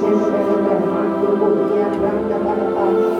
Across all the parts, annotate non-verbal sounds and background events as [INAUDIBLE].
Shashanam Mandu Bhutya Brahma Parapati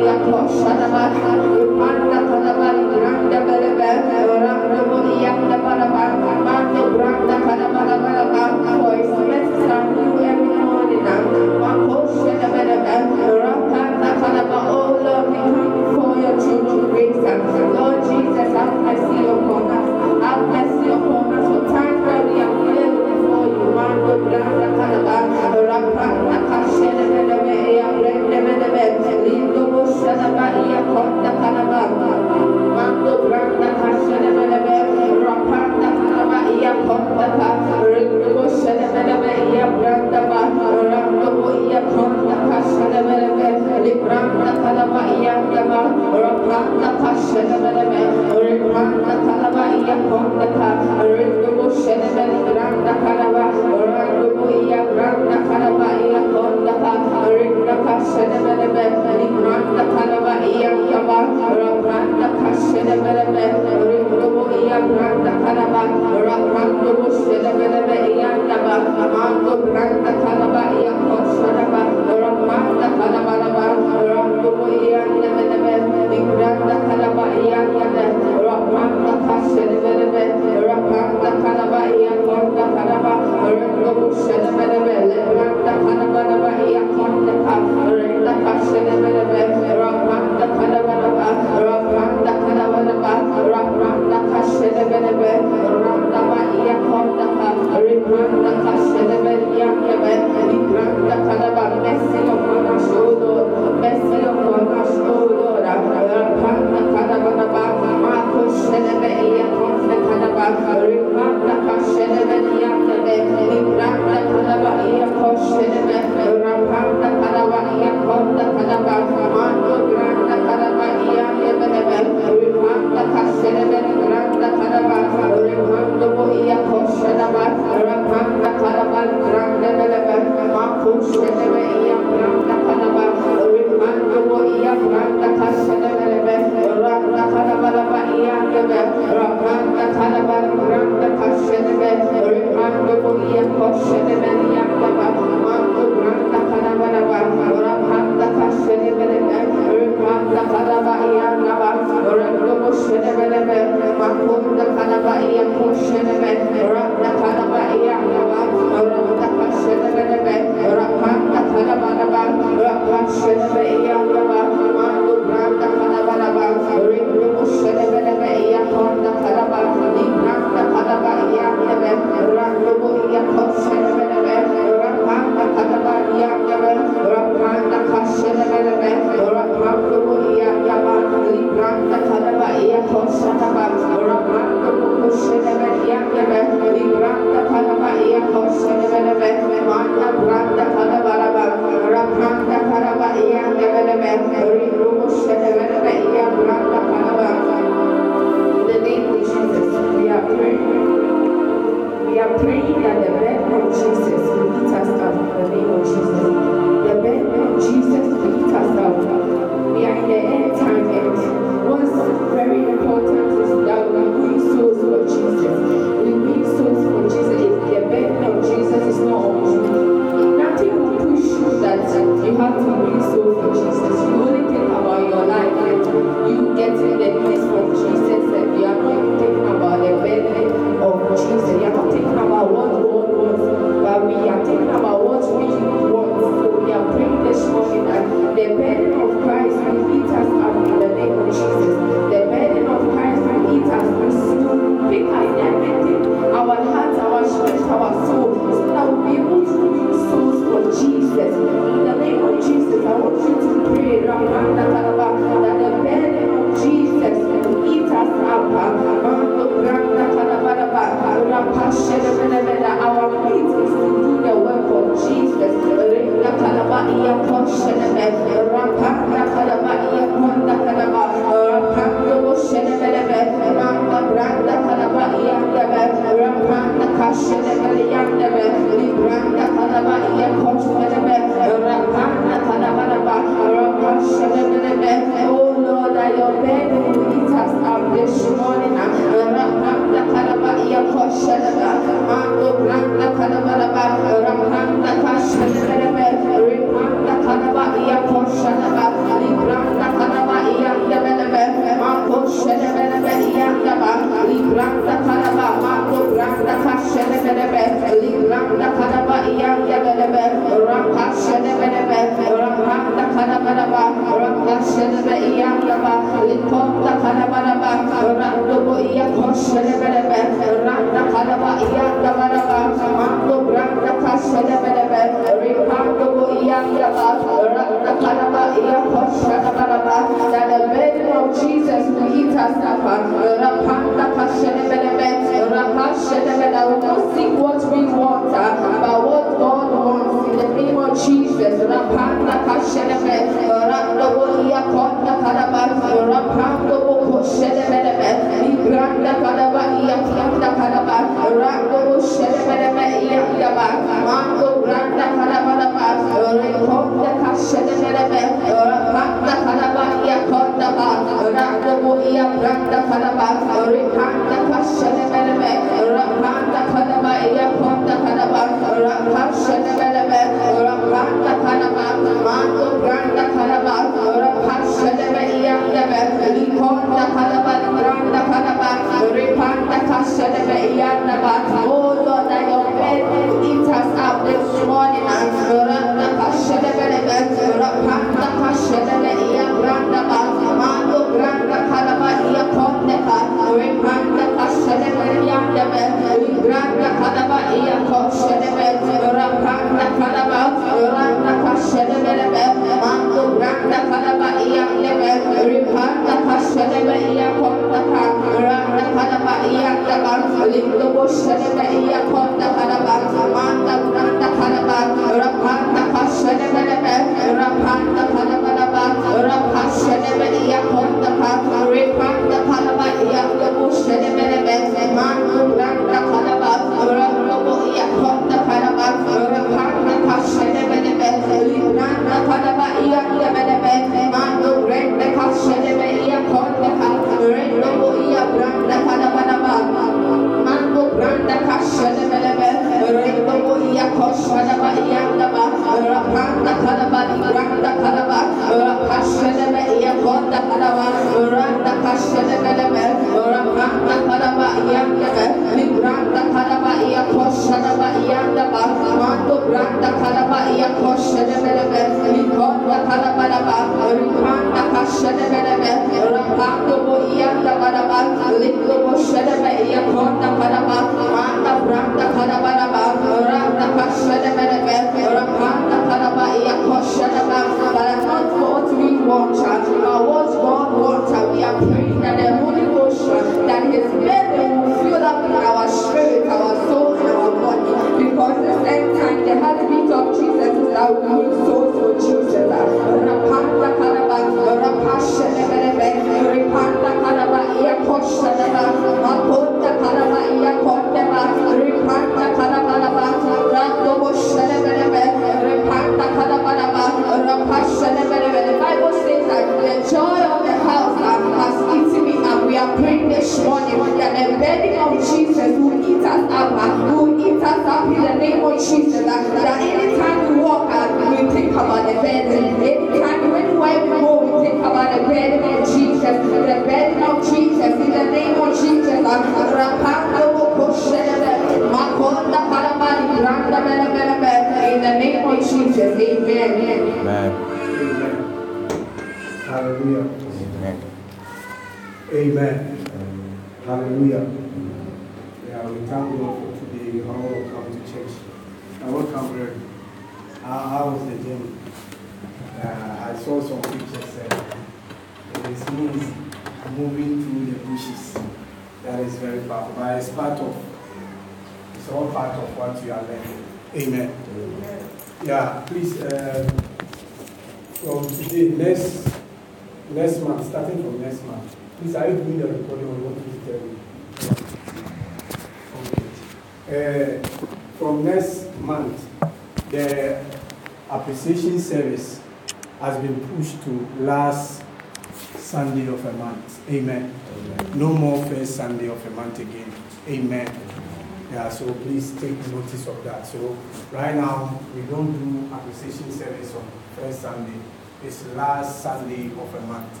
that. So right now, we don't do acquisition service on first Sunday. It's last Sunday of a month.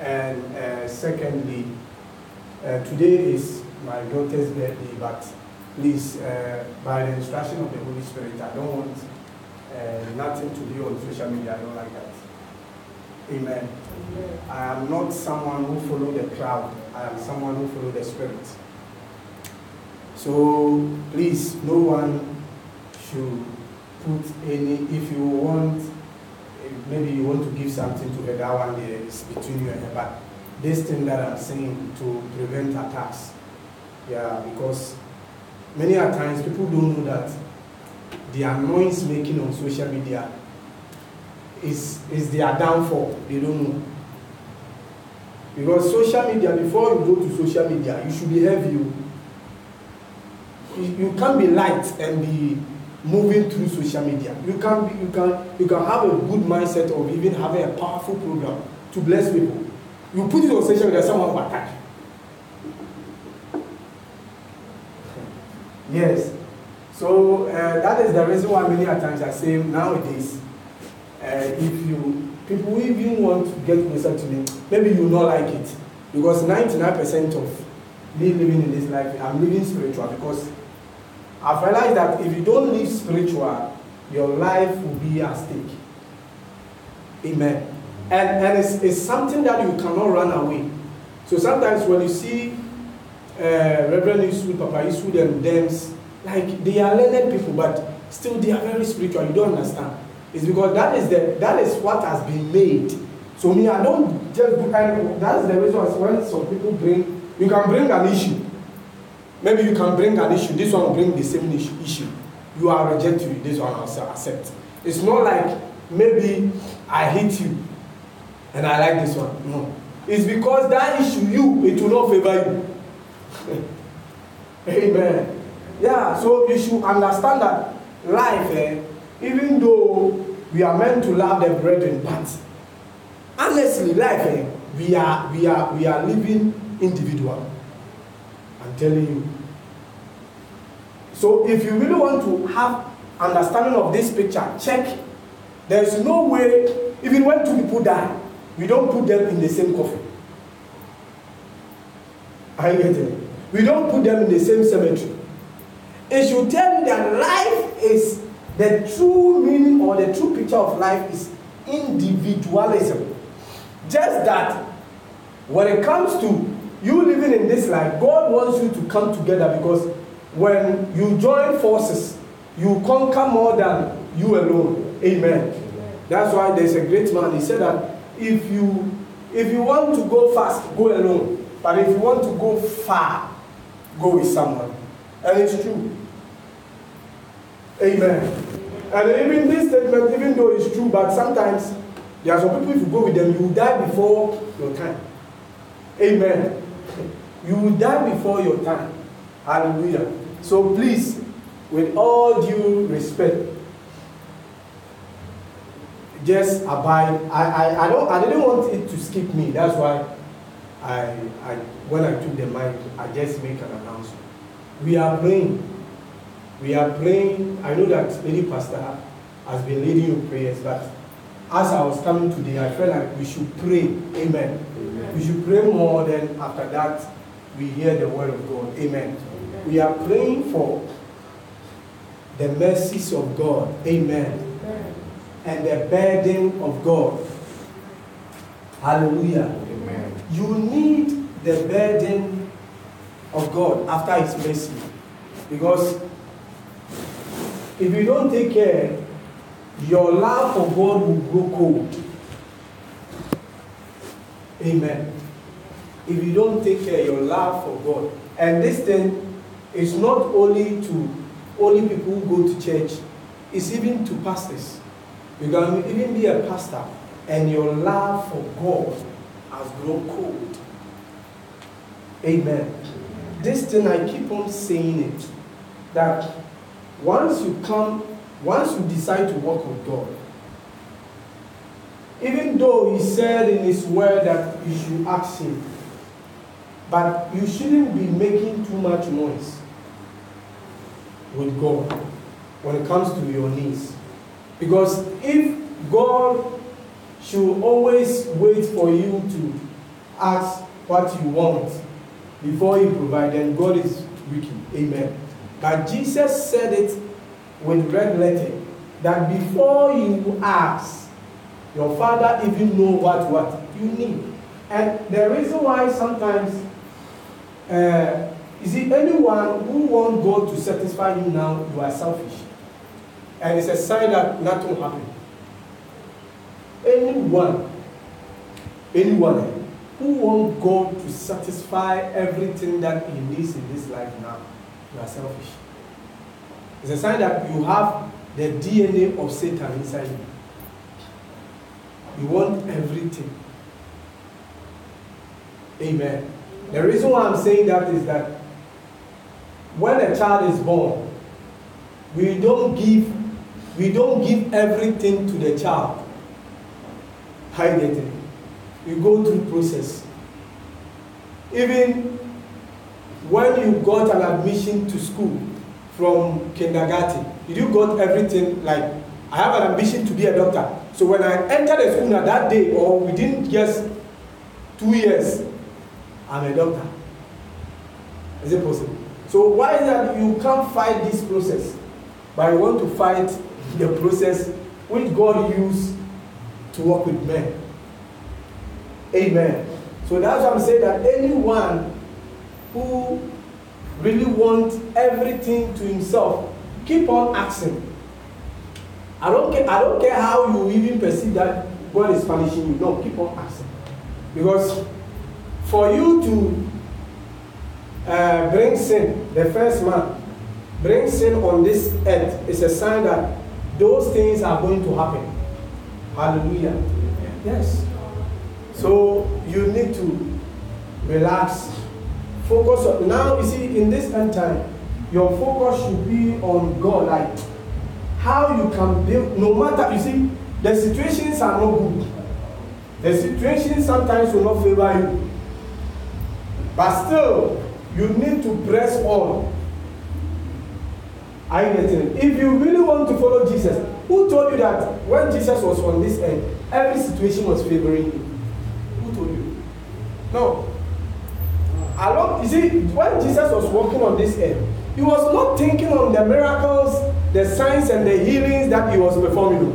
And uh, secondly, uh, today is my daughter's birthday, but please, uh, by the instruction of the Holy Spirit, I don't want uh, nothing to do on social media. I don't like that. Amen. Amen. I am not someone who follow the crowd. I am someone who follow the Spirit. So please, no this thing that I'm saying to prevent attacks. Yeah, because many a times people don't know that the noise making on social media is, is their downfall. They don't know. Because social media, before you go to social media, you should be heavy. Oh. You, you can't be light and be moving through social media. You can, be, you, can, you can have a good mindset of even having a powerful program to bless people. You put it on social media, someone will attack Yes. So uh, that is the reason why many times I say nowadays, uh, if you people even want to get closer to me, maybe you not like it because ninety nine percent of me living in this life, I'm living spiritual because I've realized that if you don't live spiritual, your life will be at stake. Amen and and it's, it's something that you cannot run away so sometimes when you see uh, reverend isu papa isu dem dems like they are learned people but still they are very spiritual you don't understand it's because that is the that is what has been made so me i don't just do and that's the reason when some people bring you can bring an issue maybe you can bring an issue this one bring the same issue you are rejected this one also accept it's not like maybe i hate you and i like this one no it's because that issue you it will not favor you [LAUGHS] amen yeah so you should understand that life eh, even though we are meant to love the brethren but honestly life eh, we are we are we are living individual i'm telling you so if you really want to have understanding of this picture check there is no way even when two people die we don't put them in the same coffin. Are you getting We don't put them in the same cemetery. It should tell you that life is the true meaning or the true picture of life is individualism. Just that when it comes to you living in this life, God wants you to come together because when you join forces, you conquer more than you alone. Amen. Amen. That's why there's a great man, he said that if you if you want to go fast, go alone. But if you want to go far, go with someone. And it's true. Amen. And even this statement, even though it's true, but sometimes there are some people, if you go with them, you die before your time. Amen. You will die before your time. Hallelujah. So please, with all due respect, just abide. I, I, I don't I didn't want it to skip me. That's why I I when I took the mic, I just make an announcement. We are praying. We are praying. I know that Lady Pastor has been leading you prayers, but as I was coming today, I felt like we should pray. Amen. Amen. We should pray more than after that we hear the word of God. Amen. Amen. We are praying for the mercies of God. Amen and the burden of God. Hallelujah. Amen. You need the burden of God after His mercy. Because if you don't take care, your love for God will grow cold. Amen. If you don't take care, your love for God. And this thing is not only to only people who go to church, it's even to pastors. You can even be a pastor and your love for God has grown cold. Amen. This thing, I keep on saying it that once you come, once you decide to walk with God, even though He said in His word that you should ask Him, but you shouldn't be making too much noise with God when it comes to your needs. Because if God should always wait for you to ask what you want before He provides, then God is wicked. Amen. But Jesus said it with red letter that before you ask, your father even know what what you need. And the reason why sometimes uh, is it anyone who want God to satisfy you now, you are selfish. And it's a sign that nothing happened. Anyone, anyone eh, who wants God to satisfy everything that he needs in this life now, you are selfish. It's a sign that you have the DNA of Satan inside you. You want everything. Amen. The reason why I'm saying that is that when a child is born, we don't give We don't give everything to the child. Hide it. We go through process. Even when you got an admission to school from kindergarten, did you got everything like I have an ambition to be a doctor. So when I entered the school at that day or within just two years, I'm a doctor. Is it possible? So why is that you can't fight this process, but you want to fight the process which God used to work with men. Amen. So that's why I'm saying that anyone who really wants everything to himself, keep on asking. I don't care, I don't care how you even perceive that God is punishing you. No, keep on asking. Because for you to uh, bring sin, the first man, bring sin on this earth is a sign that those things are going to happen. Hallelujah. Yes. So you need to relax. Focus on now. You see, in this end time, your focus should be on God. Like how you can build. No matter you see, the situations are not good. The situation sometimes will not favor you, but still you need to press on Are you getting it? If you really want to follow Jesus, who told you that when Jesus was on this earth, every situation was favoring you? Who told you? No. Along, you see, when Jesus was walking on this earth, he was not thinking on the miracles, the signs, and the healings that he was performing.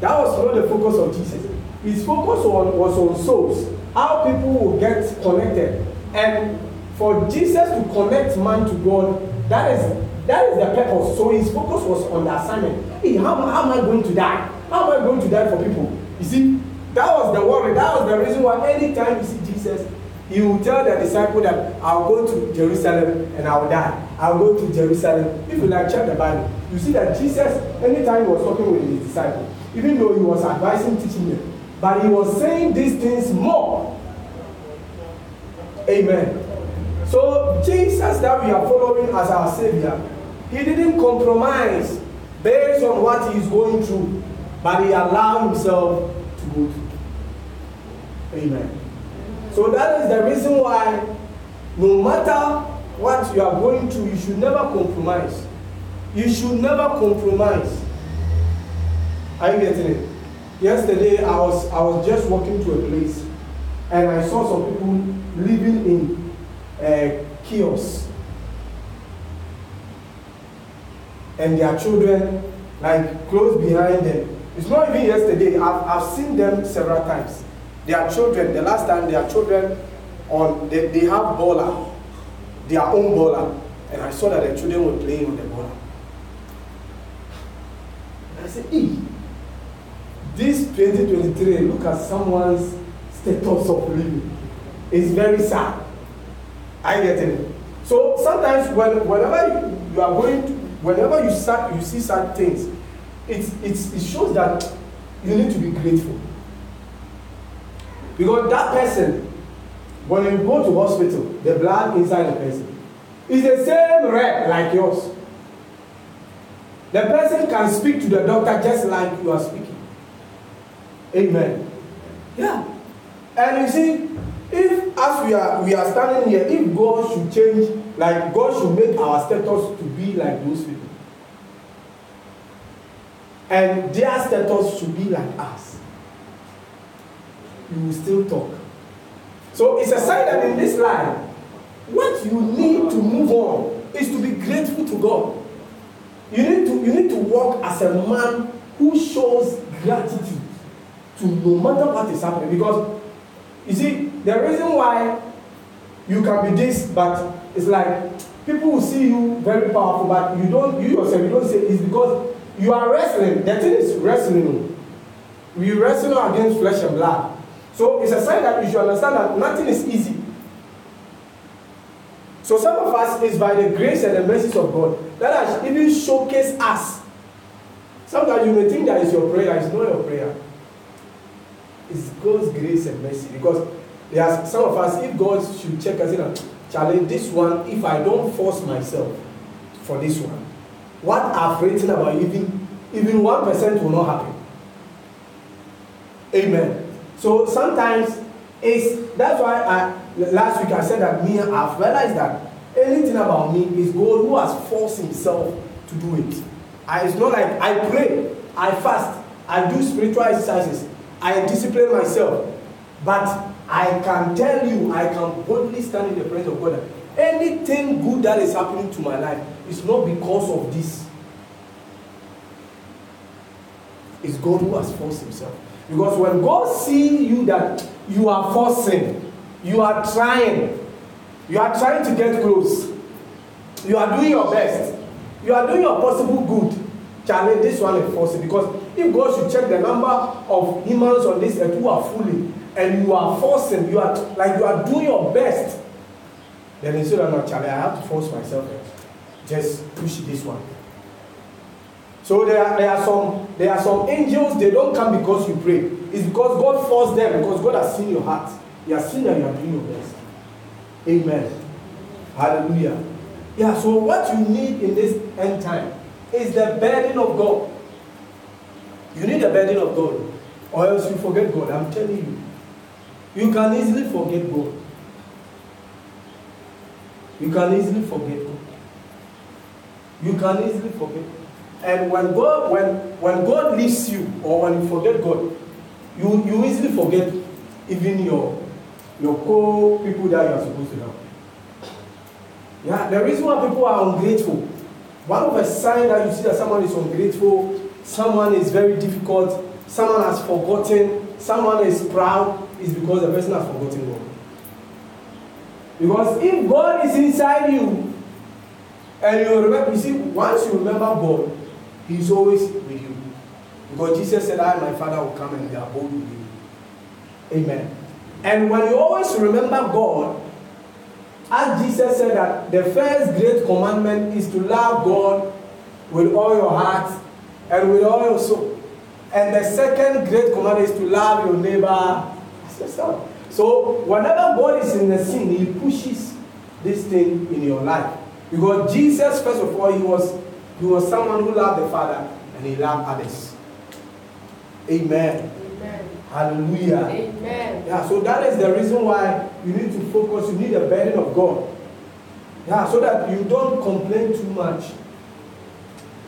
That was not the focus of Jesus. His focus on, was on souls, how people will get connected. And for Jesus to connect man to God, That is that is the purpose. So his focus was on the assignment. Hey, how, how am I going to die? How am I going to die for people? You see, that was the worry. That was the reason why anytime you see Jesus, he will tell the disciple that I'll go to Jerusalem and I'll die. I'll go to Jerusalem. If you like check the Bible, you see that Jesus, anytime he was talking with his disciple, even though he was advising, teaching them, but he was saying these things more. Amen. So Jesus that we are following as our Savior, he didn't compromise based on what he is going through, but he allowed himself to go through. Amen. So that is the reason why, no matter what you are going through, you should never compromise. You should never compromise. Are you getting it? Yesterday, I was, I was just walking to a place and I saw some people living in uh, eh, kiosks. And their children, like close behind them. It's not even yesterday, I've, I've seen them several times. Their children, the last time their children, on they, they have baller, their own baller. And I saw that the children were playing with the baller. I said, hey, this 2023, look at someone's status of living. It's very sad. Are you getting it? So sometimes when, whenever you, are going to, whenever you, start, you see sad things, it's, it's, it shows that you need to be grateful. Because that person, when you go to hospital, the blood inside the person is the same red like yours. The person can speak to the doctor just like you are speaking. Amen. Yeah. And you see, if as we are we are standing here if god should change like god should make our status to be like those people and their status should be like us you will still talk so it's a sign that in this life what you need to move on is to be grateful to god you need to you need to work as a man who shows gratitude to no matter what is happening because You see, the reason why you can be this, but it's like people will see you very powerful, but you don't, you yourself, you don't say it's because you are wrestling. The thing is wrestling. We wrestle against flesh and blood. So it's a sign that you should understand that nothing is easy. So some of us is by the grace and the mercy of God that has even showcased us. Sometimes you may think that it's your prayer, it's not your prayer. It's God's grace and mercy because there are some of us, if God should check us in, and challenge this one, if I don't force myself for this one, what I've written about even even one percent will not happen. Amen. So sometimes it's that's why I last week I said that me I've realized that anything about me is God who has forced himself to do it. I, it's not like I pray, I fast, I do spiritual exercises, I discipline myself. But I can tell you, I can boldly stand in the presence of God. Anything good that is happening to my life is not because of this. It's God who has forced himself. Because when God sees you that you are forcing, you are trying, you are trying to get close, you are doing your best, you are doing your possible good, challenge this one it because if God should check the number of humans on this earth who are fooling and you are forcing, you are like you are doing your best, then instead of not challenge, I have to force myself. Just push this one. So there are, there are some there are some angels they don't come because you pray. It's because God forced them because God has seen your heart. He has seen that you are doing your best. Amen. Hallelujah. Yeah. So what you need in this end time is the burden of God. You need the burden of God, or else you forget God. I'm telling you. You can easily forget God. You can easily forget God. You can easily forget. And when God, when, when God leaves you, or when you forget God, you, you easily forget even your, your co people that you are supposed to help. Yeah, the reason why people are ungrateful One of the signs that you see that someone is ungrateful, someone is very difficult, someone has forgotten, someone is proud, is because the person has forgotten God. Because if God is inside you, and you remember, you see, once you remember God, He's always with you. Because Jesus said, I and my Father will come and be abode with you. Amen. And when you always remember God, As Jesus said that the first great commandment is to love God with all your heart and with all your soul. And the second great commandment is to love your neighbor as yourself. So whenever God is in the scene, He pushes this thing in your life. Because Jesus, first of all, he was he was someone who loved the Father and he loved others. Amen. Amen. Hallelujah. Amen. Yeah, so that is the reason why you need to focus, you need a bearing of God. Yeah, so that you don't complain too much.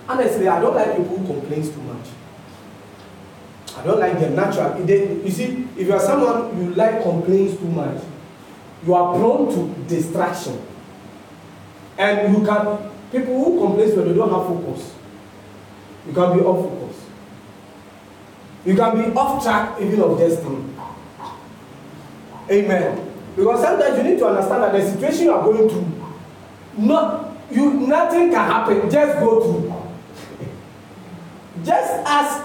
Honestly, I don't like people who complain too much. I don't like them natural. you see, if you are someone you like complains too much, you are prone to distraction. And you can people who complain when they don't have focus. You can be awful. You can be off track even of destiny. Amen. Because sometimes you need to understand that the situation you are going through, not you nothing can happen, just go through. just as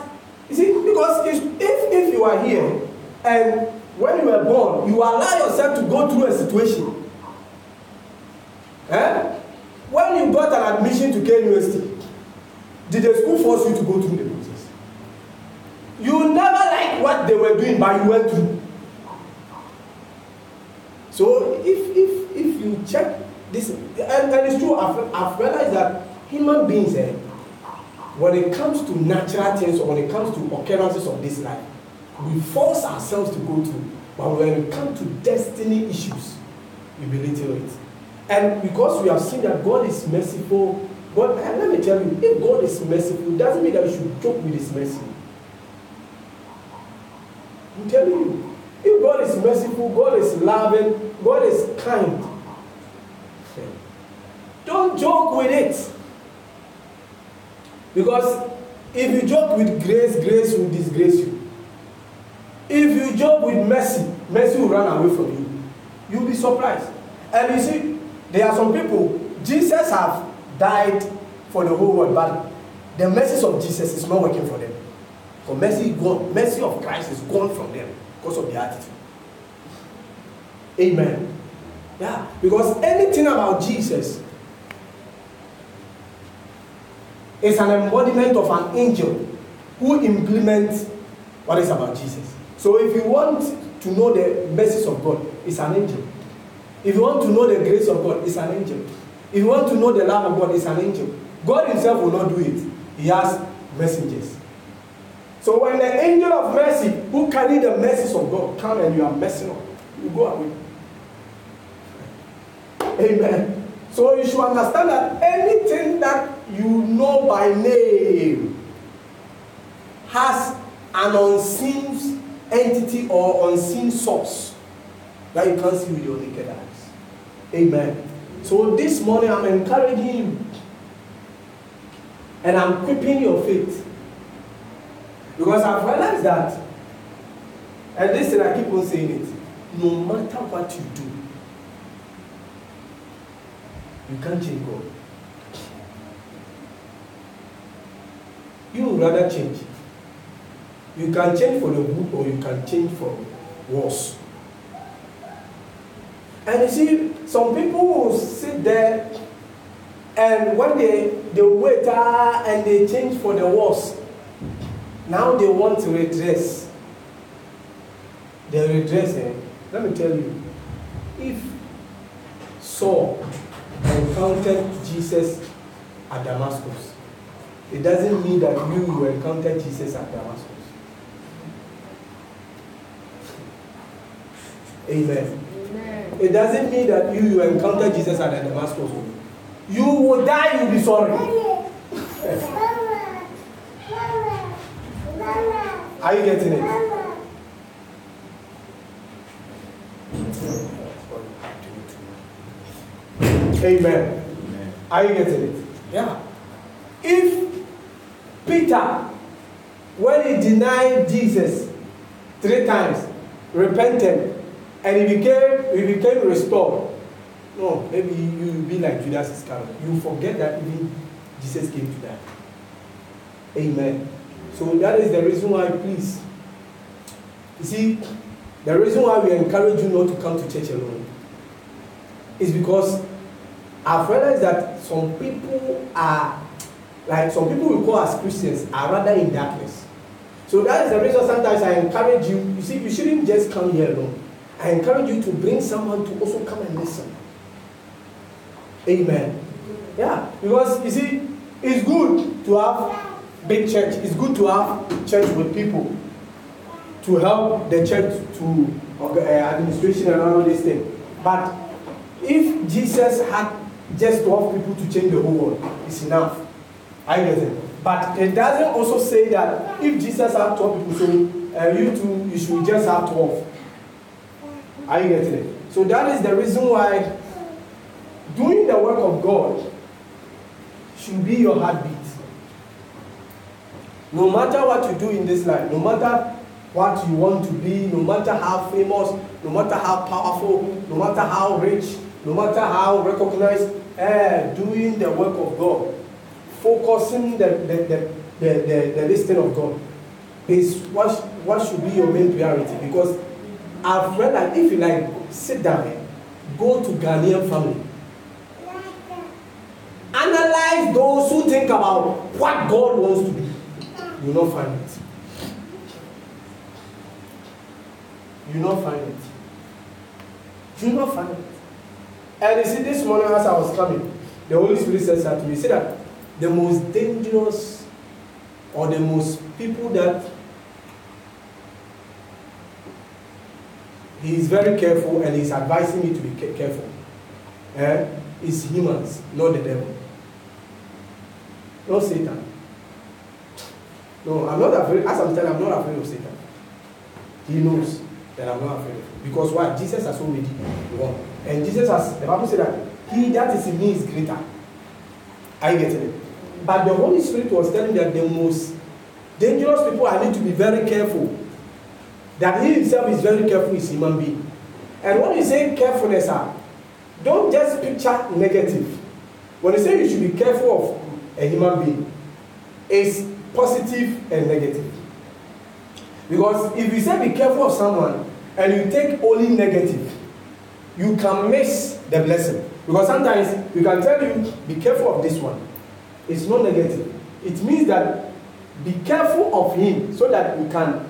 you see, because if if you are here and when you were born, you allow yourself to go through a situation. Eh? When you got an admission to K University, did the school force you to go through it? You never like what they were doing, but you went through. So if if if you check this, and, and it's true, I've, I've realized that human beings, eh, when it comes to natural things or when it comes to occurrences of this life, we force ourselves to go through. But when it comes to destiny issues, we belittle it. And because we have seen that God is merciful, but let me tell you, if God is merciful, doesn't mean that we should joke with his mercy. I'm telling you, if God is merciful, God is loving, God is kind. Don't joke with it. Because if you joke with grace, grace will disgrace you. If you joke with mercy, mercy will run away from you. You'll be surprised. And you see, there are some people, Jesus have died for the whole world, but the message of Jesus is not working for them. Because mercy, God, mercy of Christ is gone from them because of their attitude. Amen. Yeah, because anything about Jesus is an embodiment of an angel who implements what is about Jesus. So if you want to know the mercies of God, it's an angel. If you want to know the grace of God, it's an angel. If you want to know the love of God, it's an angel. God Himself will not do it, He has messengers. So when the angel of mercy, who carry the mercies of God, come and you are messing up, you go away. Amen. So you should understand that anything that you know by name has an unseen entity or unseen source that you can't see with your naked eyes. Amen. So this morning I'm encouraging you and I'm keeping your faith because I realized that, and this thing I keep on saying it, no matter what you do, you can't change God. You rather change. You can change for the good or you can change for worse. And you see, some people will sit there and one day they wait ah, and they change for the worse. Now they want to redress. They're redressing. Let me tell you, if Saul encountered Jesus at Damascus, it doesn't mean that you will encounter Jesus at Damascus. Amen. Amen. It doesn't mean that you will encounter Jesus at Damascus. You will die, you'll be sorry. [LAUGHS] Are you getting it? Amen. Amen. Are you getting it? Yeah. If Peter, when he denied Jesus three times, repented, and he became he became restored, no, maybe you will be like Judas Iscariot. You forget that even Jesus came to die. Amen. So that is the reason why, please, you see, the reason why we encourage you not to come to church alone is because I've realized that some people are, like some people we call as Christians, are rather in darkness. So that is the reason sometimes I encourage you, you see, you shouldn't just come here alone. I encourage you to bring someone to also come and listen. Amen. Yeah, because you see, it's good to have big church. It's good to have church with people to help the church to uh, administration and all these things. But if Jesus had just 12 people to change the whole world, it's enough. I get it. But it doesn't also say that if Jesus had 12 people, so uh, you two, you should just have 12. Are you getting it? So that is the reason why doing the work of God should be your heartbeat. No matter what you do in this life, no matter what you want to be, no matter how famous, no matter how powerful, no matter how rich, no matter how recognized, eh, doing the work of God, focusing the, the, the, the, the, the listing of God is what, what should be your main priority. Because I've read that if you like, sit down, go to Ghanaian family. Analyze those who think about what God wants to be. You will not find it. You will not find it. You will not find it. And you see, this morning as I was coming, the Holy Spirit says that to me, see that the most dangerous or the most people that he is very careful and he's advising me to be careful eh, is humans, not the devil, not Satan. No, I'm not afraid. As I'm telling, I'm not afraid of Satan. He knows that I'm not afraid of him. Because why? Jesus has already won. And Jesus has, the Bible said that he that is in me is greater. Are you getting it? But the Holy Spirit was telling that the most dangerous people I need to be very careful. That he himself is very careful is human being. And when you say carefulness, sir, ah, don't just picture negative. When you say you should be careful of a human being, it's positive and negative. Because if you say be careful of someone and you take only negative, you can miss the blessing. Because sometimes we can tell you, be careful of this one. It's not negative. It means that be careful of him so that you can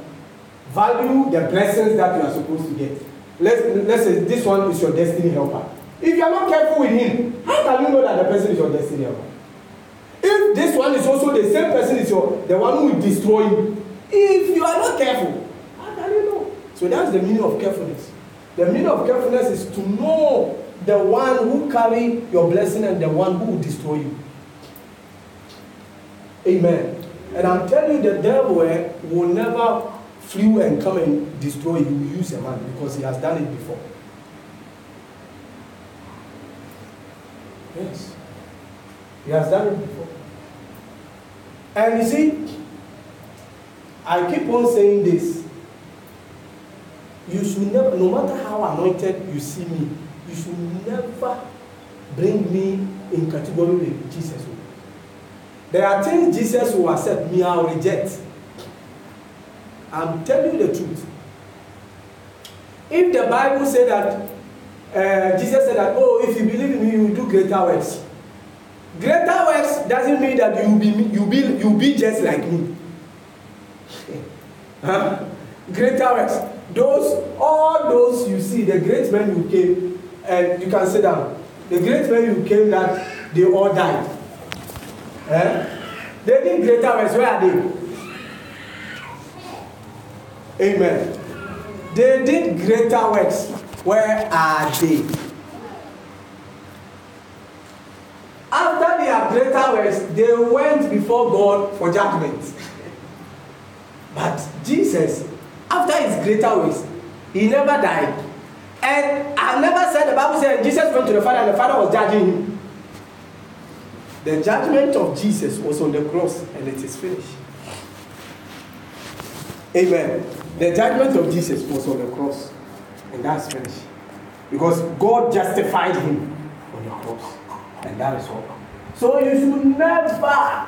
value the blessings that you are supposed to get. Let's, let's say this one is your destiny helper. If you are not careful with him, how can you know that the person is your destiny helper? If this one is also the same person is your the one who will destroy you, if you are not careful, how can you know? So that's the meaning of carefulness. The meaning of carefulness is to know the one who carry your blessing and the one who will destroy you. Amen. And I'm telling you, the devil eh, will never flew and come and destroy you, use a man because he has done it before. Yes. He has done it before. And you see, I keep on saying this. You should never, no matter how anointed you see me, you should never bring me in category with Jesus. There are things Jesus will accept, me I'll reject. I'm telling you the truth. If the Bible said that, uh, Jesus said that, oh, if you believe in me, you will do greater works. Greater works doesn't mean that you be you be you be just like me. [LAUGHS] huh? Greater works. Those all those you see, the great men who came, and you can sit down. The great men who came that they all died. Eh? They did greater works. Where are they? Amen. They did greater works. Where are they? greater works, they went before God for judgment. But Jesus, after his greater works, he never died. And I never said the Bible said Jesus went to the Father and the Father was judging him. The judgment of Jesus was on the cross and it is finished. Amen. The judgment of Jesus was on the cross and that's finished. Because God justified him on the cross. And that is all. So you should never,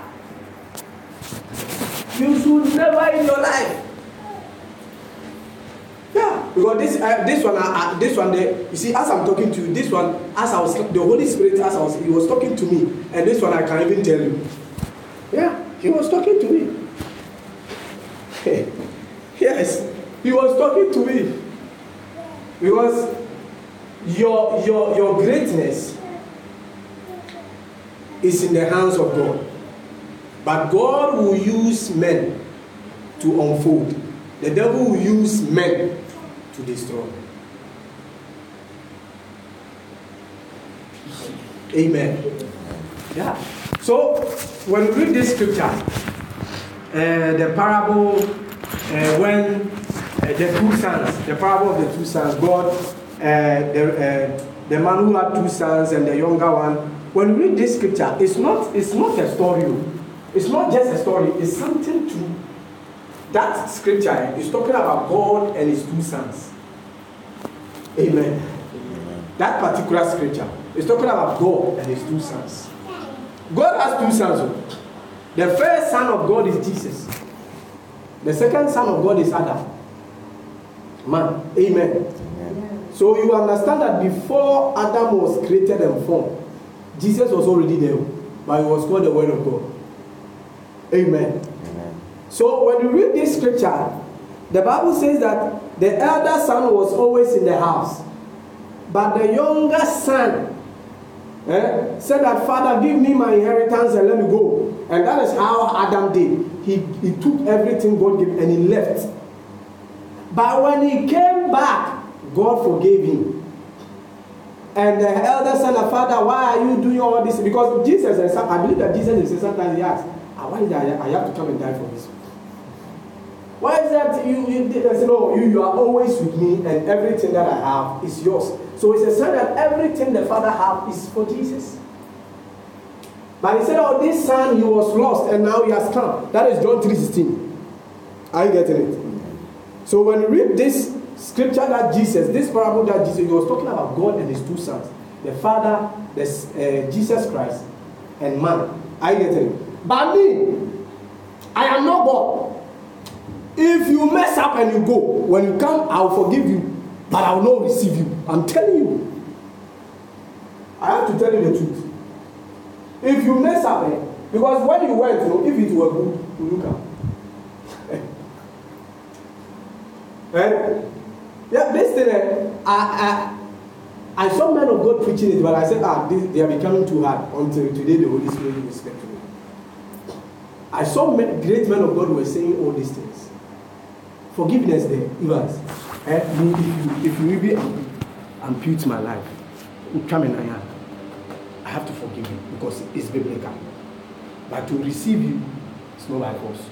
you should never in your life. Yeah, because this uh, this one uh, uh this one the, you see as I'm talking to you this one as I was the Holy Spirit as I was he was talking to me and this one I can even tell you. Yeah, he was talking to me. Hey, [LAUGHS] yes, he was talking to me because your your your greatness is in the hands of God. But God will use men to unfold. The devil will use men to destroy. Amen. Yeah. So when we read this scripture, uh, the parable uh, when uh, the two sons, the parable of the two sons, God, uh, the, uh, the man who had two sons and the younger one when we read this scripture, it's not, it's not a story. Oh. It's not just a story, it's something true. That scripture eh, is talking about God and his two sons. Amen. Amen. That particular scripture is talking about God and his two sons. God has two sons. Oh. The first son of God is Jesus. The second son of God is Adam. Man. Amen. Amen. So you understand that before Adam was created and formed, Jesus was already there, but he was called the Word of God. Amen. Amen. So when you read this scripture, the Bible says that the elder son was always in the house, but the younger son eh, said that, Father, give me my inheritance and let me go. And that is how Adam did. He, he took everything God gave and he left. But when he came back, God forgave him. And the elder son and father, why are you doing all this? Because Jesus, I believe that Jesus is sometimes he asks, ah, why did I, I have to come and die for this? Why is that you, you did? I said, no, you, you are always with me and everything that I have is yours. So it's a sign that everything the father have is for Jesus. But he said, oh, this son, he was lost and now he has come. That is John 3.16. Are you getting it? So when you read this scripture that Jesus, this parable that Jesus, he was talking about God and his two sons, the Father, the, uh, Jesus Christ, and man. I get it. But me, I am not God. If you mess up and you go, when you come, I will forgive you, but I will not receive you. I'm telling you. I have to tell you the truth. If you mess up, eh, because when you went, you know, if it were good, you look up. [LAUGHS] eh? eh? Yeah, yesterday, I, I, I saw men of God preaching it, but I said, ah, this, they are becoming too hard until today the Holy Spirit will speak to me. I saw men, great men of God were saying all these things. Forgiveness there, Evans. Eh, if you, if you really ampute my life, come and I am. I have to forgive you because it's biblical. But to receive you, it's not by force.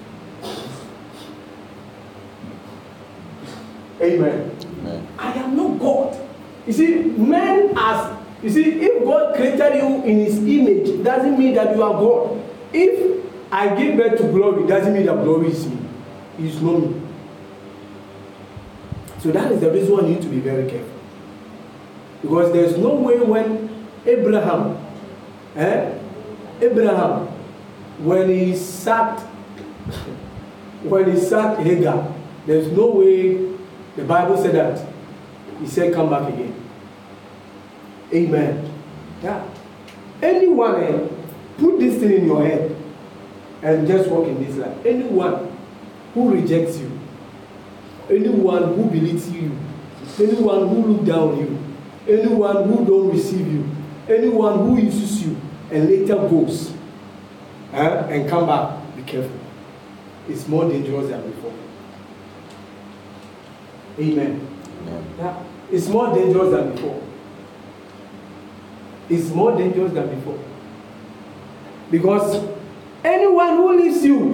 Amen. Amen. I am not God. You see, men as you see, if God created you in his image, doesn't mean that you are God. If I give birth to glory, doesn't mean that glory is me. It's not me. So that is the reason why you need to be very careful. Because there's no way when Abraham, eh? Abraham, when he sat, [LAUGHS] when he sat Hagar, there's no way the Bible said that. He said, Come back again. Amen. Yeah. Anyone, eh, put this thing in your head and just walk in this life. Anyone who rejects you, anyone who believes you, anyone who looks down you, anyone who don't receive you, anyone who uses you and later goes eh, and come back, be careful. It's more dangerous than before. Amen. Amen. That is more dangerous than before. It's more dangerous than before. Because anyone who leaves you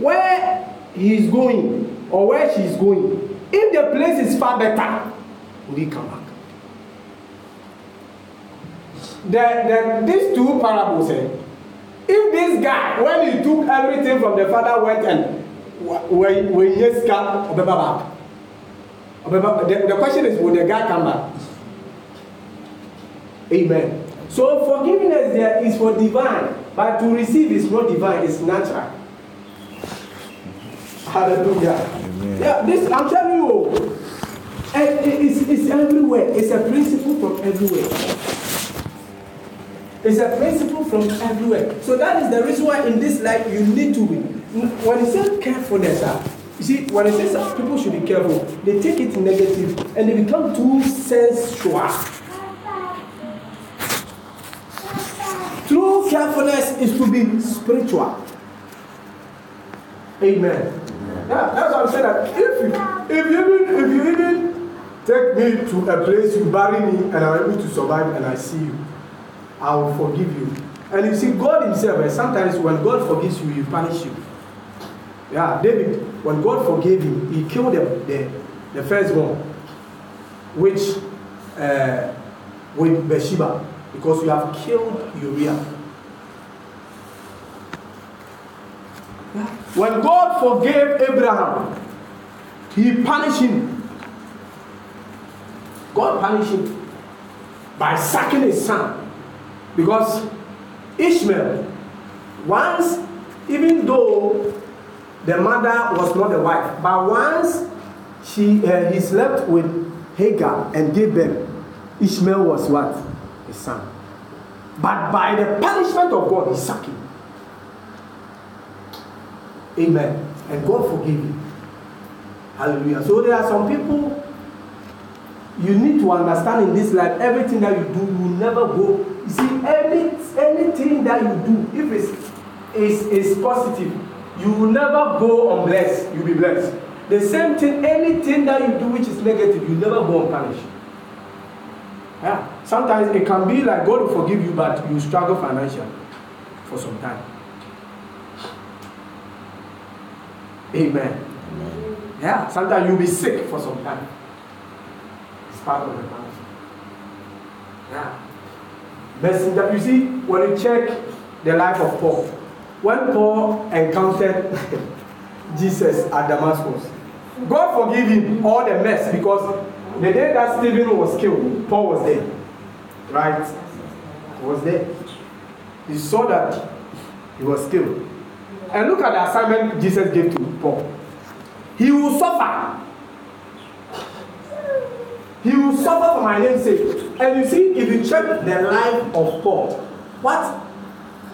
where he is going or where she is going, if the place is far better, will he come back? The, the, these two parables say, eh, if this guy, when he took everything from the father, went and where he scar, the, the question is, will the guy come back? Amen. So forgiveness there is for divine, but to receive is not divine, it's natural. Hallelujah. Amen. Yeah, this I'm telling you, eh, it's, it's everywhere. It's a principle from everywhere. It's a principle from everywhere. So that is the reason why in this life you need to be. When you say carefulness, ah, You see, when it says that people should be careful, they take it negative and they become too sensual. True carefulness is to be spiritual. Amen. Yeah, that's what I'm saying. That if if you even if you even take me to a place, you bury me, and I'm able to survive, and I see you, I will forgive you. And you see, God Himself, eh, sometimes when God forgives you, He punishes you. Yeah, David, when God forgave him, he killed them, the, the firstborn, which uh, with Bathsheba, because you have killed Uriah. When God forgave Abraham, he punished him. God punished him by sacking his son. Because Ishmael, once, even though the mother was not a wife, but once she uh, he slept with Hagar and gave birth. Ishmael was what? His son. But by the punishment of God, he sucked him. Amen. And God forgive you. Hallelujah. So there are some people you need to understand in this life everything that you do you never go. You see, any, anything that you do, if it's, it's, it's positive, you will never go unblessed. You'll be blessed. The same thing, anything that you do which is negative, you never go unpunished. Yeah. Sometimes it can be like God will forgive you, but you struggle financially for some time. Amen. Amen. Yeah. Sometimes you'll be sick for some time. It's part of the punishment. Yeah. Messenger, you see, when you check the life of Paul, when Paul encountered [LAUGHS] Jesus at Damascus, God forgive him all the mess because the day that Stephen was killed, Paul was there. Right? He was there. He saw that he was killed. And look at the assignment Jesus gave to Paul. He will suffer. He will suffer for my name's sake. And you see, if you check the life of Paul, what,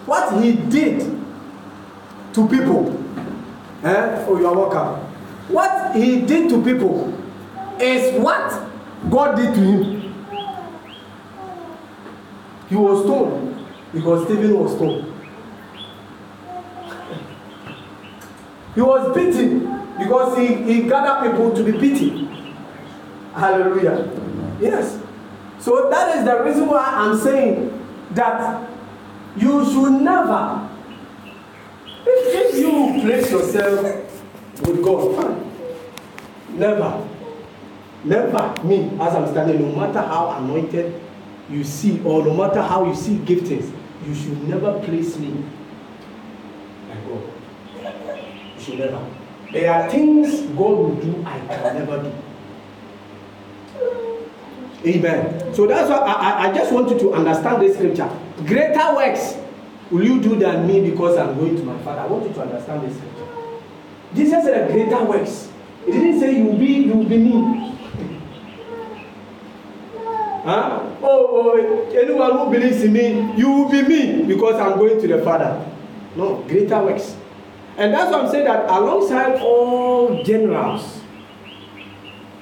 what he did to people. Eh? Oh, you are What he did to people is what God did to him. He was stoned because Stephen was stoned. [LAUGHS] He was beaten because he, he gathered people to be beaten. Hallelujah. Yes. So that is the reason why I'm saying that you should never If, if you place yourself with God, fine. Never, never me as I'm standing, no matter how anointed you see or no matter how you see giftings, you should never place me like God. You should never. There are things God will do I can never do. Amen. So that's why I, I, I just want you to understand this scripture. Greater works Will you do than me because I'm going to my father? I want you to understand this scripture. Jesus said greater works. He didn't say you'll be, you'll be me. huh? Oh, oh, anyone who believes in me, you will be me because I'm going to the Father. No, greater works. And that's why I'm saying that alongside all generals,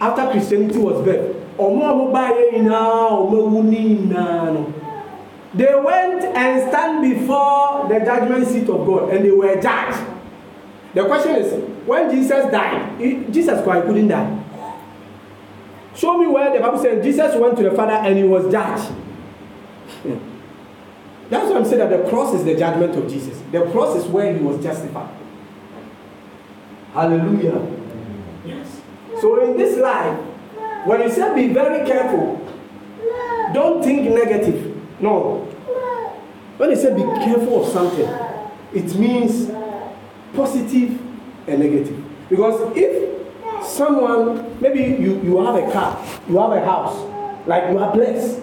after Christianity was birth, ọmọ ọmọ báyẹn yìí náà ọmọ ewu ní yìí náà. They went and stand before the judgment seat of God and they were judged. The question is, when Jesus died, it, Jesus Christ couldn't die. Show me where the Bible says Jesus went to the Father and he was judged. Yeah. [LAUGHS] That's why I'm saying that the cross is the judgment of Jesus. The cross is where he was justified. Hallelujah. Yes. So in this life, when you say be very careful, don't think negative. No. When he said be careful of something, it means positive and negative. Because if someone, maybe you, you have a car, you have a house, like you are blessed,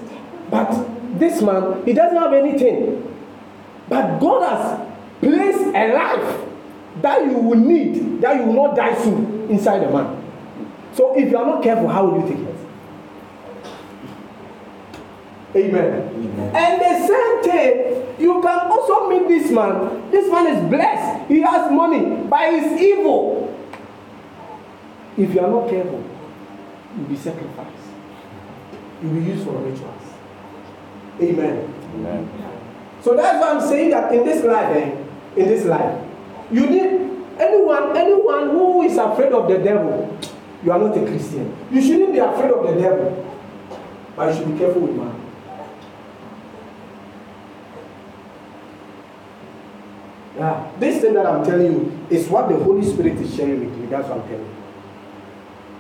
but this man, he doesn't have anything. But God has placed a life that you will need, that you will not die soon inside a man. So if you are not careful, how will you take it? Amen. Amen. And the same thing, you can also meet this man. This man is blessed. He has money, but he's evil. If you are not careful, you'll be sacrificed. You'll be used for rituals. Amen. Amen. So that's why I'm saying that in this life, eh, in this life, you need anyone, anyone who is afraid of the devil, you are not a Christian. You shouldn't be afraid of the devil, but you should be careful with man. Yeah. This thing that I'm telling you is what the Holy Spirit is sharing with me. That's what I'm telling you.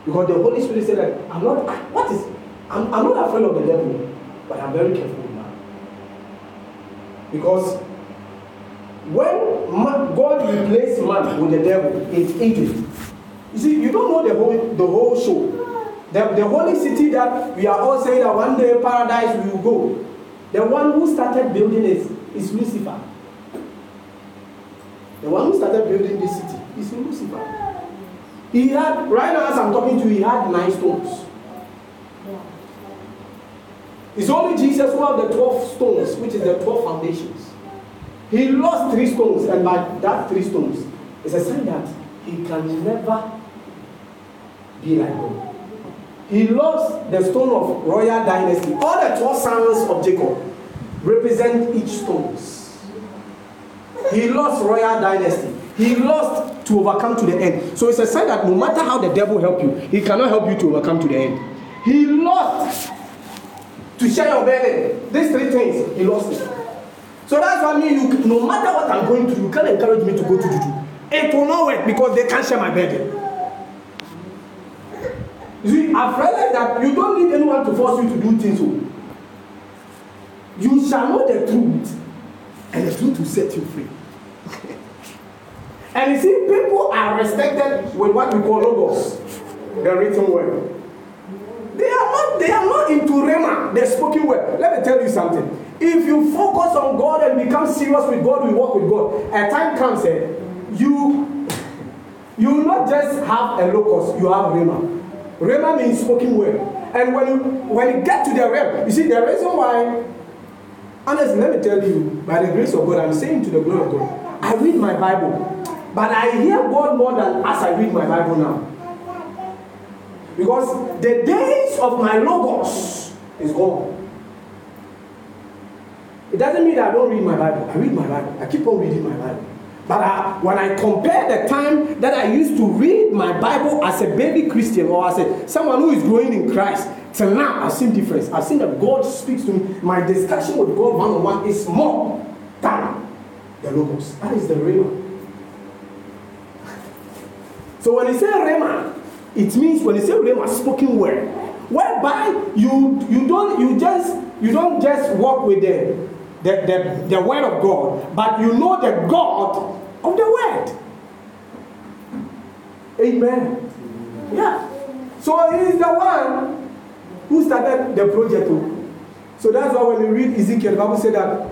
Because the Holy Spirit said like, I'm not what is I'm, I'm not afraid of the devil, but I'm very careful with man. Because when man, God replaced man with the devil, it's Egypt. You see, you don't know the whole the whole show. The, the holy city that we are all saying that one day paradise will go. The one who started building it is Lucifer. The one who started building this city is Lucifer. He had, right now as I'm talking to you, he had nine stones. It's only Jesus who had the 12 stones, which is the 12 foundations. He lost three stones, and by that three stones, it's a sign that he can never be like God. He lost the stone of royal dynasty. All the 12 sons of Jacob represent each stones. He lost royal dynasty. He lost to overcome to the end. So it's a sign that no matter how the devil help you, he cannot help you to overcome to the end. He lost to share your burden. These three things, he lost it. So that's why me, you, no matter what I'm going through, you can't encourage me to go to Juju. It will not work because they can't share my burden. You see, I've realized that you don't need anyone to force you to do things. So. Oh. You shall know the truth, and the truth will set you free. [LAUGHS] and you see, people are respected with what we call logos, the written word. They are not, they are not into Rema, the spoken word. Let me tell you something. If you focus on God and become serious with God, we work with God. A time comes, eh, you you will not just have a locus, you have Rema. Rema means spoken word. And when you when you get to the realm, you see the reason why, honestly, let me tell you, by the grace of God, I'm saying to the glory of God I read my Bible, but I hear God more than as I read my Bible now. Because the days of my logos is gone. It doesn't mean that I don't read my Bible. I read my Bible. I keep on reading my Bible. But I, when I compare the time that I used to read my Bible as a baby Christian or as a, someone who is growing in Christ, till now I've seen difference. I've seen that God speaks to me. My discussion with God one on one is more the Logos. That is the Rhema. So when you say Rhema, it means when you say Rhema, spoken word, whereby you you don't you just you don't just walk with the the, the, the word of God, but you know the God of the word. Amen. Yeah. So he is the one who started the project. So that's why when you read Ezekiel, the Bible said that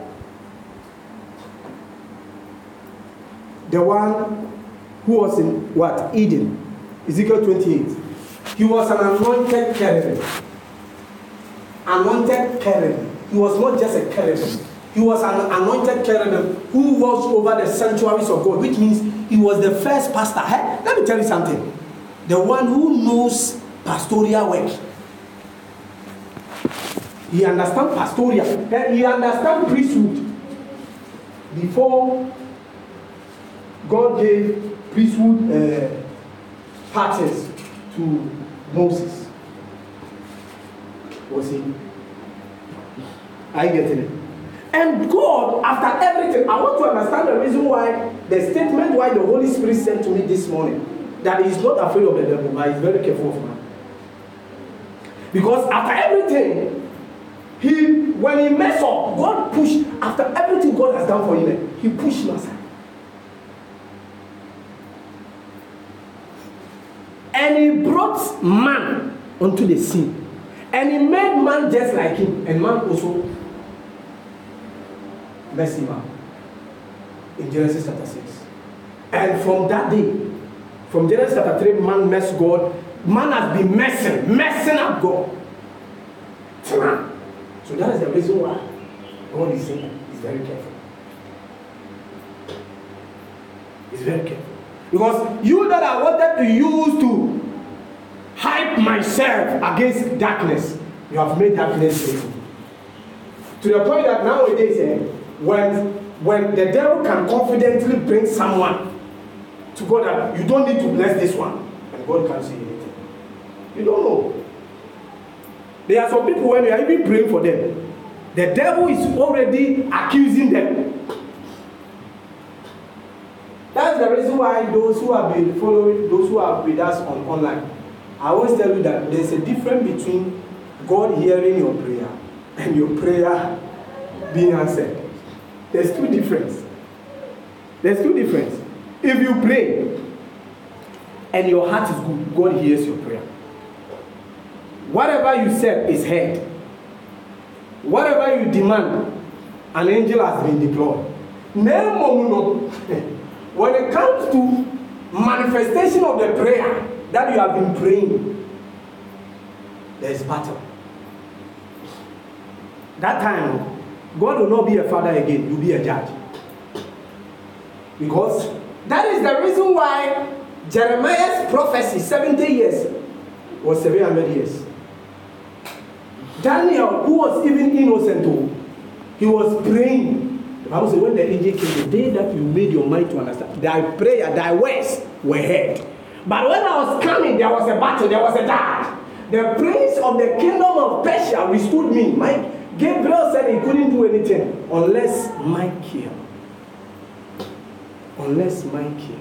the one who was in what? Eden. Ezekiel 28. He was an anointed cherubim. Anointed cherubim. He was not just a cherubim. He was an anointed cherubim who watched over the sanctuaries of God, which means he was the first pastor. Hey, let me tell you something. The one who knows pastoral work. He understands pastoral. He understands priesthood before God gave priesthood uh, parties to Moses. Was he? Are you getting it? And God, after everything, I want to understand the reason why the statement why the Holy Spirit said to me this morning that He's not afraid of the devil, but He's very careful of man. Because after everything, he when he messed up, God pushed after everything God has done for him, he pushed him aside. And he brought man unto the sea. And he made man just like him. And man also messed him up. In Genesis chapter 6. And from that day, from Genesis chapter 3, man messed God. Man has been messing, messing up God. So that is the reason why God is saying is very careful. He's very careful. Because you that I wanted to use to hype myself against darkness, you have made darkness real. To the point that nowadays, eh, when, when the devil can confidently bring someone to God that you don't need to bless this one, and God can see anything. You don't know. There are some people when you are even praying for them, the devil is already accusing them. That's the reason why those who have been following, those who are with us on online, I always tell you that there's a difference between God hearing your prayer and your prayer being answered. There's two difference. There's two difference. If you pray and your heart is good, God hears your prayer. Whatever you said is heard. Whatever you demand, an angel has been deployed. [LAUGHS] when it comes to manifestation of the prayer that you have been praying, there is battle. That time, God will not be a father again, you'll be a judge. Because that is the reason why Jeremiah's prophecy, 70 years, was 700 years. Daniel, who was even innocent, oh, he was praying The Bible says, when the angel came, the day that you made your mind to understand, thy prayer, thy words were heard. But when I was coming, there was a battle, there was a dark. The prince of the kingdom of Persia withstood me. Mike, Gabriel said he couldn't do anything unless Michael. Unless Michael.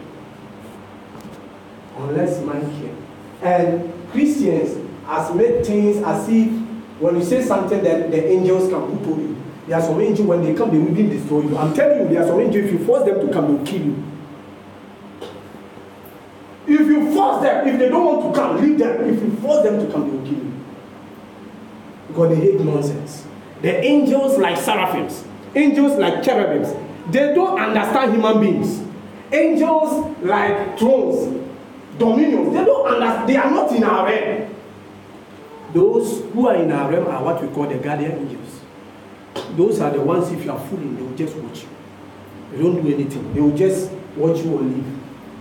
Unless Michael. And Christians has made things as if when you say something, then the angels can put you. There are some angels, when they come, they will even destroy you. I'm telling you, there are some angels, if you force them to come, they will kill you. If you force them, if they don't want to come, leave them. If you force them to come, they will kill you. Because they hate nonsense. The angels like seraphims, angels like cherubims, they don't understand human beings. Angels like thrones, dominions, they don't understand, they are not in our realm. Those who are in our realm are what we call the guardian angels. Those are the ones, if you are fooling, they will just watch you. They don't do anything. They will just watch you or leave.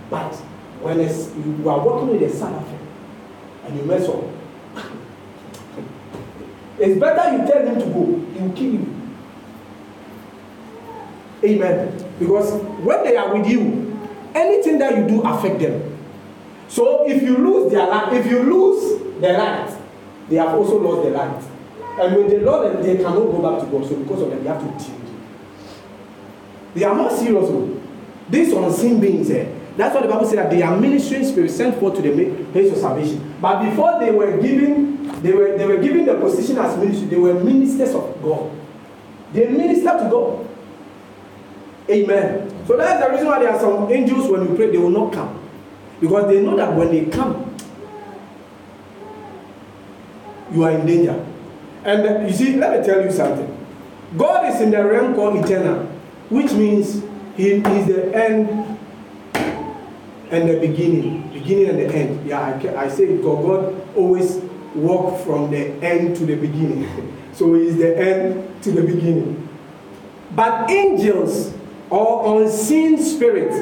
But when you are working with a son of and you mess up, [LAUGHS] it's better you tell him to go, he will kill you. Amen. Because when they are with you, anything that you do affect them. So if you lose their life, if you lose their light, they have also lost their light. And when the law, they cannot go back to God. So because of that, they have to deal They are more serious. Though. These unseen beings, there. Eh, that's why the Bible says that they are ministering spirits sent forth to the place of salvation. But before they were given, they were they were given the position as ministry, they were ministers of God. They minister to God. Amen. So that's the reason why there are some angels when you pray, they will not come. Because they know that when they come, you are in danger. And you see, let me tell you something. God is in the realm called eternal, which means He is the end and the beginning, beginning and the end. Yeah, I, I say it because God always walk from the end to the beginning. [LAUGHS] so He is the end to the beginning. But angels or unseen spirits,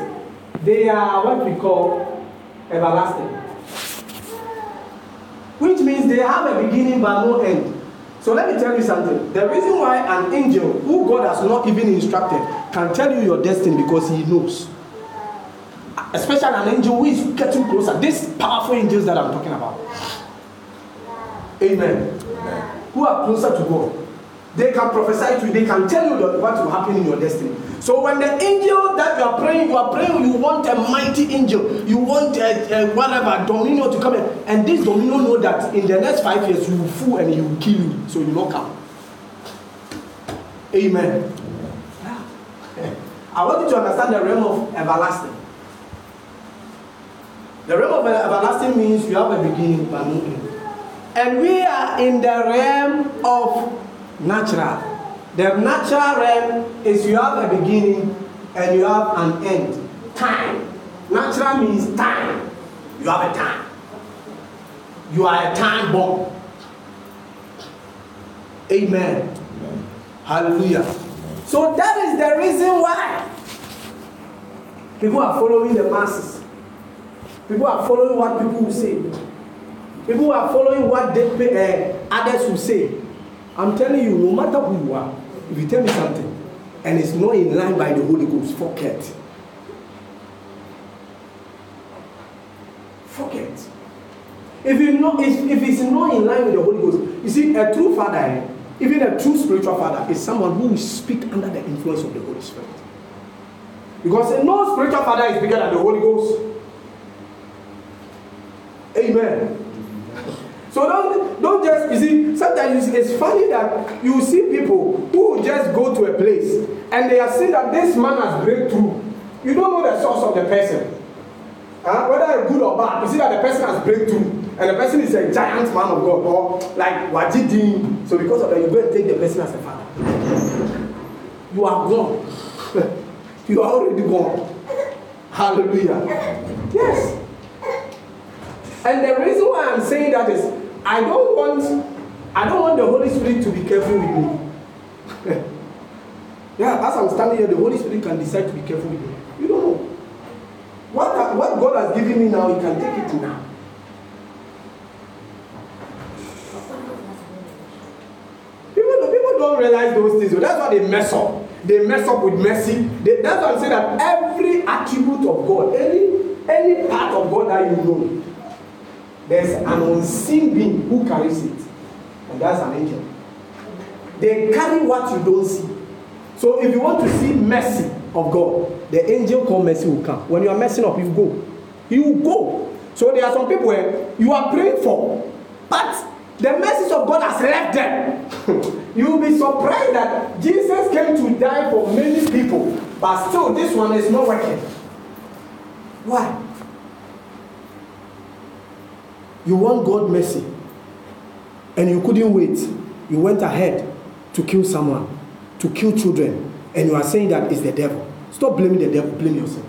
they are what we call everlasting, which means they have a beginning but no end. So let me tell you something. The reason why an angel who God has not even instructed can tell you your destiny because he knows. Especially an angel who is getting closer. These powerful angels that I'm talking about. Amen. Amen. Who are closer to God. They can prophesy to you, they can tell you what will happen in your destiny. So when the angel that you are praying, you are praying, you want a mighty angel, you want a, a whatever domino to come in. And this domino know that in the next five years you will fool and he will kill you, so you not come. Amen. Yeah. [LAUGHS] I want you to understand the realm of everlasting. The realm of everlasting means you have a beginning but no end. And we are in the realm of natural. The natural realm is you have a beginning and you have an end. Time. Natural means time. You have a time. You are a time bomb. Amen. Amen. Hallelujah. So that is the reason why people are following the masses. People are following what people will say. People are following what they, uh, others will say. I'm telling you, no matter who you are, if you tell me something and it's not in line by the Holy Ghost, fuck it. Fuck it. If, you know, if, if it's not in line with the Holy Ghost, you see, a true father, even a true spiritual father, is someone who will speak under the influence of the Holy Spirit. Because no spiritual father is bigger than the Holy Ghost. Amen. So don't don't just you see sometimes it's funny that you see people who just go to a place and they are seeing that this man has breakthrough. You don't know the source of the person. Huh? Whether good or bad, you see that the person has breakthrough and the person is a giant man of God or like Wajidi. So because of that, you and take the person as a father. You are gone. [LAUGHS] you are already gone. Hallelujah. Yes. And the reason why I'm saying that is I don't want I don't want the Holy Spirit to be careful with me. [LAUGHS] yeah, as I'm standing here, the Holy Spirit can decide to be careful with me. You don't know. What, what God has given me now, He can take it to now. People, people don't realize those things. that's why they mess up. They mess up with mercy. They, that's why I'm saying that every attribute of God, any any part of God that you know, there's an unseen being who carries it and that's an angel they carry what you don't see so if you want to see mercy of god the angel called mercy will come when you are messing up you go you go so there are some people where eh, you are praying for but the message of god has left them [LAUGHS] you will be surprised that jesus came to die for many people but still this one is not working why You want God mercy. And you couldn't wait. You went ahead to kill someone, to kill children, and you are saying that it's the devil. Stop blaming the devil, blame yourself.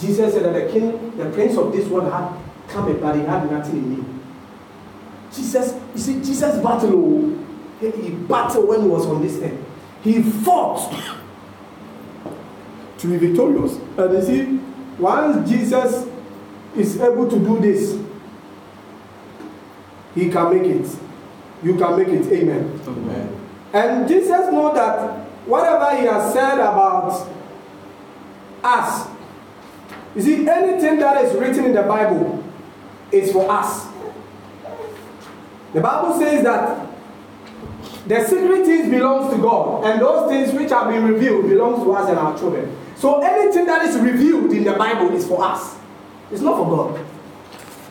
Jesus said that the king, the prince of this world had come, but he had nothing in him. Jesus, you see, Jesus battled. He, he battled when he was on this earth. He fought to be victorious. And you see, once Jesus is able to do this, he can make it. You can make it. Amen. Amen. And Jesus know that whatever he has said about us, you see, anything that is written in the Bible is for us. The Bible says that the secret things belongs to God, and those things which have been revealed belongs to us and our children. So anything that is revealed in the Bible is for us. It's not for God.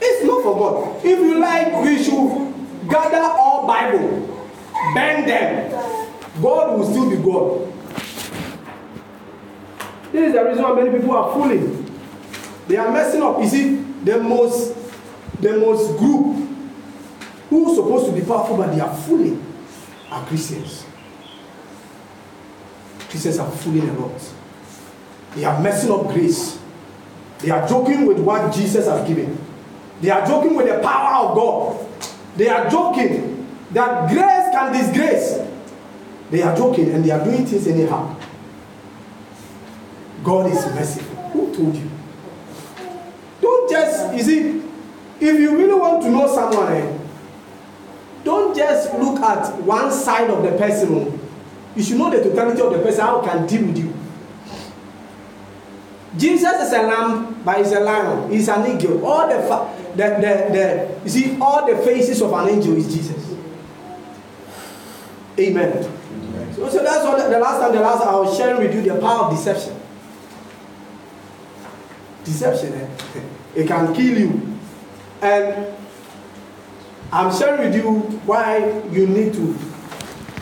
It's not for God. If you like, we should gather all Bible, bend them. God will still be God. This is the reason why many people are fooling. They are messing up. You see, the most, the most group who are supposed to be powerful but they are fooling are Christians. Christians are fooling a lot. They are messing up grace. They are joking with what Jesus has given. They are joking with the power of God. They are joking that grace can disgrace. They are joking and they are doing things anyhow. God is merciful. Who told you? Don't just, you see, if you really want to know someone, eh, don't just look at one side of the person. You should know the totality of the person, how can deal with you. Jesus is a lamb, but he's a lion. He's an angel. All the, fa- the, the, the you see, all the faces of an angel is Jesus. Amen. So, so that's what the, the last time, the last I was sharing with you the power of deception. Deception, eh? [LAUGHS] it can kill you. And I'm sharing with you why you need to,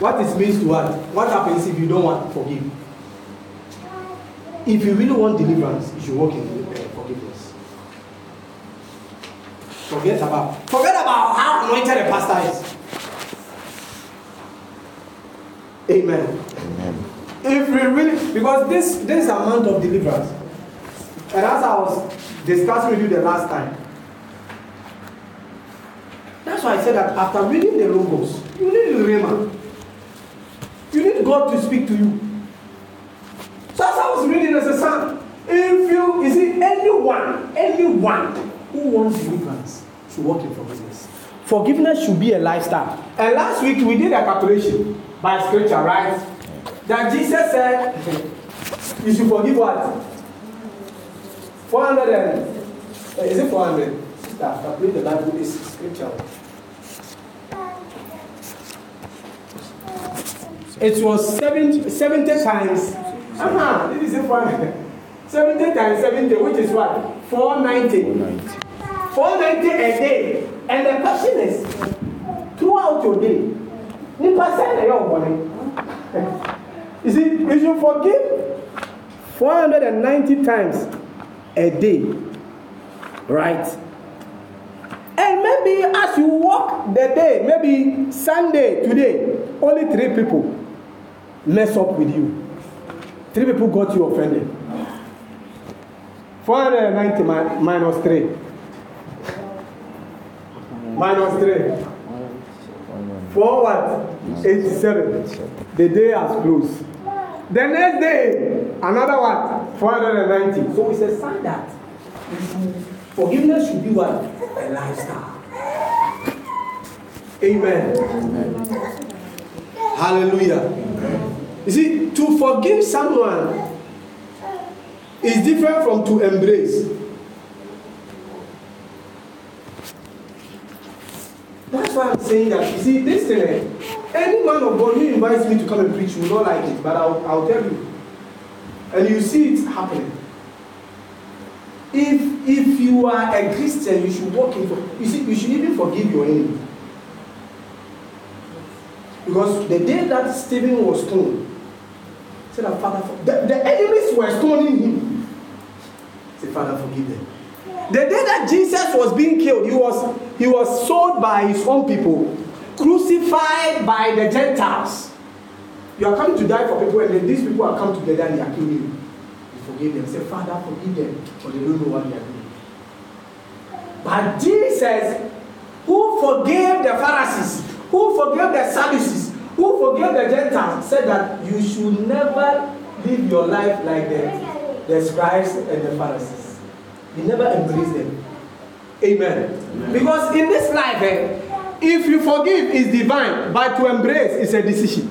what it means to what, what happens if you don't want to forgive. If you really want deliverance, you should walk in uh, forgiveness. Forget about forget about how anointed a pastor is. Amen. Amen. If we really because this this amount of deliverance, and as I was discussing with you the last time, that's why I said that after reading the logos, you need the rhema. You need God to speak to you. So as I was reading as a son. if you, is it anyone, anyone who wants deliverance should work in forgiveness. Forgiveness should be a lifestyle. And last week we did a calculation by scripture, right? That Jesus said, you should forgive what? 400 and, eh, is it 400? Sister, I read the Bible, is scripture. It was 70, 70 times Uh-huh. This is one. seventy times seventy, which is what? four ninety. Four ninety a day. And the question is, throughout your day, nipa send a your money. You see, you should forgive ninety times a day. Right? And maybe as you walk the day, maybe Sunday, today, only three people mess up with you. Three people got you offended. 490 mi- minus 3. Minus 3. 4 what? 87. The day has closed. The next day, another what? 490. So it's a sign that forgiveness should be what? A lifestyle. Amen. Amen. Hallelujah. Amen. You see, to forgive someone is different from to embrace. That's why I'm saying that. You see, this thing, eh, any man of God who invites me to come and preach will not like it, but I'll, I'll tell you. And you see it happening. If if you are a Christian, you should walk in. you see, you should even forgive your enemy. Because the day that Stephen was stoned, Say that, Father, for-. the, the enemies were stoning him. Say, Father, forgive them. The day that Jesus was being killed, he was, he was sold by his own people, crucified by the Gentiles. You are coming to die for people, and then these people are come together and they are killing you. You forgive them. Say, Father, forgive them, for they don't know what they are doing. But Jesus, who forgave the Pharisees, who forgave the Sadducees, who forgave the Gentiles said that you should never live your life like the The scribes and the Pharisees. You never embrace them. Amen. Amen. Because in this life, eh, if you forgive, is divine, but to embrace is a decision.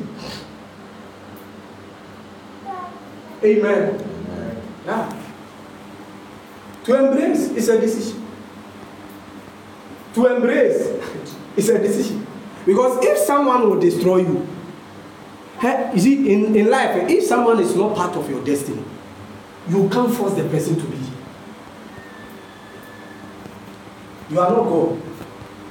Amen. Amen. Yeah. To embrace is a decision. To embrace is [LAUGHS] a decision. because if someone will destroy you eh, you see in in life eh, if someone is not part of your destiny you can't force the person to be you are not God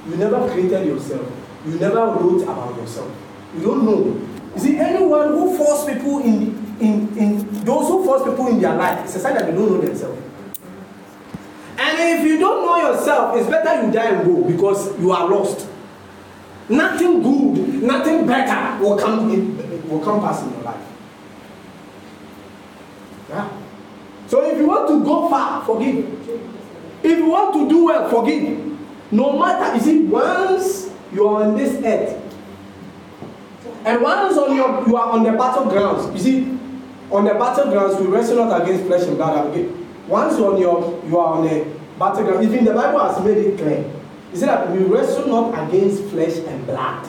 you never created yourself you never wrote about yourself you don't know you see anyone who force people in in in those who force people in their life it's a sign that they don't know themselves and if you don't know yourself it's better you die and go because you are lost Nothing good, nothing better will come in, will come pass in your life. Yeah? So if you want to go far, forgive. If you want to do well, forgive. No matter, you see, once you are on this earth, and once on your, you are on the battlegrounds, you see, on the battlegrounds we wrestle not against flesh and blood. Okay. Once on your, you are on a battleground, even the Bible has made it clear. He said that we wrestle not against flesh and blood,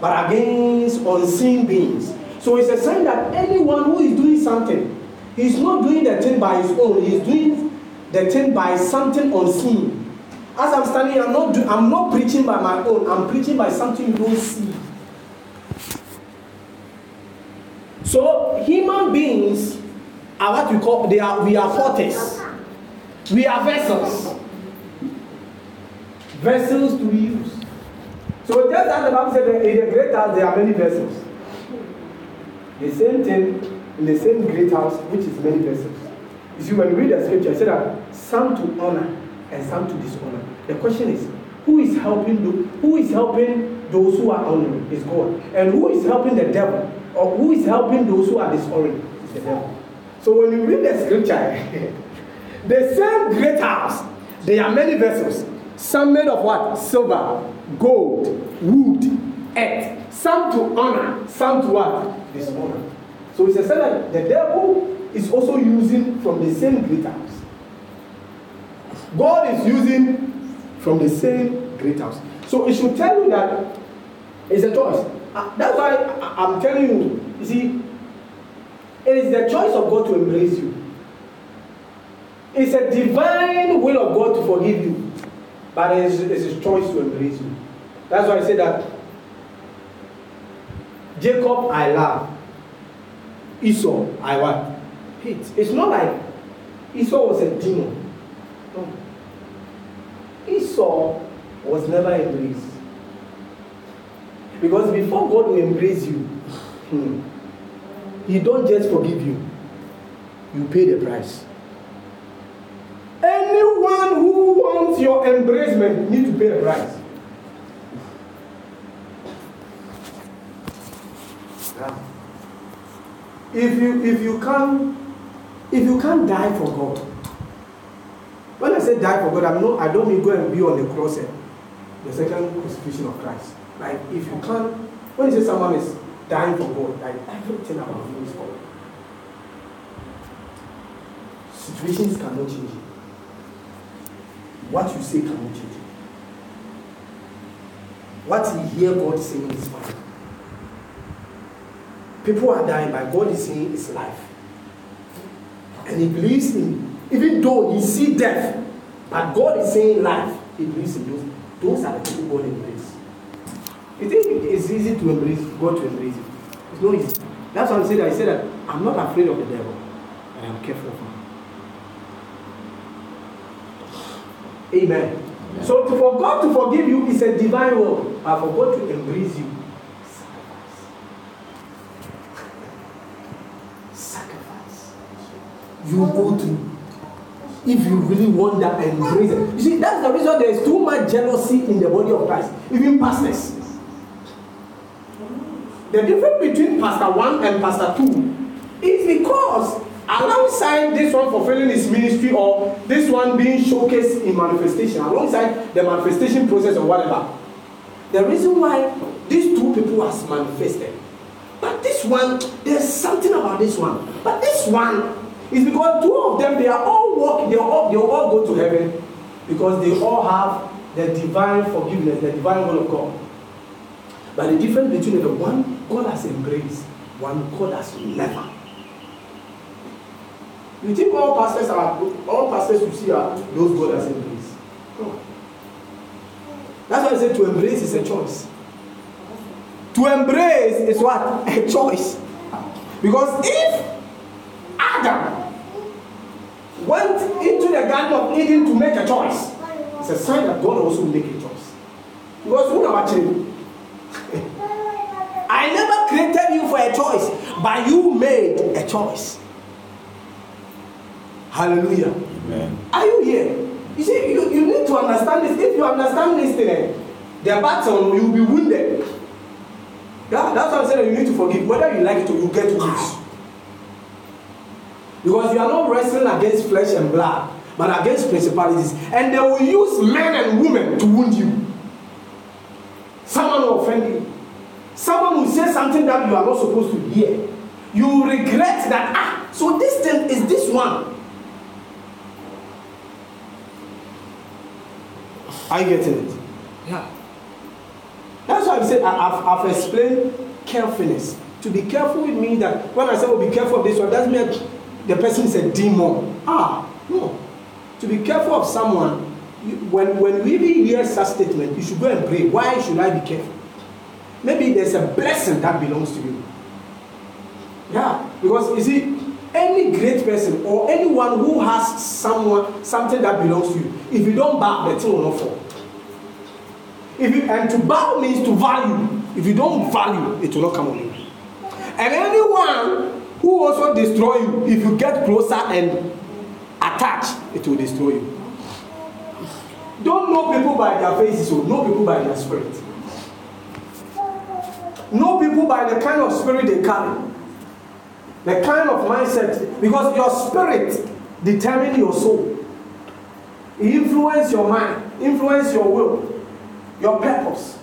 but against unseen beings. So it's a sign that anyone who is doing something, he's not doing the thing by his own, he's doing the thing by something unseen. As I'm standing here, I'm not, do, I'm not preaching by my own, I'm preaching by something you don't see. So human beings are what we call they are we are porters. We are vessels vessels to be used. So just as the Bible said, in the great house there are many vessels. The same thing in the same great house, which is many vessels. You see, when you read the scripture, it said that some to honor and some to dishonor. The question is, who is helping the, who is helping those who are honoring? Is God, and who is helping the devil, or who is helping those who are dishonoring? Is the devil. So when you read the scripture, [LAUGHS] the same great house, there are many vessels. some made of what? Silver, gold, wood, earth. Some to honor, some to what? Dishonor. So it's a sign that the devil is also using from the same great house. God is using from the same great house. So it should tell you that it's a choice. Uh, that's why I, I'm telling you, you see, it is the choice of God to embrace you. It's a divine will of God to forgive you. But it's, it's his choice to embrace me. That's why I say that Jacob I love, Esau I want. Hate. It's not like Esau was a demon. No. Esau was never embraced. Because before God will embrace you, hmm, He don't just forgive you, you pay the price. Anyone who wants your embracement needs to pay a price. Yeah. If you if you can't if you can't die for God, when I say die for God, I'm not I don't mean go and be on the cross and eh, the second crucifixion of Christ. Like if you can't when you say someone is dying for God, like everything about you is God. Situations cannot change what you say cannot change. What you hear God saying is fine. People are dying, but God is saying it's life. And he believes in, even though he see death, but God is saying life, he believes in those. Those are the people God embraces. You think it's easy to embrace God to embrace it? It's not easy. That's why I said I said that I'm not afraid of the devil, and I'm careful of him. Amen. Amen. So to for God to forgive you is a divine work, but for God to embrace you, sacrifice. Sacrifice. You go through. If you really want that embrace You see, that's the reason there is too much jealousy in the body of Christ, even pastors. The difference between Pastor one and Pastor two is because alongside this one fulfilling his ministry or this one being showcased in manifestation, alongside the manifestation process or whatever, the reason why these two people has manifested. But this one, there's something about this one. But this one is because two of them, they are all walk, they all they all go to heaven because they all have the divine forgiveness, the divine will of God. But the difference between the one God has embraced, one God has never. You think all pastors are all pastors you see are those God has embraced? No. That's why I say to embrace is a choice. To embrace is what? A choice. Because if Adam went into the Garden of Eden to make a choice, it's a sign that God also make a choice. Because who our you? [LAUGHS] I never created you for a choice, but you made a choice. Hallelujah. Amen. Are you here? You see, you, you need to understand this. If you understand this thing, eh, the battle, you will be wounded. That, that's what I'm saying. You need to forgive. Whether you like it or you get wounds. Because you are not wrestling against flesh and blood, but against principalities. And they will use men and women to wound you. Someone will offend you. Someone will say something that you are not supposed to hear. You will regret that, ah, so this thing is this one. Are you getting it? Yeah. That's why I'm said I, have explained carefulness. To be careful with me that when I say, oh, be careful of this one, that means the person is a demon. Ah, no. To be careful of someone, you, when, when we hear such statement, you should go and pray. Why should I be careful? Maybe there's a blessing that belongs to you. Yeah, because you see, any great person or anyone who has someone something that belongs to you if you don't bow the thing will not fall if you and to bow means to value if you don't value it will not come on you and anyone who also destroy you if you get closer and attach it will destroy you don't know people by their faces o know people by their spirit know people by the kind of spirit they carry The kind of mindset, because your spirit determines your soul, influence your mind, influence your will, your purpose.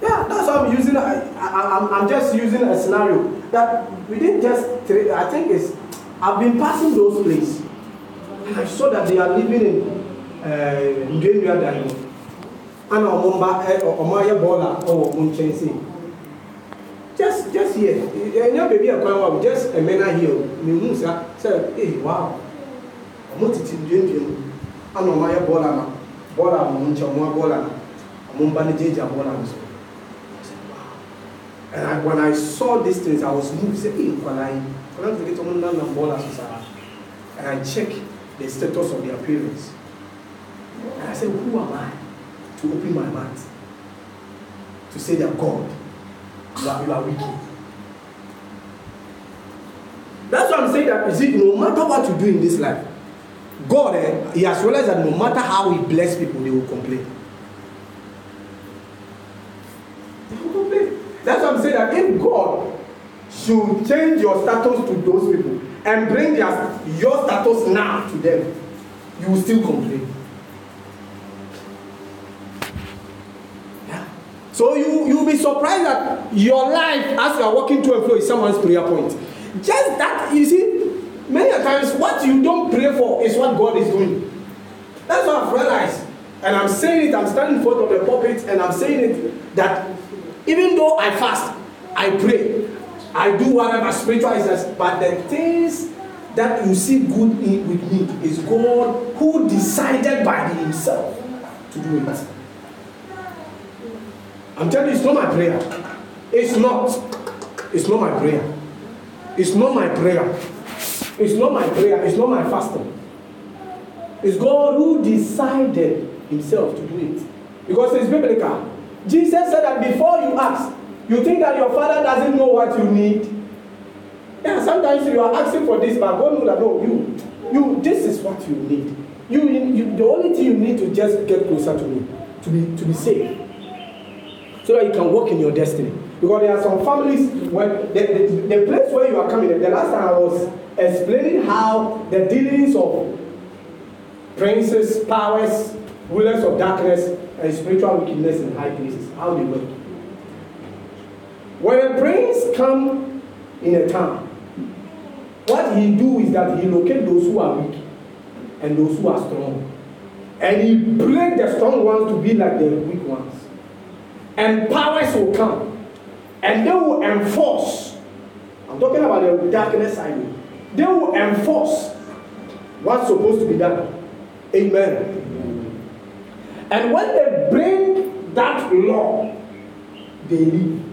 Yeah, that's why I'm using. I, I, I'm just using a scenario that we didn't just. I think it's. I've been passing those places. I saw that they are living in Ndemia uh, Dino. And Omumba, eh, Omaya Bola, or Munchensing just here ɛnyɛ baabi a kwan wa o just ɛmɛna eh, here o mehu sa sɛ ee wow ɔmo tete nduendue mu ana ɔmo ayɛ bɔɔla na bɔɔla a ɔmo nkyɛn ɔmo abɔɔla na ɔmo mba ne gyegya bɔɔla no so and I, when I saw these things I was moved say ee nkwadaa yi nkwadaa ti kete ɔmo nam nam bɔɔla so saa and I check the status of their parents and I say who am I to open my mouth to say that God you are you are wicked. That's why I'm saying that is it. no matter what you do in this life, God, eh, He has realized that no matter how He bless people, they will complain. They will complain. That's why I'm saying that if God should change your status to those people and bring their, your status now to them, you will still complain. So you you'll be surprised that your life as you are walking to and fro is someone's prayer point. Just that, easy. see, many times what you don't pray for is what God is doing. That's what I've realized. And I'm saying it, I'm standing in front of the pulpit and I'm saying it that even though I fast, I pray, I do whatever spiritual is, but the things that you see good in with me is God who decided by Himself to do it. I'm telling you, it's not my prayer. It's not. It's not my prayer. It's not my prayer. It's not my prayer. It's not my fasting. It's God who decided Himself to do it. Because it's biblical. Jesus said that before you ask, you think that your father doesn't know what you need. Yeah, sometimes you are asking for this, but God knows that no, you, you, this is what you need. You, you, the only thing you need to just get closer to me, to be, to be saved, so that you can walk in your destiny. Because there are some families when the, the, the place where you are coming, the last time I was explaining how the dealings of princes, powers, rulers of darkness, and spiritual wickedness in high places, how they work. When a prince come in a town, what he do is that he locate those who are weak and those who are strong. And he break the strong ones to be like the weak ones. And powers will come and they will enforce. I'm talking about the darkness I mean. They will enforce what's supposed to be done. Amen. Amen. And when they bring that law, they leave.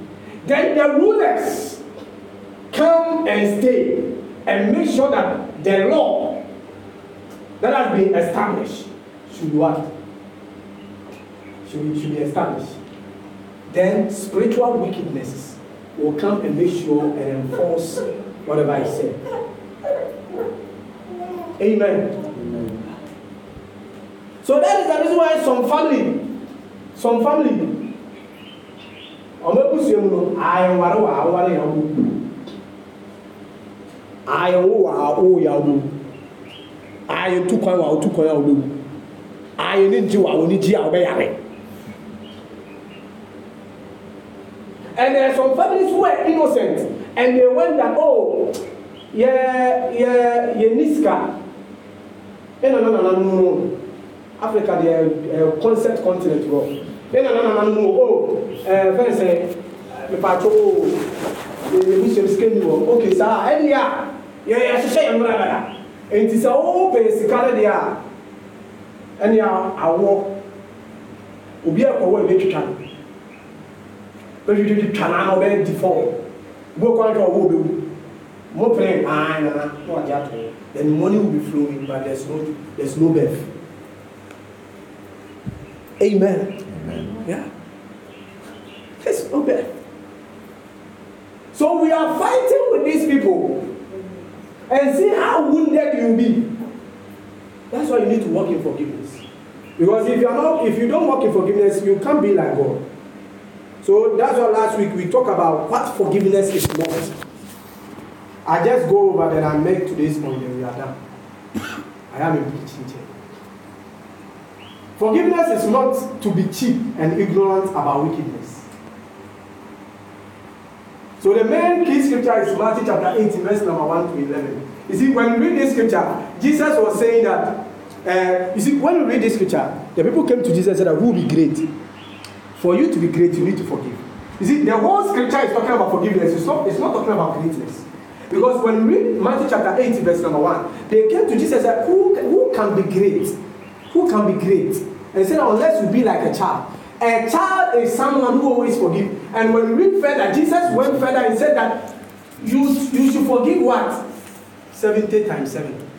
Then the rulers come and stay and make sure that the law that has been established should what? Should, should be established then spiritual wickedness will come and make sure and enforce whatever I said. Amen. Amen. So that is the reason why some family, some family, ọmọbusua mu no ayẹware wà awale yà wò ayẹwo wà awo yà wò ayẹ tukwan wà awo tukwan yà wò ayẹ ne wà awo ne gye a wò bẹ yàrá. And there are some families who are innocent and they went that, oh, yeah, yeah, yeah, Niska. No, no, no, no, no. Africa, the uh, eh, concept continent, bro. No, no, no, no, no. Oh, uh, friends, the part, oh, the bishop skin, okay, sir, and yeah, yeah, yeah, she said, brother. And it's a whole place, they are. And yeah, I walk. Obi akɔwɔ ebi twitwa no wetwitwitwa naa ɔbɛyɛ di fɔm go kwan kan wo bɛwu mo pere paa nana na wagye ato then money will be flowing but there's no there's no birth amen, amen. yeah there's no birth so we are fighting with these people and see how wounded you be that's why you need to work in forgiveness because if you are not if you don't work in forgiveness you can't be like God. So that's why last week we talked about what forgiveness is not. I just go over then I make today's point and we are done. [COUGHS] I am a preaching chair. Forgiveness is not to be cheap and ignorant about wickedness. So the main key scripture is Matthew chapter 18, verse number 1 to 11. You see, when we read this scripture, Jesus was saying that, uh, you see, when we read this scripture, the people came to Jesus and said, Who will be great? For you to be great, you need to forgive. You see, the whole scripture is talking about forgiveness. It's not, it's not talking about greatness. Because when we read Matthew chapter 8, verse number 1, they came to Jesus and said, Who, who can be great? Who can be great? And he said, Unless you be like a child. A child is someone who always forgives. And when we read further, Jesus went further and said that you, you should forgive what? 70 times 7.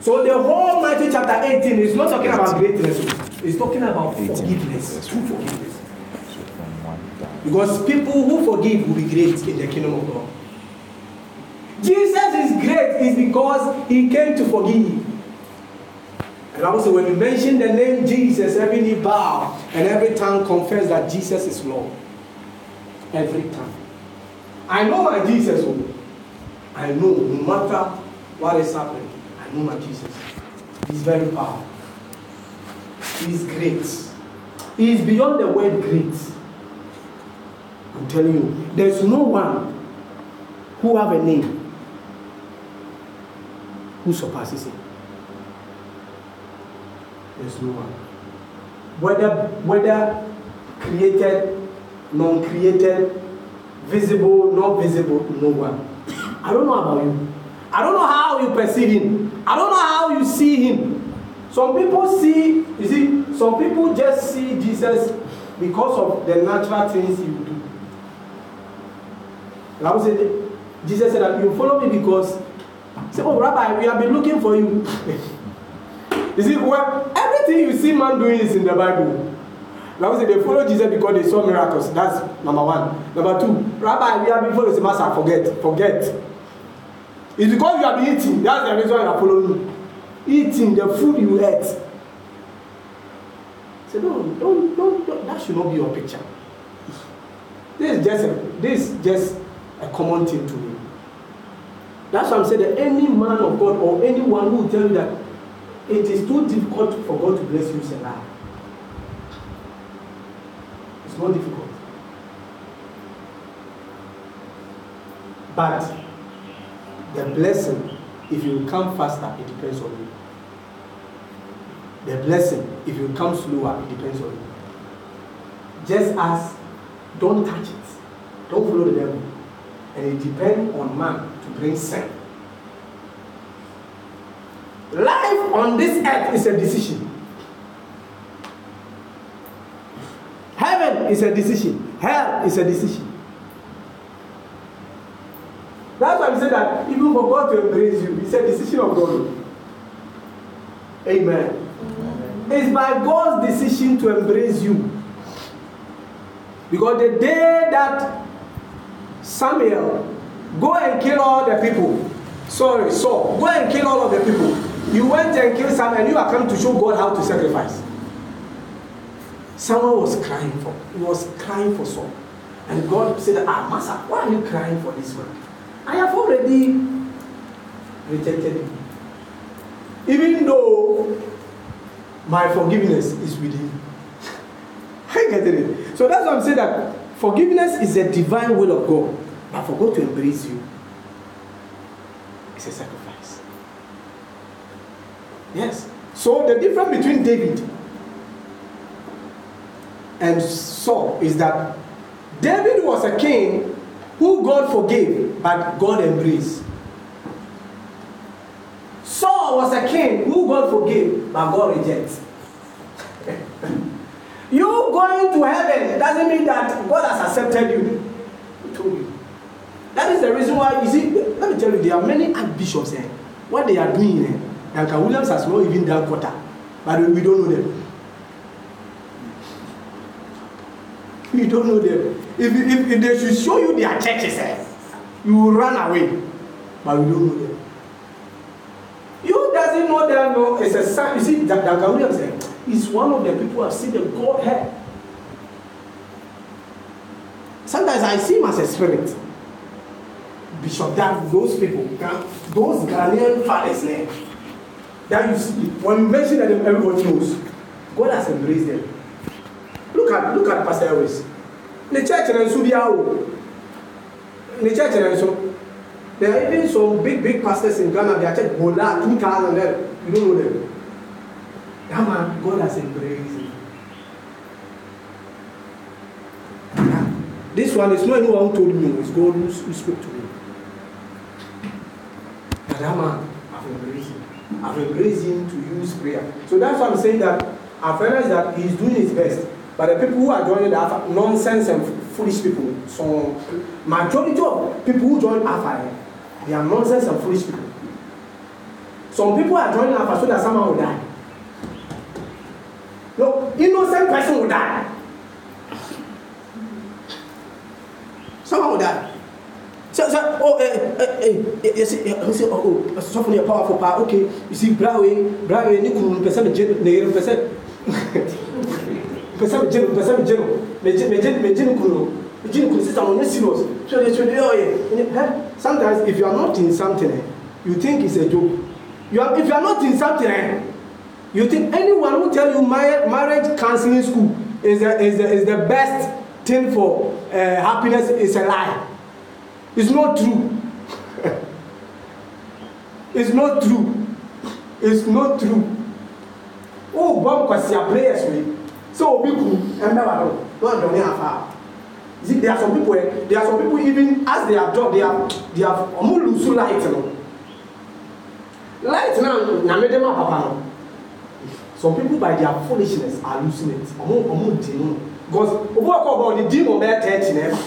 So the whole Matthew chapter 18 is not talking about greatness. He's talking about forgiveness, true forgiveness. Because people who forgive will be great in the kingdom of God. Jesus is great is because he came to forgive. And also when you mention the name Jesus, every knee bow and every tongue confess that Jesus is Lord. Every time. I know my Jesus. Oh. I know no matter what is happening, I know my Jesus. He's very powerful is great. He is beyond the word great. I'm telling you, there's no one who have a name who surpasses him. There's no one. Whether whether created, non-created, visible, not visible, no one. I don't know about you. I don't know how you perceive him. I don't know how you see him. Some people see, you see, some people just see Jesus because of the natural things he would do. Now say, Jesus said that you follow me because say, Oh Rabbi, we have been looking for you. [LAUGHS] you see, well, everything you see man doing is in the Bible. Now say they follow Jesus because they saw miracles. That's number one. Number two, Rabbi, we have been following Master, forget, forget. It's because you have been eating. That's the reason you are following me eating the food you ate. Say, no, don't, don't, don't, that should not be your picture. This is just a, this is just a common thing to me. That's why I'm saying that any man of God or anyone who will tell you that it is too difficult for God to bless you is a lie. It's not difficult. But the blessing if you come faster, it depends on you. The blessing, if you come slower, it depends on you. Just as don't touch it, don't follow the devil. And it depends on man to bring sin. Life on this earth is a decision. Heaven is a decision. Hell is a decision. That's why we say that even for God to embrace you, it's a decision of God. Amen. Amen. It's by God's decision to embrace you. Because the day that Samuel go and kill all the people, sorry, Saul, so, go and kill all of the people. You went and killed Samuel, and you are come to show God how to sacrifice. Someone was crying for, he was crying for Saul. And God said, Ah, Master, why are you crying for this man? I have already rejected you. Even though my forgiveness is with [LAUGHS] you. I get it. So that's why I'm saying that forgiveness is a divine will of God. But for God to embrace you, it's a sacrifice. Yes. So the difference between David and Saul is that David was a king who God forgave but God embraced. Saul was a king who God forgave but God rejects. [LAUGHS] you going to heaven doesn't mean that God has accepted you. told you. That is the reason why, you see, let me tell you, there are many archbishops here. Eh, what they are doing, eh, Duncan Williams has not even done quarter, but we don't know them. [LAUGHS] We don't know them. If, if, if they should show you their churches, eh, you will run away. But we don't know them. You doesn't know them, no. It's a sign. You see, that Williams eh, is one of the people I've seen the Godhead. Sometimes I see him as a spirit. Bishop, that those people, those Ghanaian fathers, eh, that you see, when you mention them, everybody knows. God has embraced them. Look at look at Pastor Elvis ne kyɛkyerɛ nso bi awo ne kyɛkyerɛ nso there are even some big big pastors in ghana their church bola two thousand there you don't know them that man god has embraced him this one is not anyone who told me it's god who, who spoke to me and that man i've embraced him i've embraced him to use prayer so that's why i'm saying that our friend is that he's doing his best But the people who are joining the Alpha, nonsense and foolish people. So majority of people who join Alpha, eh, they are nonsense and foolish people. Some people are joining Alpha so that someone will die. No, innocent person will die. Someone will die. So, so, oh, eh, eh, eh, eh you see, eh, you see, oh, oh, so for your powerful power, okay, you see, Brawe, Brawe, Nikun, percent, Nair, person. [LAUGHS] personne jenu personne jenu mais jenu mais jenu mais jenu kunu kunu sisan o ni serious so de so de oh yeah sometimes if you are not in something eh, you think it's a joke you are if you are not in something eh, you think anyone who tell you marriage marriage counseling school is the is the is the best thing for uh, happiness is a lie it's not true [LAUGHS] it's not true it's not true oh bomb kwasi our prayers wey. So obi ku ɛmɛ wa do no adɔni afa see there are some people eh there are some people even as they are job they are they are ɔmo lusu light no light na nyame de ma papa uh, no some people by their foolishness are losing it ɔmo ɔmo di no because obi wa kɔ ɔbɔ ɔdi di mo bɛɛ tɛɛti na ɛba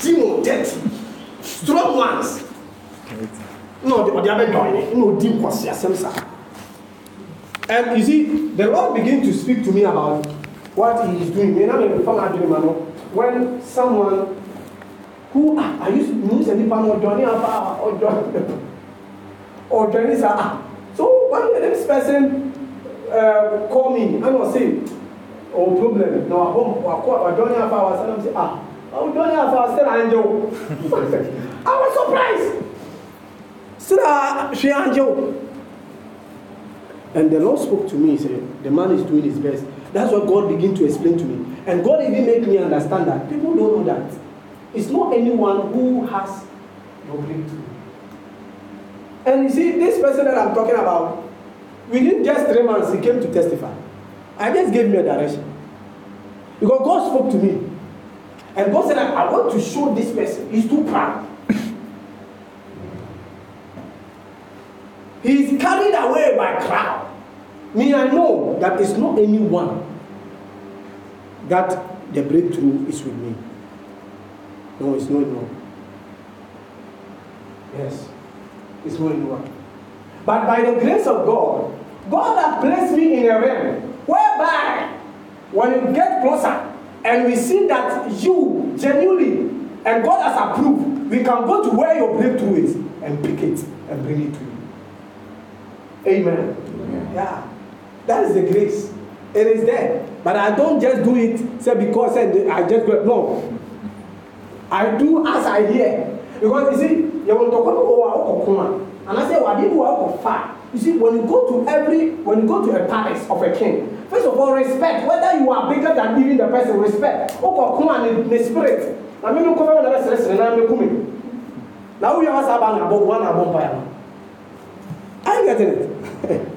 di mo tɛɛti strong ones na ɔdi ɔdi abɛ dɔn ne na odi nkɔsi asɛm saa. And you see, the Lord began to speak to me about what He is doing. When someone who I used to use any pan or Johnny or Johnny or Johnny So one day this person uh, called me and was saying, Oh, problem. Now I home or Johnny Alpha was saying, Ah, oh, Johnny Alpha was still angel. [LAUGHS] I was surprised. Still, ah, she angel. And the Lord spoke to me, he said, The man is doing his best. That's what God began to explain to me. And God even made me understand that people don't know that. It's not anyone who has your breakthrough. And you see, this person that I'm talking about, within just three months, he came to testify. I just gave him a direction. Because God spoke to me. And God said, I want to show this person. He's too proud. [LAUGHS] He's carried away by crowd. Me, I know that it's not anyone that the breakthrough is with me. No, it's not anyone. Yes, it's not anyone. But by the grace of God, God has placed me in a realm whereby when we get closer and we see that you genuinely and God has approved, we can go to where your breakthrough is and pick it and bring it to you. Amen. Amen. Yeah. That is the grace. It is there. But I don't just do it say because say, I just no. I do as I hear. Because you see, you want to go and I say, well, did work far. You see, when you go to every when you go to a palace of a king, first of all, respect. Whether you are bigger than even the person, respect. Oko Kuma in the spirit. Na mimi nko fanya na sere sere na mekumi. Na huyu hasa bana bobo na bomba yana. I get it. [LAUGHS]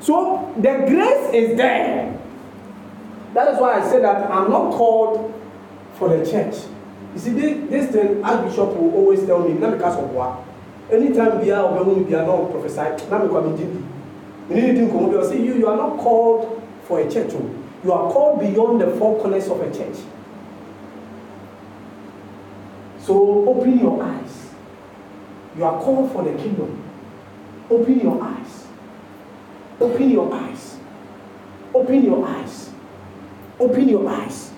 So the grace is there. That is why I say that I'm not called for the church. You see, this, this thing, Archbishop will always tell me, not because of what. Anytime we are or when we are not prophesied, not because we did. Anything come will say, you, you are not called for a church. Oh. You are called beyond the four corners of a church. So open your eyes. You are called for the kingdom. Open your eyes. Open your eyes. Open your eyes. Open your eyes.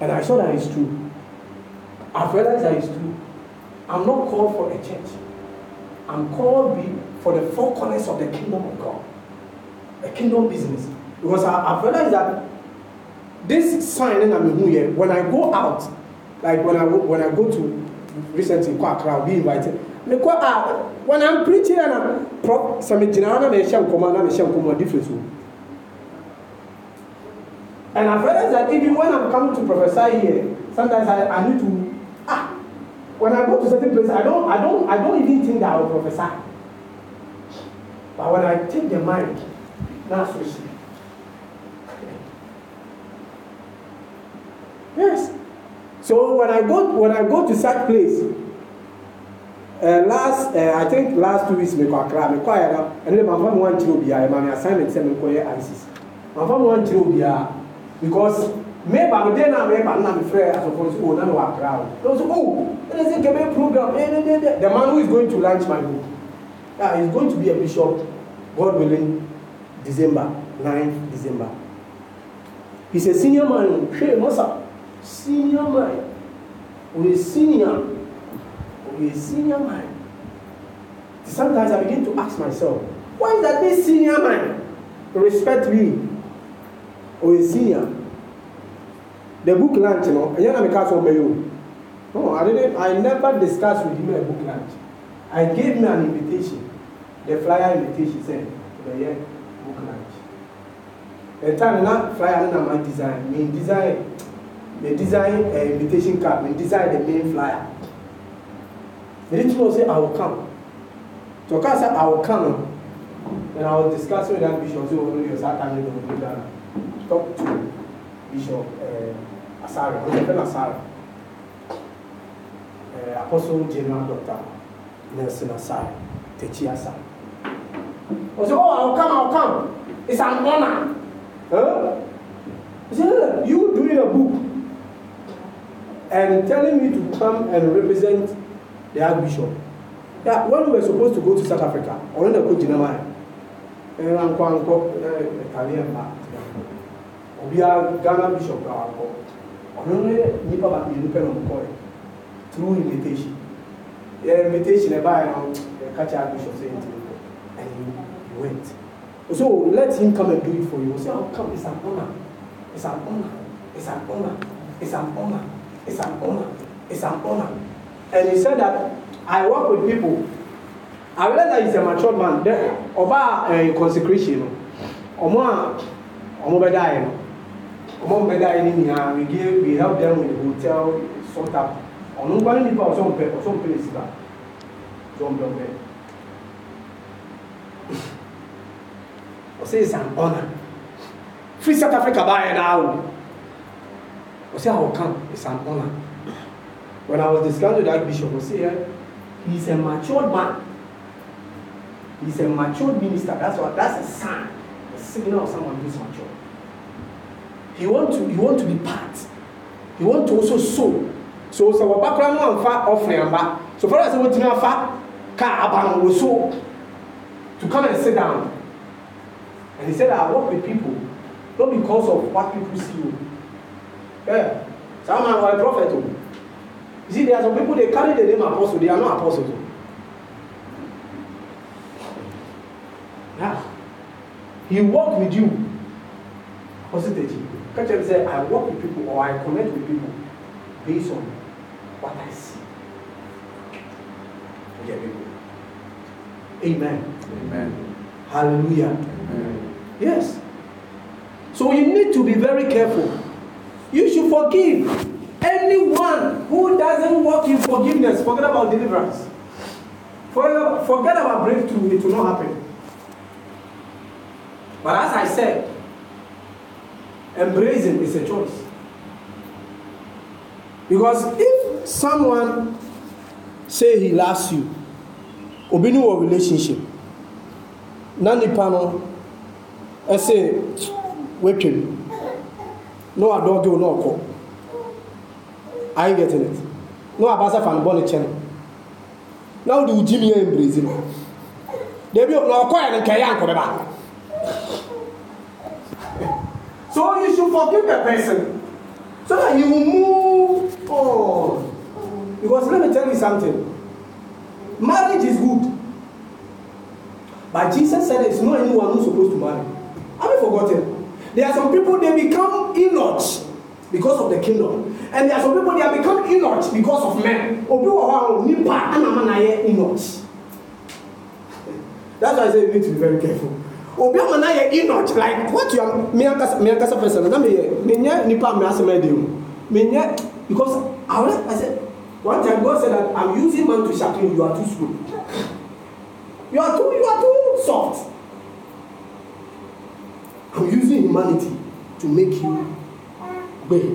And I saw that it's true. I realized that it's true. I'm not called for a church. I'm called be for the four corners of the kingdom of God. A kingdom business. Because I, have realized that this sign in Amihuye, when I go out, like when I, when I go to recently Quakra, I'll be invited. mekɔ a ah, wɔn am preaching na prɔ sɛ me na me hyɛ na me hyɛ nkɔmɔ difference and I've that even when I'm coming to prophesy here sometimes I, I need to ah when I go to certain places I don't I don't I don't even think that I will prophesy but when I take the mic that's so see yes so when I go when I go to such place Eh, last uh, I think last two weeks mekɔ akra mekɔ ayɛ no ɛno de mamfa eh, me wankyerɛ obiaa ɛma me assignment sɛ menkɔyɛ isis mamfa me wankyerɛ obiaa because meba no den na meba no oh, na mefrɛ asɔfo no so o na mewɔ akra o no so oh ɛne sɛ nkɛmɛ program ɛnɛdɛdɛ the man who is going to launch my book ah he is going to be a bishop god willing december 9 december he is a senior man hwɛ mosa senior man o de senior a senior man. Sometimes I begin to ask myself, why is that this senior man respect me or a senior? The book lunch, you know, you know, cast on my own. No, I didn't. I never discussed with him a book lunch. I gave him an invitation, the flyer invitation said, "But yeah, book lunch." The time now flyer na my design, my design, my design uh, invitation card, my design the main flyer. They didn't know, say, I will come. So God said, I will come. And I was discussing with that bishop, so we was that time to do that. Talk to Bishop uh, Asari, Bishop Asari, uh, Apostle General Doctor Nelson Asari, Techi Asari. I said, Oh, I'll come, I'll come. It's an honor. Huh? He said, You doing a book and telling me to come and represent the archbishop Yeah, when we were supposed to go to south africa ọ̀rẹ́ náà kó jìnnà wá ẹ̀ ẹ̀rọ ankọ ankọ ẹ̀kàrí ẹ̀ mbà òbí a ghana bishop gbà wá kọ ọ̀rẹ́ náà nípa bàbá yẹn nípa ẹ̀rọ kọ ẹ̀ through invitation ẹ̀ invitation ẹ̀ báyìí náà catch kàtí archbishop ṣe and he went so let him come and do it for you say oh come it's an honor. it's an honor. it's an honor. it's an honor. it's an honor. it's an honor. and he said that I work with people. I realize that he's a mature man. Then, ọba uh, eh, consecration, ọmọ a ọmọ bẹ die no, ọmọ bẹ die ni nyinaa we give we help them with the hotel sort out. ọ̀nà ń gbani nípa ọ̀sán pẹ̀ ọ̀sán pẹ̀ lè síbà ọ̀sán pẹ̀ pẹ̀. ọ̀sẹ̀ [LAUGHS] ìsàn ọ̀nà free South Africa báyẹn náà wò ọ̀sẹ̀ àwọn kan ìsàn ọ̀nà. When I was discussing with Archbishop Osei, he's a matured man. He's a matured minister. That's what that's a sign, a signal of someone who's mature. He want to he want to be part. He want to also sow. So so our background no amfa offering amba. So for us we tina afa ka aban we sow to come and sit down. And he said I work with people not because of what people see you. Yeah. Some man were a prophet. Oh. You see, there are some people they carry the name apostle, they are not apostles. Yeah. He walked with you. Hositaji. Catch him say, I work with people or I connect with people based on what I see. Okay, people. Amen. Amen. Hallelujah. Amen. Yes. So you need to be very careful. You should forgive. Anyone who doesn't walk in forgiveness, forget about deliverance. Forget, forget about breakthrough, it will not happen. But as I said, embracing is a choice. Because if someone say he loves you, obi ni wɔ relationship na nipa no ɛsɛ wetwam na wadɔɔge wo na ɔkɔ. Are you getting it? No Abasa fan born channel. Now do Jimmy in Brazil. They will not quiet and carry on back. So you should forgive the person so that you will move on. Because let me tell you something. Marriage is good. But Jesus said it's not anyone who's supposed to marry. Have you forgotten? There are some people, they become inert because of the kingdom and there are some people they have become inert because of men obi wɔ hɔ a nipa anama na yɛ inert that's why i say you need to be very careful obi ama na yɛ inert like what you are miankasa miankasa person na mi yɛ mi nye nipa mi asem ɛdi mu mi nye because i was i said one time god said that i'm using man to sharpen you are too slow you are too you are too soft i'm using humanity to make you. way.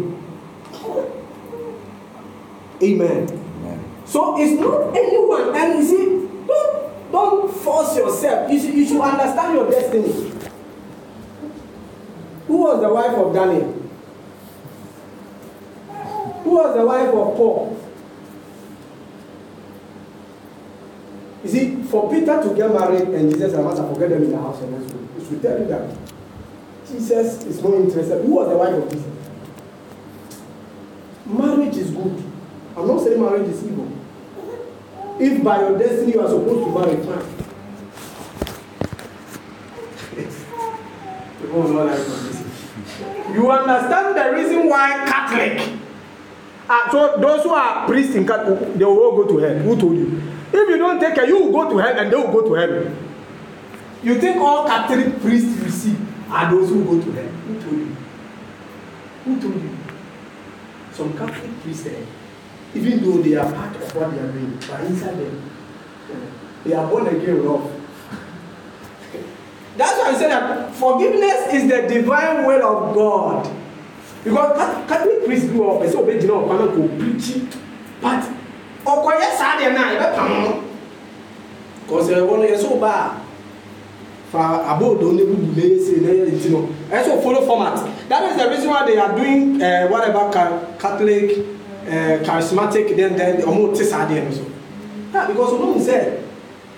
Amen. Amen. So it's not anyone, and you see, don't, don't force yourself. You should, you should understand your destiny. Who was the wife of Daniel? Who was the wife of Paul? You see, for Peter to get married and Jesus and Martha forget them in the house and that's it should tell you that Jesus is not interested. Who was the wife of Jesus? Marriage is good. I'm not saying marriage is evil. If by your destiny you are supposed to marry, fine. [LAUGHS] you understand the reason why Catholic. Ah, so those who are priests in Catholic, they will all go to hell. Who told you? If you don't take care, you go to hell and they will go to hell. You think all Catholic priests you see are those who go to hell? Who told you? Who told you? some Catholic Christians, even though they are part of what they are doing, but inside them, they are born again love. That's why I say that forgiveness is the divine will of God. Because Catholic priests grew up, ẹsẹ obe gyina ọkwa na ko preach but ọkọ yẹ saa deɛ na yɛ bɛ pam no. Kɔsɛ wɔn yɛ sɛ ɔbaa for above the only people may say na you know and so follow format that is the reason why they are doing uh, whatever ca catholic uh, charismatic then then ọmọ ti sáà díẹ̀ nìso na ah, because ọmọ mi sẹ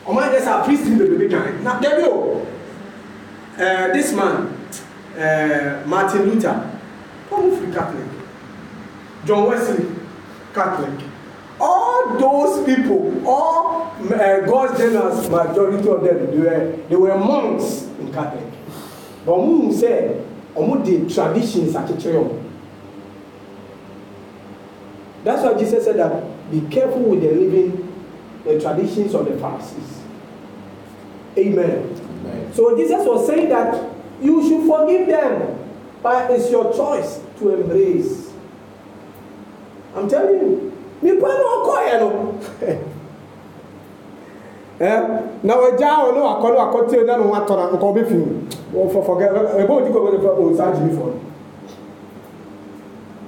ọmọ yẹn sẹ priest ni bèbè kan na debi o uh, this man uh, martin luther ọmọ fi catholic john wesley catholic those people, all uh, God's generous majority of them, they were, they were monks in Catholic. But who said, Omu the traditions are That's why Jesus said that be careful with the living, the traditions of the Pharisees. Amen. Amen. So Jesus was saying that you should forgive them, but it's your choice to embrace. I'm telling you. nipa no ɔkɔɔyɛ [LAUGHS] no ɛ na wagya ɔno akɔ no akɔtie na no ho atɔ na nkɔ ɔbɛfi ɔfɔfɔgɛ ɛbɛ odi kɔ bɛfɛ ɔnsa gyinifoɔ no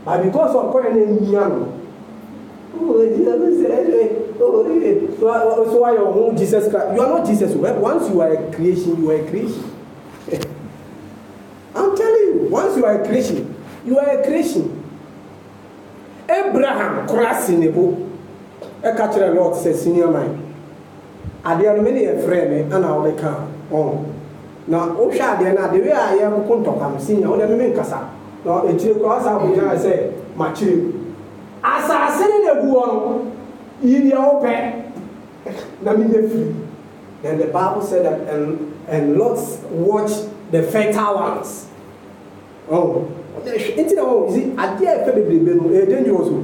but because ɔkɔɔyɛ no anyia no so ayɛ ɔho jesus christ you are not jesus once you are a creation you are a creation [LAUGHS] i'm telling you once you are a creation you are a creation abraham koraa si ne bo ɛka kyerɛ lord sɛ senior man adeɛ no mene yɛfrɛ me ana wobɛka ɔn na wohwɛ adeɛ no adeɛ wei a yɛkoko ntɔkwa no senior wode meme nkasa na ɛkyire koraa sa abogyina sɛ makyire asase ne na gu hɔ no yi deɛ wopɛ na menya firi then the bible said that and, and lots watch the fertile ones oh nti na wɔn si adeɛ a yɛfɛ bebrebe no ɛyɛ dangerous o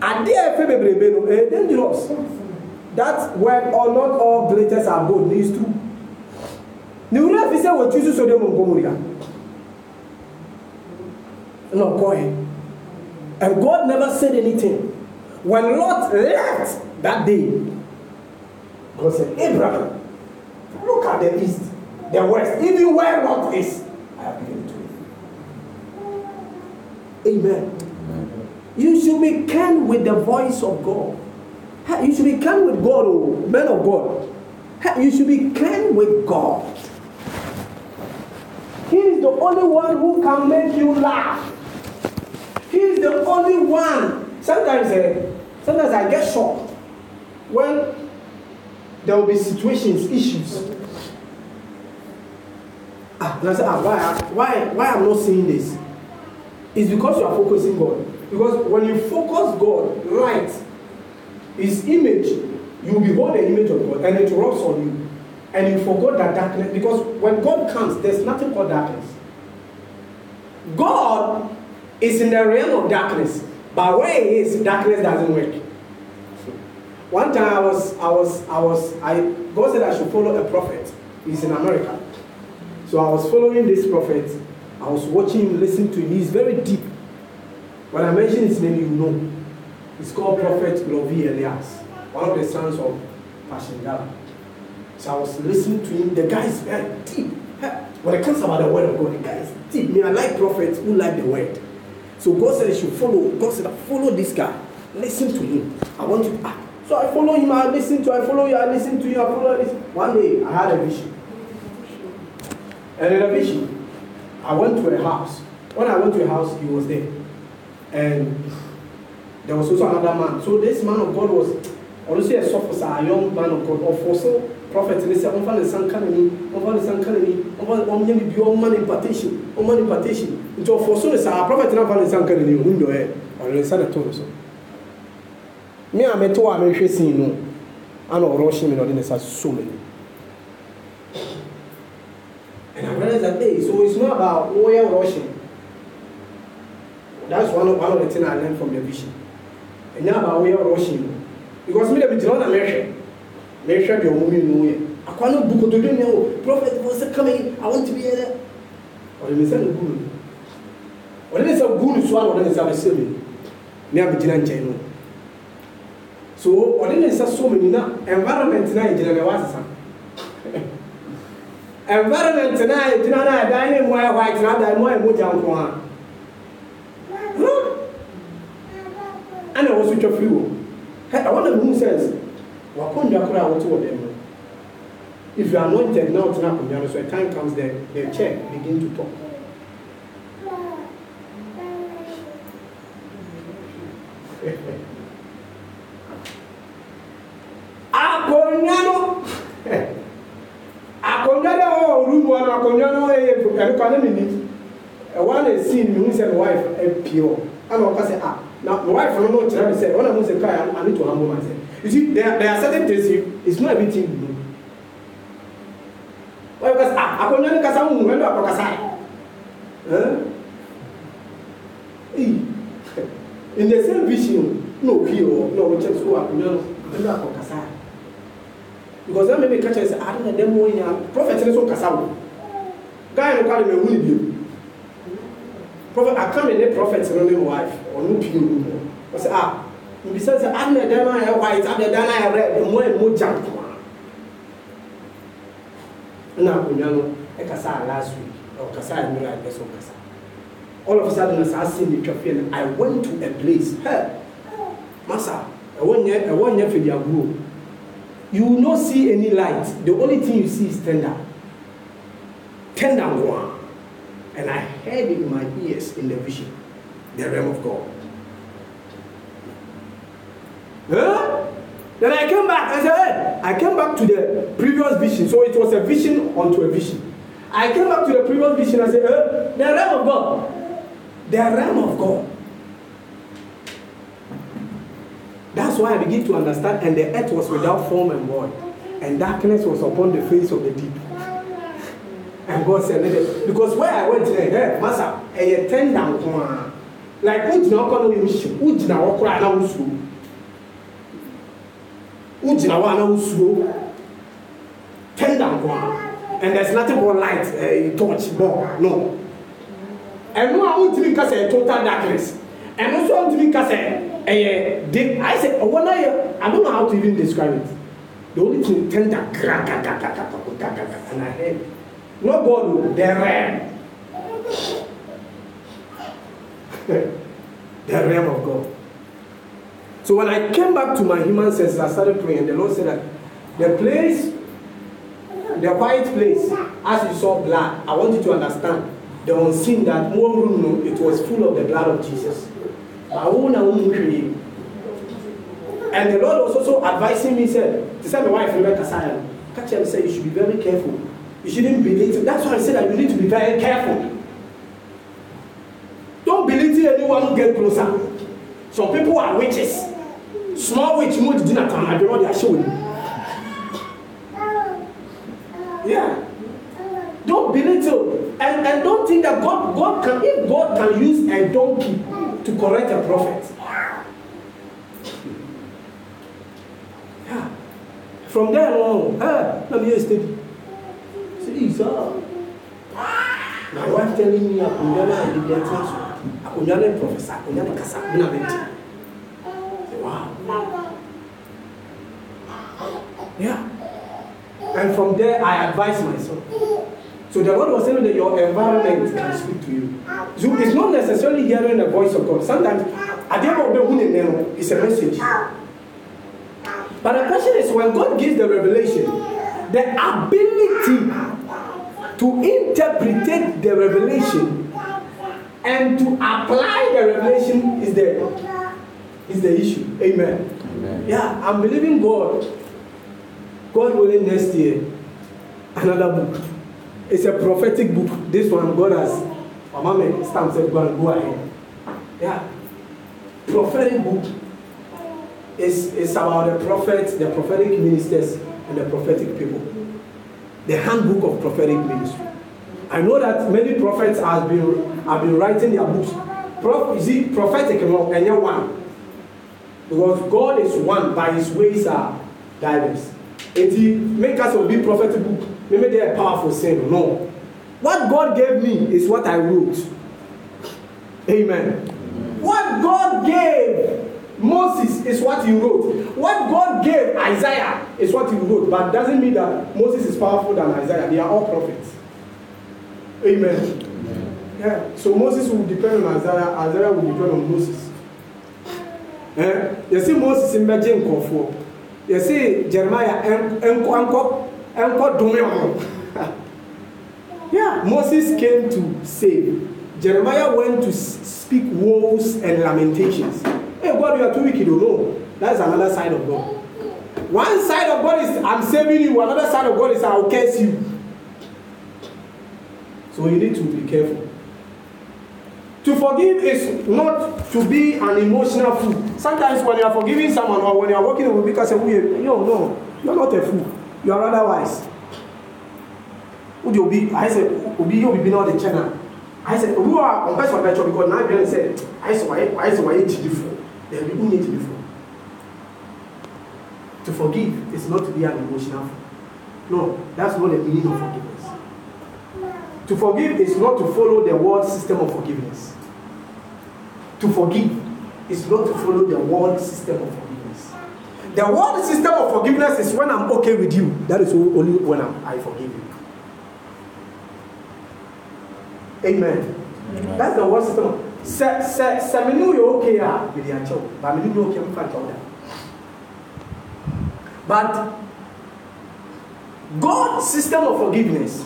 adeɛ a yɛfɛ bebrebe no ɛyɛ dangerous that word or not all glitters are gold is true ne wura fi sɛ wɔtwi so sodium nkɔmɔria na ɔkɔɛ and God never said anything when Lot left that day God said Abraham look at the east the west even where Lot is. happy in Amen. Amen. You should be kind with the voice of God. You should be kind with God, oh, man of God. You should be kind with God. He is the only one who can make you laugh. He is the only one. Sometimes, eh, sometimes I get shocked when there will be situations, issues ah, I say, ah, why, why, why I'm not seeing this? It's because you are focusing God. Because when you focus God right, His image, you behold the image of God, and it rubs on you, and you forgot that darkness. Because when God comes, there's nothing called darkness. God is in the realm of darkness, but where He is, darkness doesn't work. One time I was, I was, I was, I God said I should follow a prophet. He's in America. So I was following this prophet. I was watching him, listening to him. He's very deep. When I mention his name, you know. He's called Prophet Lovi Elias, one of the sons of Pashindala. So I was listening to him. The guy is very deep. When it comes about the word of God, the guy is deep. Me, I like prophets who like the word. So God said I should follow. God said, I follow this guy. Listen to him. I want you. Ah. So I follow him. I listen to. I follow you. I listen to you. I follow this. One day I had a vision. A renovation. I went to a house. When I went to a house, he was there. And there was also another man. So this man of God was honestly a sophist, a young man of God, or for eh? so prophet ne sɛ ɔmfa ne nsanka nani ɔmfa ne nsanka nani ɔmfa ɔmnyɛ I'm bi ɔmma ne impartation ɔmma ne impartation nti ɔfɔ so ne saa prophet na ɔmfa ne nsanka nani ɔmu ndɔ yɛ ɔno ne nsa na the no so me a mɛto a mɛhwɛ sin no ana ɔrɔhye me na ɔde ne nsa so m'ani And when is that day? So it's not about oil oh, rushing. That's one of, one of the things I learned from the vision. And not about oil oh, rushing. Because me, the vision I'm here. Make sure you're moving away. I can't book to do now. Prophet was coming. I want to be there. Or you send a guru. Or then it's a guru swallow, then it's a silly. Never did I So, or then it's a so many environment now in general environment na a gyina na ɛdan ne mu ayɛ hɔ a gyina dan mu ayɛ mu gya nko a ɛna wɔn nso twa firi wɔ ɛ ɛwɔ na mu sense wakɔnnwa koraa a wɔte wɔ dan mu if you are not dead na ɔtena akonnwa no so a time comes there the chair begin to talk. akonnwa [LAUGHS] no. [LAUGHS] wɔ no akonnwa no yɛ ɛnokwa no nini ɛwa na ɛsii ne mehu sɛ ne wife apie wɔ ana ɔka sɛ a na ne wife no no kyerɛ me sɛ wɔna mu sɛ kaa ane to hambo ma sɛ you see there, there are certain things you it's not everything you know wɔyɛ kasa a akonnwa no kasa wohu ɛno akɔkasa in the same vision na opie wɔ na ɔkyɛ so wɔ akonnwa no ɛno akɔkasa because ɛmɛ mi ka kyerɛ sɛ ade na dɛm wɔ nyinaa prophet ne so kasa wɔ guy no kwari me hu ni bi prophet akame ne prophet no me wife ɔno pii mu wɔ sɛ ah mbisa sɛ adana dan na yɛ white adana dan na yɛ red mo emo gya nkoma ɛna akonnwa no ɛkasa last week ɔkasa a ɛmira ɛbɛ so ɔkasa all of a sudden saa se ne twa fie no i went to a place hɛ masa ɛwɔ nyɛ ɛwɔ nyɛ fɛdi aguro you no see any light the only thing you see is tender. turn one. And I heard in my ears in the vision, the realm of God. Huh? Then I came back I said, I came back to the previous vision. So it was a vision onto a vision. I came back to the previous vision and said, the realm of God. The realm of God. That's why I begin to understand, and the earth was without form and void, and darkness was upon the face of the deep and God said let because where I went there eh masa ɛyɛ ten down kwan like who hɔ kɔ na woyɛ wosi wogyina hɔ koraa na wosuo wogyina hɔ a na wosuo ten down kwan and there's nothing more light eh torch ball no And ɛnu a wotumi kasa yɛ total darkness ɛnu nso a wotumi kasa ɛyɛ a deep. I ɔwɔ na yɛ I don't know how to even describe it the only thing ten down kra kra kra kra kra kra kra kra and I head. No God, no. they ran. the realm of God. So when I came back to my human senses, I started praying. The Lord said that the place, the quiet place, as you saw blood, I want you to understand the unseen that more room it was full of the blood of Jesus. And the Lord was also advising me, said, to send my wife Rebecca Sion, catch him, said, you should be very careful You shouldn't believe. So that's why I said that you need to be very careful. Don't belittle anyone who gets closer. Some people are witches. Small witch, much dinner time. I don't know they are showing. Yeah. Don't believe belittle. And, and don't think that God, God can, if God can use a donkey to correct a prophet. Yeah. From there on, eh, let me hear a statement is all. My wife telling me Akunyala and the dentals, Akunyala and Professor, Akunyala Kasa, Binabenti. Wow. Yeah. And from there, I advise myself. So the Lord was saying that your environment can speak to you. So it's not necessarily hearing the voice of God. Sometimes, at the end of the day, it's a message. But the question is when God gives the revelation, the ability to interpret the revelation and to apply the revelation is the is the issue. Amen. Amen. Yeah, I'm believing God. God willing next year, another book. It's a prophetic book. This one God has Mama stamp said go and go ahead. Yeah. Prophetic book is is about the prophets, the prophetic ministers, and the prophetic people the handbook of prophetic ministry. I know that many prophets have been, have been writing their books. Pro, you see, prophetic and one. Because God is one, but his ways are diverse. And It make us be prophetic book. Maybe they are powerful saying no. What God gave me is what I wrote. Amen. Amen. What God gave Moses is what he wrote. What God gave Isaiah is what he wrote, but doesn't mean that Moses is powerful than Isaiah. They are all prophets. Amen. Yeah. So Moses will depend on Isaiah, Isaiah will depend on Moses. Yeah. You see, Moses mbɛgye nkɔfoɔ. Yɛsi Jeremiah nkɔ nkɔ nkɔ dome wɔn. Yeah, Moses came to save. Jeremiah went to speak woes and lamentations. God, you are too wicked. No, that's another side of God. One side of God is I'm saving you, another side of God is I'll curse you. So you need to be careful. To forgive is not to be an emotional fool. Sometimes when you are forgiving someone or when you are walking with because say, you, no, no, you are not a fool. You are rather wise. Would Obi, I said, Obi, you will be not the channel. I said, "Who are I'm best for that because now I said, I saw why, I saw why you did Then people need to be forgiven. To forgive is not to be an emotional forgive. No, that's not the meaning of forgiveness. To forgive is not to follow the world system of forgiveness. To forgive is not to follow the world system of forgiveness. The world system of forgiveness is when I'm okay with you. That is only when I'm, i forgive you. Amen. Amen. That's the world system sɛ sɛ sɛ me nu yɛ okay a mede akyɛw ba me nu yɛ okay mfa nkyɛw da but God's system of forgiveness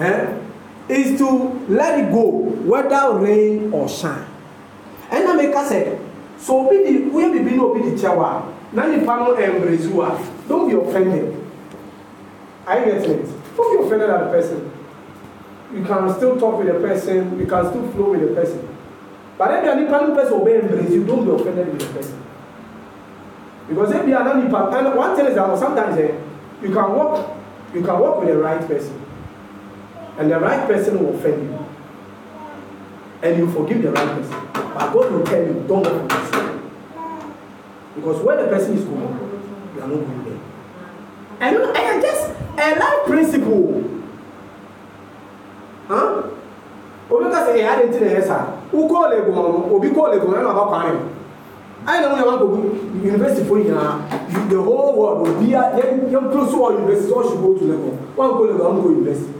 eh, is to let it go whether rain or shine ɛna meka sɛ sɛ obi di woyɛ bibi na obi di kyɛw a na nipa no embrace you a don't be offended I get it don't be offended at the person you can still talk with the person, you can still flow with the person. But then the Nipani person obey embrace you, don't be offended with the person. Because if you are not Nipa, and one thing is that sometimes eh, you can walk, you can walk with the right person. And the right person will offend you. And you forgive the right person. But God will tell you, don't walk with this. Because where the person is going, you are not going there. And, and just a life principle obi ka sɛ ɛyɛ ade nti na ɛyɛ saa wo obi kɔɔle egu ɔmo ɛna ɔba kwan mu ayi na mo yɛ wanko university fo nyinaa the whole world obi a yɛn yɛn pro so wɔ university so ɔsi go to level wanko level wanko university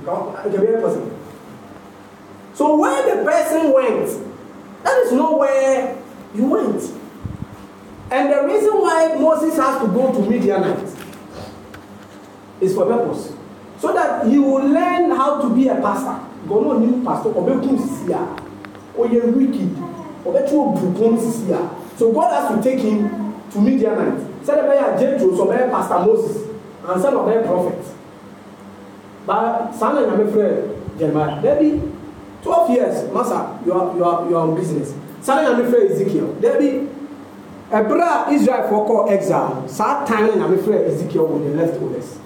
jabi yɛ pɔsɛ so where the person went that is not where you went and the reason why moses has to go to midianite is for purpose so that he will learn how to be a pastor gɔnɔ ni pastor ɔbɛkun sisi a ɔyɛ wiki ɔbɛtɔ obukun sisi a so God has to take him to Midianite sɛde bɛyɛ a Jethro sɛ ɔbɛyɛ pastor Moses ansa na ɔbɛyɛ prophet ba saa na nyame frɛ Jeremiah dɛbi twelve years masa you are you are you are on business saa na nyame frɛ Ezekiel dɛbi ɛbrɛ a Israelfoɔ exile saa time na nyame Ezekiel Ezekiel wɔ left leftovers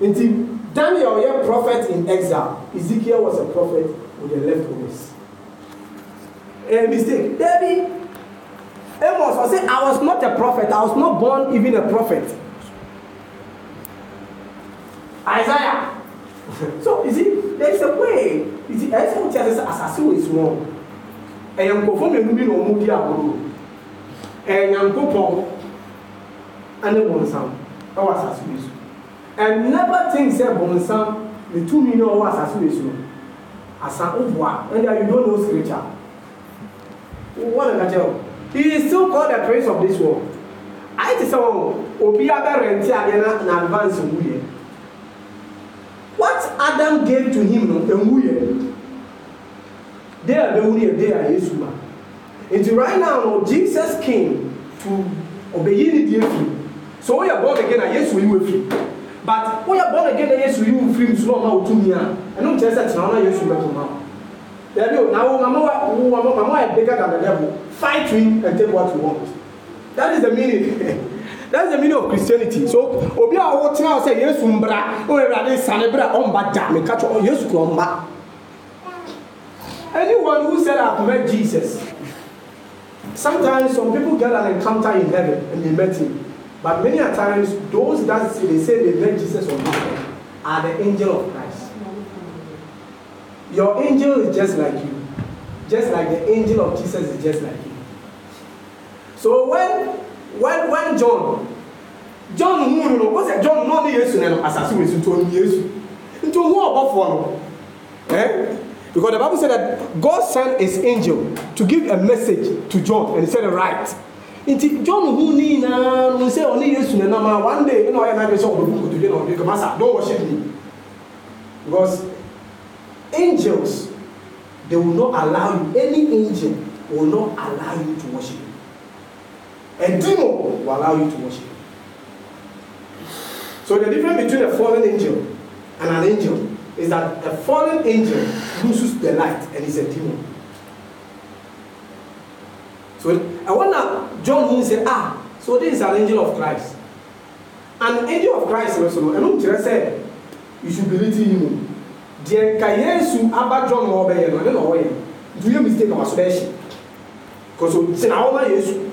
nti. Daniel was a prophet in exile. Ezekiel was a prophet with the leftovers. A mistake. David, Amos was saying, I was not a prophet. I was not born even a prophet. Isaiah. [LAUGHS] so, you see, there's a way. Is it? I see, ẹsẹ̀ wọ́n ti ẹsẹ̀ A wo esu wọn. Ẹ̀yànkòfó mẹ́nu bi na ọmọ di àwòrán. Ẹ̀yànkòpọ̀ ẹni wọ̀nsán ẹwọ asase wo esu and never think say bonsam the two million ɔwɔ asase wei so no asa oboa and that you don't know scripture wɔn na kyerɛ he is still called the prince of this world ayi ti sɛ wɔn obi abɛrɛnti adeɛ na na advance wu what adam gave to him no ewu yɛ de a bɛ wu yɛ de suma nti right now no jesus came to ɔbɛyi ni die fi so wɔyɛ born again na yesu yi wɔ fi but woyɛ bɔn again na yesu yi wo firi nsu ɔma wo tumi a ɛno nkyɛn sɛ tena hɔ na yesu bɛto ma dabi o na wo mama wa wo mama mama wa yɛ bigger than the devil fight him and take what you want that is the meaning. [LAUGHS] That is the meaning of christianity so obi a wotena hɔ sɛ yesu mbra ɔwɛwurade nsane bra ɔmba da meka kyɛ yesu kora ɔmba anyone who said i've met jesus sometimes some people get an encounter in heaven and they met him But many a times, those that see, they say they met Jesus on earth are the angel of Christ. Your angel is just like you, just like the angel of Jesus is just like you. So when when when John John nwuru no wọ́n sẹ́ John náà ní Yesu nínú I wò esu tó ní Yesu nti òun ọ̀bọ̀fọ̀ no eh because the bible said that God sent his angel to give a message to John and he said "Write." nti john hu ni nyinaa no sɛ ɔne yesu na oh, nam a one day ɛna ɔyɛ n'adwe sɛ ɔbɛbu nkotodwe na ɔde kama sa don worship me because angels they will not allow you any angel will not allow you to worship a demon will allow you to worship so the difference between a fallen angel and an angel is that a fallen angel loses the light and is a demon. So I when uh, John Moon say, ah, so this is an angel of Christ. An angel of Christ was so, and Umpire said, you should believe him. Deɛ nka Yesu aba John wɔ ɔbɛyɛ no, ɔne na ɔwɔ yɛ. Nti yɛ mistake na wasɔ ɛhyɛ. Kɔsɔ gyina hɔ ma Yesu.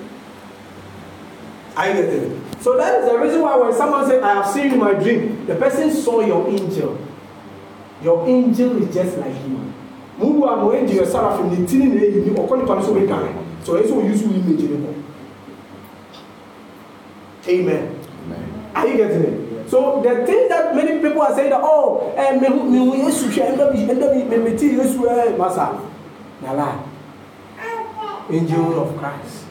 I get it. So that is the reason why when someone says, I have seen in my dream, the person saw your angel. Your angel is just like you. Mu wu a mo angel yɛ sara fi ne tini na eyi ni ɔkɔ nipa no so wei kan. So it's a useful image anymore. Amen. Amen. Are you getting it? So the things that many people are saying that oh, eh, me me me Yesu she enda me enda me me me me me Yesu eh masa. Na la. Angel of Christ.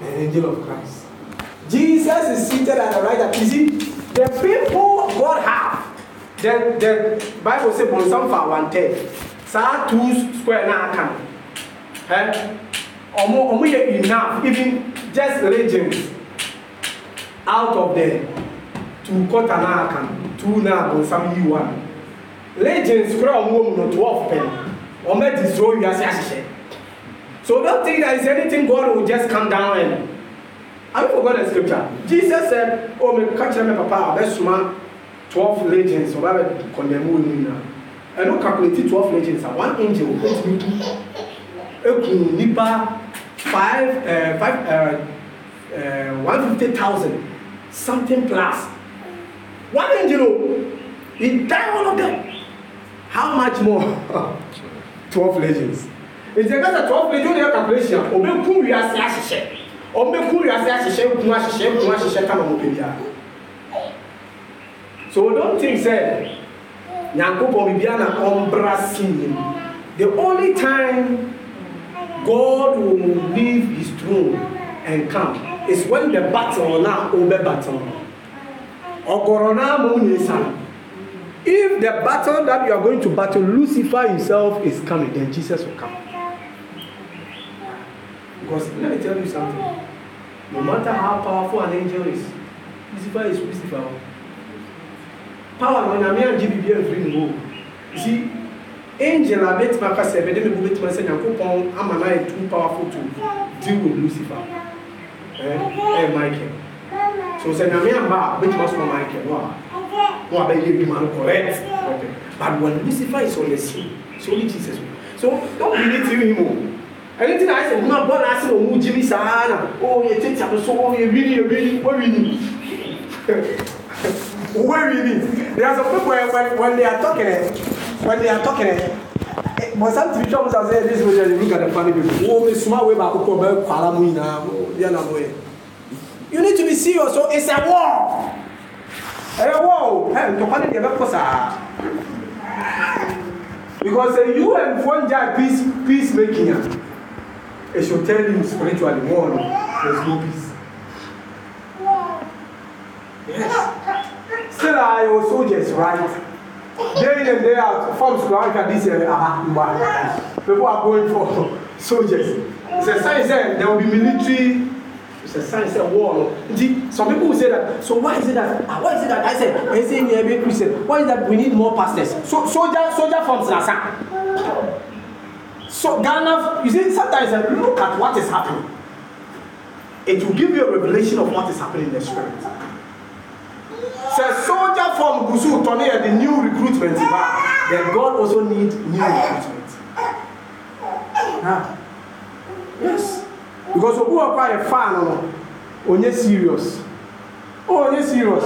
the [LAUGHS] eh, angel of Christ. Jesus is seated at the right hand. You see, the people God have. The the Bible says, "Bonsamfa one ten, saa two square na account." eh ọmọ ọmọ yẹ enough even just regions out of the two quarter na kan two na abonsam yi one regions kura ọmọ wọn no twelve pẹlú ọmọ ẹdì zoro yìí ase ahyehyẹ so don't think that is anything God will just come down and I forgot the scripture Jesus said oh mi kakyere mi papa abesuma twelve legends ọba bẹ kọndẹmu wọn nyinaa ẹnu calculate twelve legends are one angel eight million ekuru nipa five ɛɛ five ɛɛ one fifty thousand something plus one engine o he die all of them how much more twelve legends ǹjẹ́ kẹsẹ̀ twelve legends yẹ calculation òbí kún wíwáṣẹ àṣìṣe òbí kún wíwáṣẹ àṣìṣe nkún àṣìṣe nkún àṣìṣe kánà ọmọ bèbí a so don't think say nyankopɔ bibi a na ɔmbra si the only time. God will leave his throne and come. It's when the battle now over battle. If the battle that you are going to battle, Lucifer himself is coming, then Jesus will come. Because let me tell you something. No matter how powerful an angel is, Lucifer is Lucifer. Power when I'm here, GBB and free You see, angel a bɛtumi aka sɛ mɛde mebu bɛtumi sɛ nyankopɔn ama no ayɛ too powerful to deal with lucifer ɛyɛ michael so sɛ nyame amba a wobɛtumi asoma michael no a na wabɛyɛ adwuma no correct but when lucifer is on the scene so only jesus so don't believe through him o oh. ɛne ti na ayɛ sɛ ɔmo abɔ n'ase na ɔmo gyimi saa na o oh, yɛ tete ato so o yɛ wini yɛ wini o wini o wɛ wini there are some people eh, when when they are talking. Eh, when they are talking eh, eh but sometimes bishop musa say this is dey look at the family people Oh, me suma wey baako kọ bẹẹ kwara mu me yẹ na mo yẹ you need to be serious so oh, it's a war ẹyẹ war o ẹ ntọkwa ni deɛ bɛ kɔ because uh, you and one guy peace peace making am ah, it should tell him spiritually more no there no peace yes still are your oh, soldiers right day in and day out forms kura anka this year aha mba people are going for soldiers it's a sign say there will be military it's a sign say war no nti some people will say that so why is it that ah why is it that i say they say we are christian why is that we need more pastors so soldier soldier forms na sa so ghana you see sometimes i uh, look at what is happening it will give you a revelation of what is happening in the spirit sɛ soldier from Gusu so tɔ new recruitment ba ah, then god also need new recruitment na ah, yes because obi wɔ kɔ a fan no onye serious oh onye serious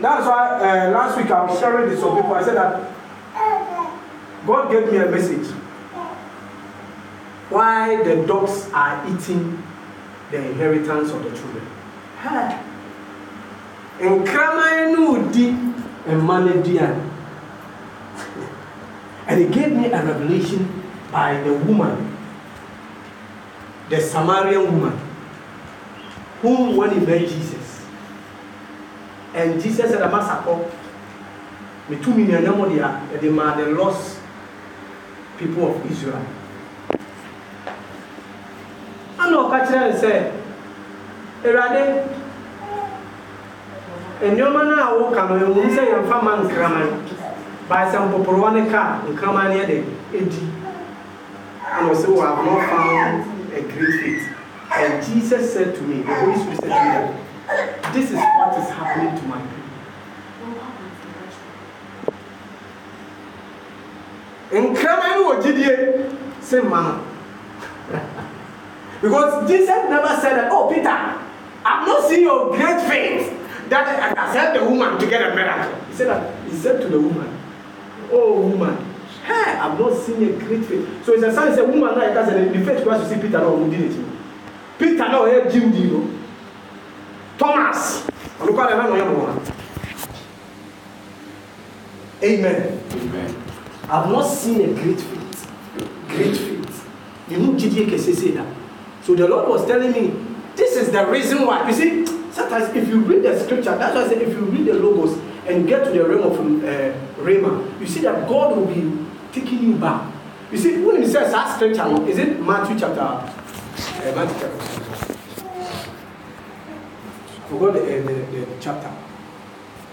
that's why uh, last week i was sharing this with people i said that god gave me a message why the dogs are eating the inheritance of the children. Huh? nkraman no di mma no aduane and he gave me a revelation by the woman the samaritan woman whom when he met jesus and jesus said amasakɔ metumi nneɛma deɛ ɛde maa the lost people of israel ɛna ɔka kyerɛ no sɛ awurade nneɛma no a woka no ɛwom sɛ yɛmfa ma nkraman bae sɛ mpoporowa ne ka nkraman ne yɛde ɛdi ana ɔsɛ wɔ have not a great faith and jesus said to me the holy spirit said to me this is what is happening to my people nkraman no wɔ gyidie sɛ mma no [LAUGHS] because jesus never said that oh peter i'm not seeing your great faith that I said the woman to get a miracle. He said that he said to the woman, Oh woman, hey, I've not seen a great faith. So it's a sign, it's a woman like that, and the faith was to see Peter now who did it. Peter now helped eh, Jim Dino. Thomas. Amen. Amen. I've not seen a great faith. Great faith. You know, GDA can say that. So the Lord was telling me, this is the reason why. You see, Sometimes, if you read the scripture, that's why I said if you read the Logos and get to the realm of uh, Rhema, you see that God will be taking you back. You see, when he says that scripture, is it Matthew chapter? Uh, Matthew chapter. Forgot the, uh, the, the chapter.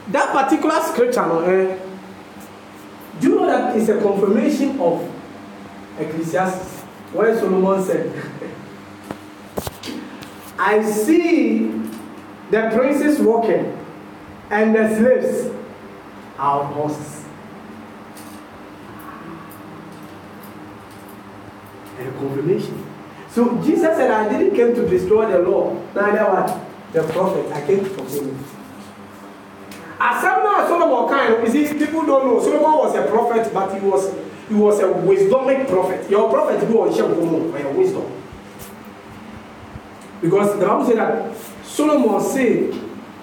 That particular scripture, uh, do you know that it's a confirmation of Ecclesiastes, where Solomon said, [LAUGHS] I see The princes walking, and the slaves are horses. And confirmation. So Jesus said, I didn't come to destroy the law, neither what? The prophet. I came to fulfill it. As someone Solomon kind, you see, people don't know. Solomon was a prophet, but he was he was a wisdomic prophet. Your prophet go on Shem or your wisdom. Because the Bible said that Solomon say,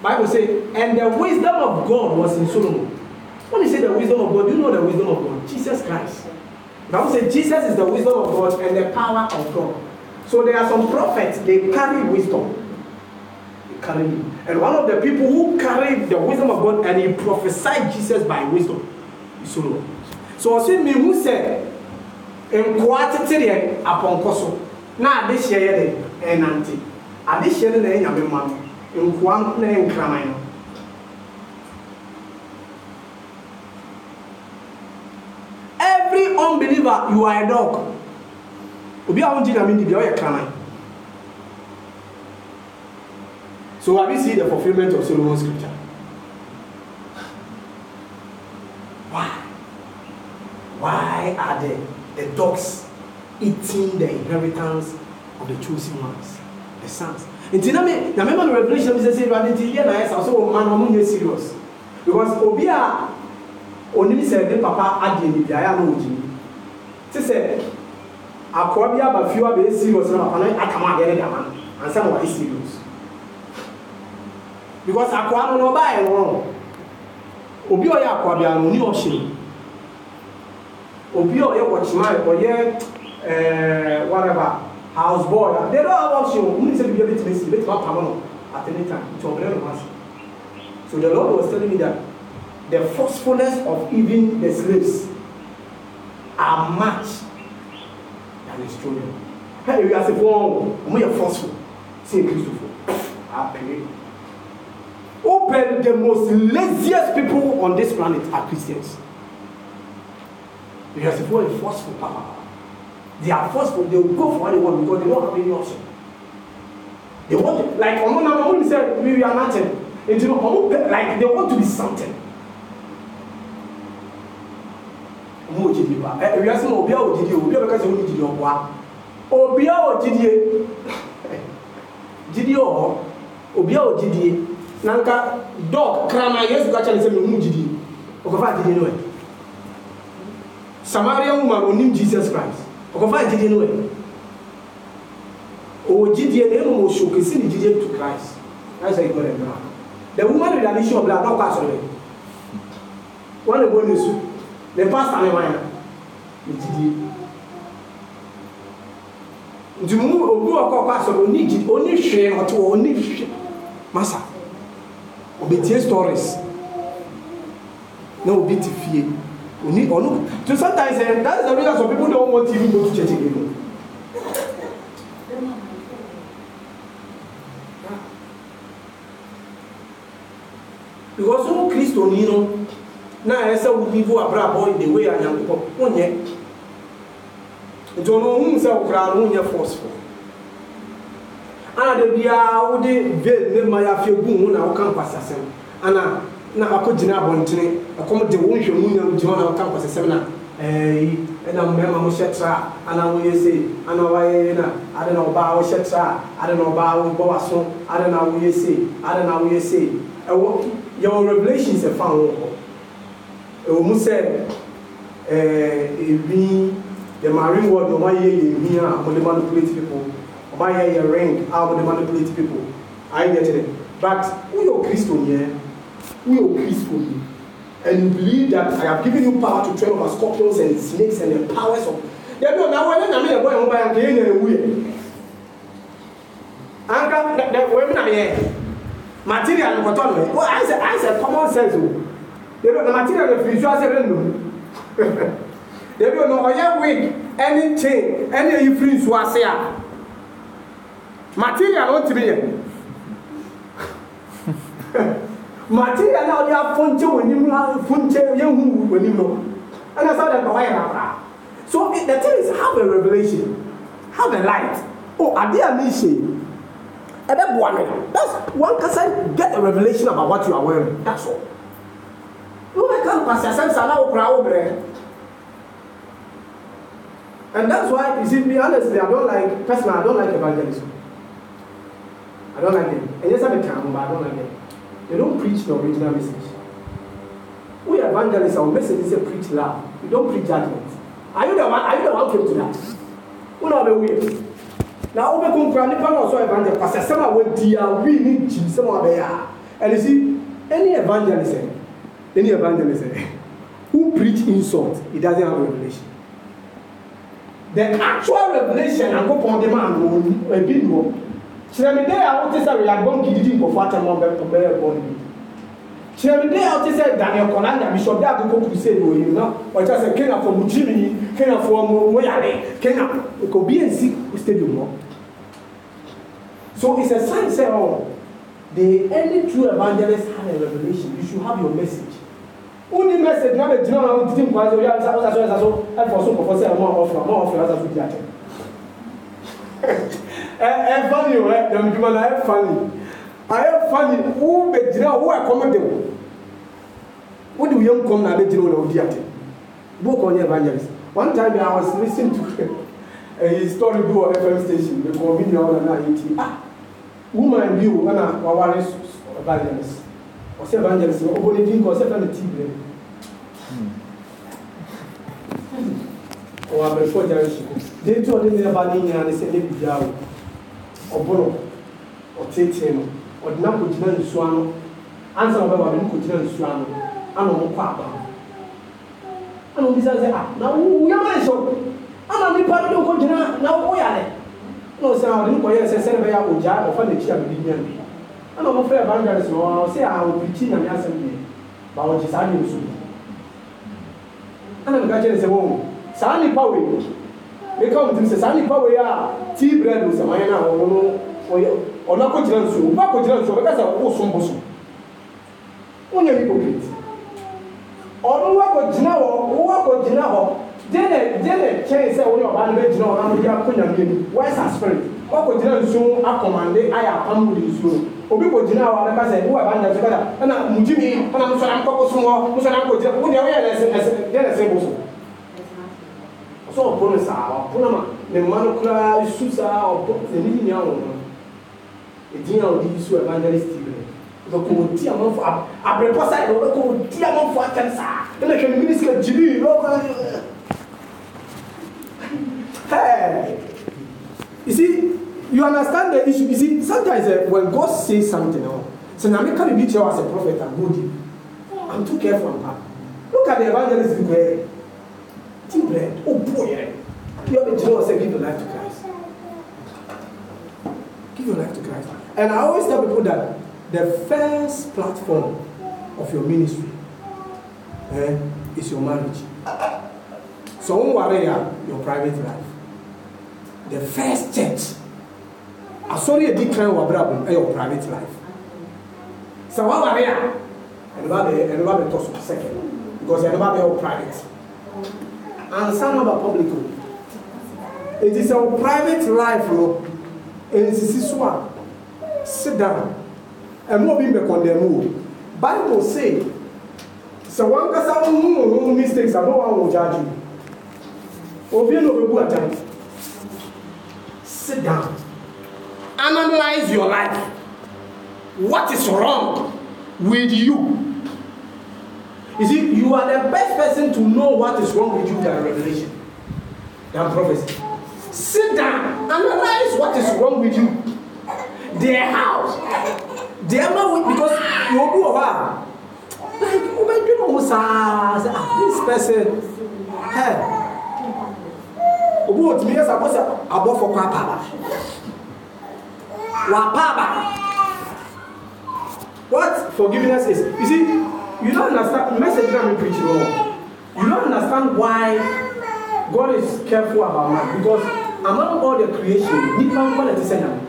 Bible say, and the wisdom of God was in Solomon. When he say the wisdom of God, do you know the wisdom of God, Jesus Christ. Bible say Jesus is the wisdom of God and the power of God. So there are some prophets, they carry wisdom. They carry And one of the people who carried the wisdom of God and he prophesied Jesus by wisdom is Solomon. So I see me say, said, in quantity upon Koso. Now this year, and auntie ade hyɛ no na ɛyɛ nyame ma no nkoa na ɛyɛ nkraman no every unbeliever you are a dog obi a wogye nyame ndi deɛ ɔyɛ kraman so have you seen the fulfilment of solomon scripture why why are the the dogs eating the inheritance of the chosen ones exams nti na me na me ma me revelation bi sɛ sɛ ɛwurade nti yɛ na ayɛ sa so wɔn mma na wɔn nyɛ serious because obi a onim sɛ ne papa Adi, adeɛ ne biara na ogyi te sɛ akɔrɔ bi aba fie abɛyɛ serious na papa no aka mu adeɛ ne de ama no ansa na wɔayɛ serious because akɔrɔ no na ɔba ayɛ wɔn obi a ɔyɛ akɔrɔ biara no oni ɔhyɛ obi a ɔyɛ wɔkyemaa ɔyɛ ɛɛ whatever houseboy a they don't have option o wúni sẹ́ni be a bit sí ebi tìmẹ̀ pamọ́ nù at any time tí ọ̀bẹ̀rẹ̀ ló wá so the lord was telling me that the forcefulness of even the slaves are much than his children ẹ ẹ wíwá sí fún ọ ọmọ yẹ forceful sí ekristofo apẹ open the most laziest people on this planet are christians You sí fún ọ yẹ forceful papa. They are forceful. They will go for what they want because they don't have any option. They want to, like ọmọ náà ọmọ mi sẹ we are nothing. Nti ọmọ bẹ like they want to be something. Ọmọ òjì di wa ẹ ewia sẹ obi a òjì di obi a bẹ ká sẹ òjì di ọkọ a obi a òjì di jidi ọhọ obi a òjì di nanka dog krama Yesu kacha ne sẹ mi hu jidi e. ọkọ fà jidi ni e wẹ e. Samaria woman onim Jesus Christ ɔkɔfa gyidie no ɛ ɔwɔ gyidie na mo ɔhyɛ kesi ne gyidie to christ christ ayi gbɔdɔ ɛgbɛra the woman with an issue of blood ɔkɔ asɔrɔ yɛ wɔn na bɔ ne su ne pastor ne wanya ne gyidie nti mu obi ɔkɔ ɔkɔ asɔrɔ oni gyi oni hwɛ ɔte wɔ oni hwɛ masa ɔbɛtie stories na obi ti fie. We need or look. So sometimes eh, that is the reason some people don't want even go to church anymore. because wọn kristo ni no na ayɛ sɛ wodivo abrabɔ the way anyankopɔ wonyɛ nti ɔno ohun sɛ wokoraa no wonyɛ forceful ana da biara wode veil ne ma yɛafɛ gu ho na woka mpasasɛm ana na akɔgyina abɔntene ɛkɔm de wo nhwɛmu nyam gyi hɔ na woka nkɔsɛsɛm na ɛyi ɛna mmarima mo hyɛ tra ana woyɛ se ana wayɛ na ade na ɔbaa wohyɛ tra ade na ɔbaa wobɔ waso ade na woyɛ se ade na woyɛ se ɛwɔ yɛwɔ revelations ɛfa ho hɔ ɛwɔ mu sɛ ɛɛ eh, ebi the marine world na wɔayɛ yɛ ebi a wɔde manipulate people wɔayɛ yɛ ring a wɔde manipulate people ayi yɛ kyerɛ but woyɛ o kristo yɛ who will peacefully and you believe that I have given you power to tread over scorpions and snakes and the powers of. Yẹ́bi ọ̀nà àwọn ẹ̀yẹ́ nàmi ẹ̀bọ́ ẹ̀hún báyà kéèyàn yẹn ewu yẹ. Anka na wẹ́mi nàmi yẹ material nkọ̀tọ̀ nù yẹ. Wọ́n àìsẹ̀ àìsẹ̀ common sense o. Yẹ́bi ọ̀nà material yẹ fi isu ase rẹ̀ nù. Yẹ́bi ọ̀nà ọ̀yẹ́ wig ẹni chain ẹni èyí firi nsu ase a. Material ó ti mi yẹ material a wɔde afonte wɔn anim la fonte yɛhu wɔn anim no ɛna sɛ ɔde nkɔwa yɛ nafra so the thing is have a revelation have a light oh adeɛ a mi se ɛbɛ boa me that's one person get a revelation about what you are wearing that's all wọ́n ka pàṣẹ asẹ́m sá náà okura awo and that's why you see me honestly i don like personally i don like evangelism i don like them ẹ̀yẹ sábẹ̀ kàn án mo but i don like them. They don't preach the original message. We evangelists, our message is to preach love. We don't preach judgment. Are you the one? Are you the one who came to that? Who know Now, we are? Now, over Kumpra, Nippon also evangelist, Pastor Sama, we dear, we need Jesus, Sama, they are. And you see, any evangelist, eh, any evangelist eh, who preach insult, he doesn't have a revelation. The actual revelation, and go upon the man, will be more kyerɛmide a wote sɛ reagbɔn gididi nkɔfo atɛmɔ bɛyɛ bɔn bi kyerɛmide a wote sɛ daniel kɔna nyamisɔ de akoko kuruse na oyi na ɔkyɛ sɛ kenafo mu gyimi yi mu mu yare kena obi nsi stadium hɔ so it's a sign say oh the early true evangelist had a revelation. you should have your message wóni message náà lè gyina wọn títí nkwa ẹsẹ ọyá ọsàsọ ẹsàsọ ẹfọ so nkọfọ sẹ ẹ mọ ọfọ mọ ọfọ ẹsàsọ di àtẹ ɛ ɛ fani o ɛ dɛm dwuma na ɛ fani a ɛ fani wo bɛ gyina wo ɛkɔm de wo wo de wo yam kɔm na a bɛ gyina wo na wo di ate bo kɔ evangelist one time i was listening to [LAUGHS] a story bi wɔ fm station bɛ kɔ video wɔ na na yɛ e ti ah woman bi o ɛna wawari evangelist ɔsɛ evangelist ɔbɔ ne din kɔ ɔsɛ fɛn ne ti bɛ ɔwɔ abɛrɛfo gya nsu de tu ɔde ne ba ne nyinaa ne sɛ ne bi gya o. ɔboro ɔtetee no ɔde na kɔgyina nsuo ano ansa ɔbɛba no kɔgyina nsuo ano ana ɔmo kɔ aba ana obi sɛ sɛ ah, a na wo yɛma nhyɛ wo ana nipa no de na wo yɛ na ɔsɛ ah, ɔde kɔyɛ sɛ bɛyɛ ɔgya ɔfa n'akyi a nya ana ɔmo a ah, nyame asɛm deɛ ba ɔgye saa nsu kyerɛ sɛ wɔn saa nipa wɔ meka wo ntim sɛ saa nnipa wei a tii berɛ adu sɛ mayɛ no a ɔno ɔyɛ ɔno akɔgyina nsuo woba akɔgyina nsuo bɛka sɛ wosom bo so wonyɛ hypocrite ɔno woakɔgyina hɔ woakɔgyina hɔ gyene gyene kyɛn sɛ wone ɔbaa no bɛgyina hɔ na mogya akɔnyameɛ mu wɛsa spirit woakɔgyina nsuo akɔmande ayɛ apam wode nsuo obi kɔgyina hɔ abɛka sɛ wowɛ baa nyɛ so kɛda ɛna sɛ ɔpo no saa ɔpo no ma ne mma no koraa su saa ɔpo sɛ ne nyinaa wɔ no ɛdin a ɔde so evangelist bi no sɛ kò di amanfo abirepɔ sa yɛ wɔbɛ kò di amanfo atɛm saa ɛna hwɛ ne minisita gyiri lɔbɔ ɛɛ you see you understand the issue you see sometimes uh, when God eh, say something ɔ sɛ na mi ka bibi kyerɛ wa as a prophet and go I I'm too careful and bad look at the evangelist bi eh. kɔɛ. Two bread. Oh boy, eh? You have to tell say give your life to Christ. Give your life to Christ. And I always tell people that the first platform of your ministry eh, is your marriage. So don't worry your private life. The first church. I saw you decline your problem. your private life. So don't worry. And about the second. Because you're about your private and some other public o èti sɛ o private life no nsisi so a sit down ɛmu obi mbɛ kɔndɛmu o bible say sɛ wɔn kasa wɔn mu wɔn mu mistakes a wɔn wɔn gyaagye obi na obi bu ata sit down analyse your life what is wrong with you. You see, you are the best person to know what is wrong with you than revelation, than prophecy. Sit down, analyze what is wrong with you. Their house, their mouth, because you will do a while. Like, oh my oh, ah, this person, hey. obi wɔ tumi yɛsɛ akɔsɛ abɔfo kɔ apaaba wɔ apaaba what forgiveness is you see You don't understand message that we preach wrong. You don't understand why God is careful about man because among all the creation, nipa nkɔ na ti sɛ nyame.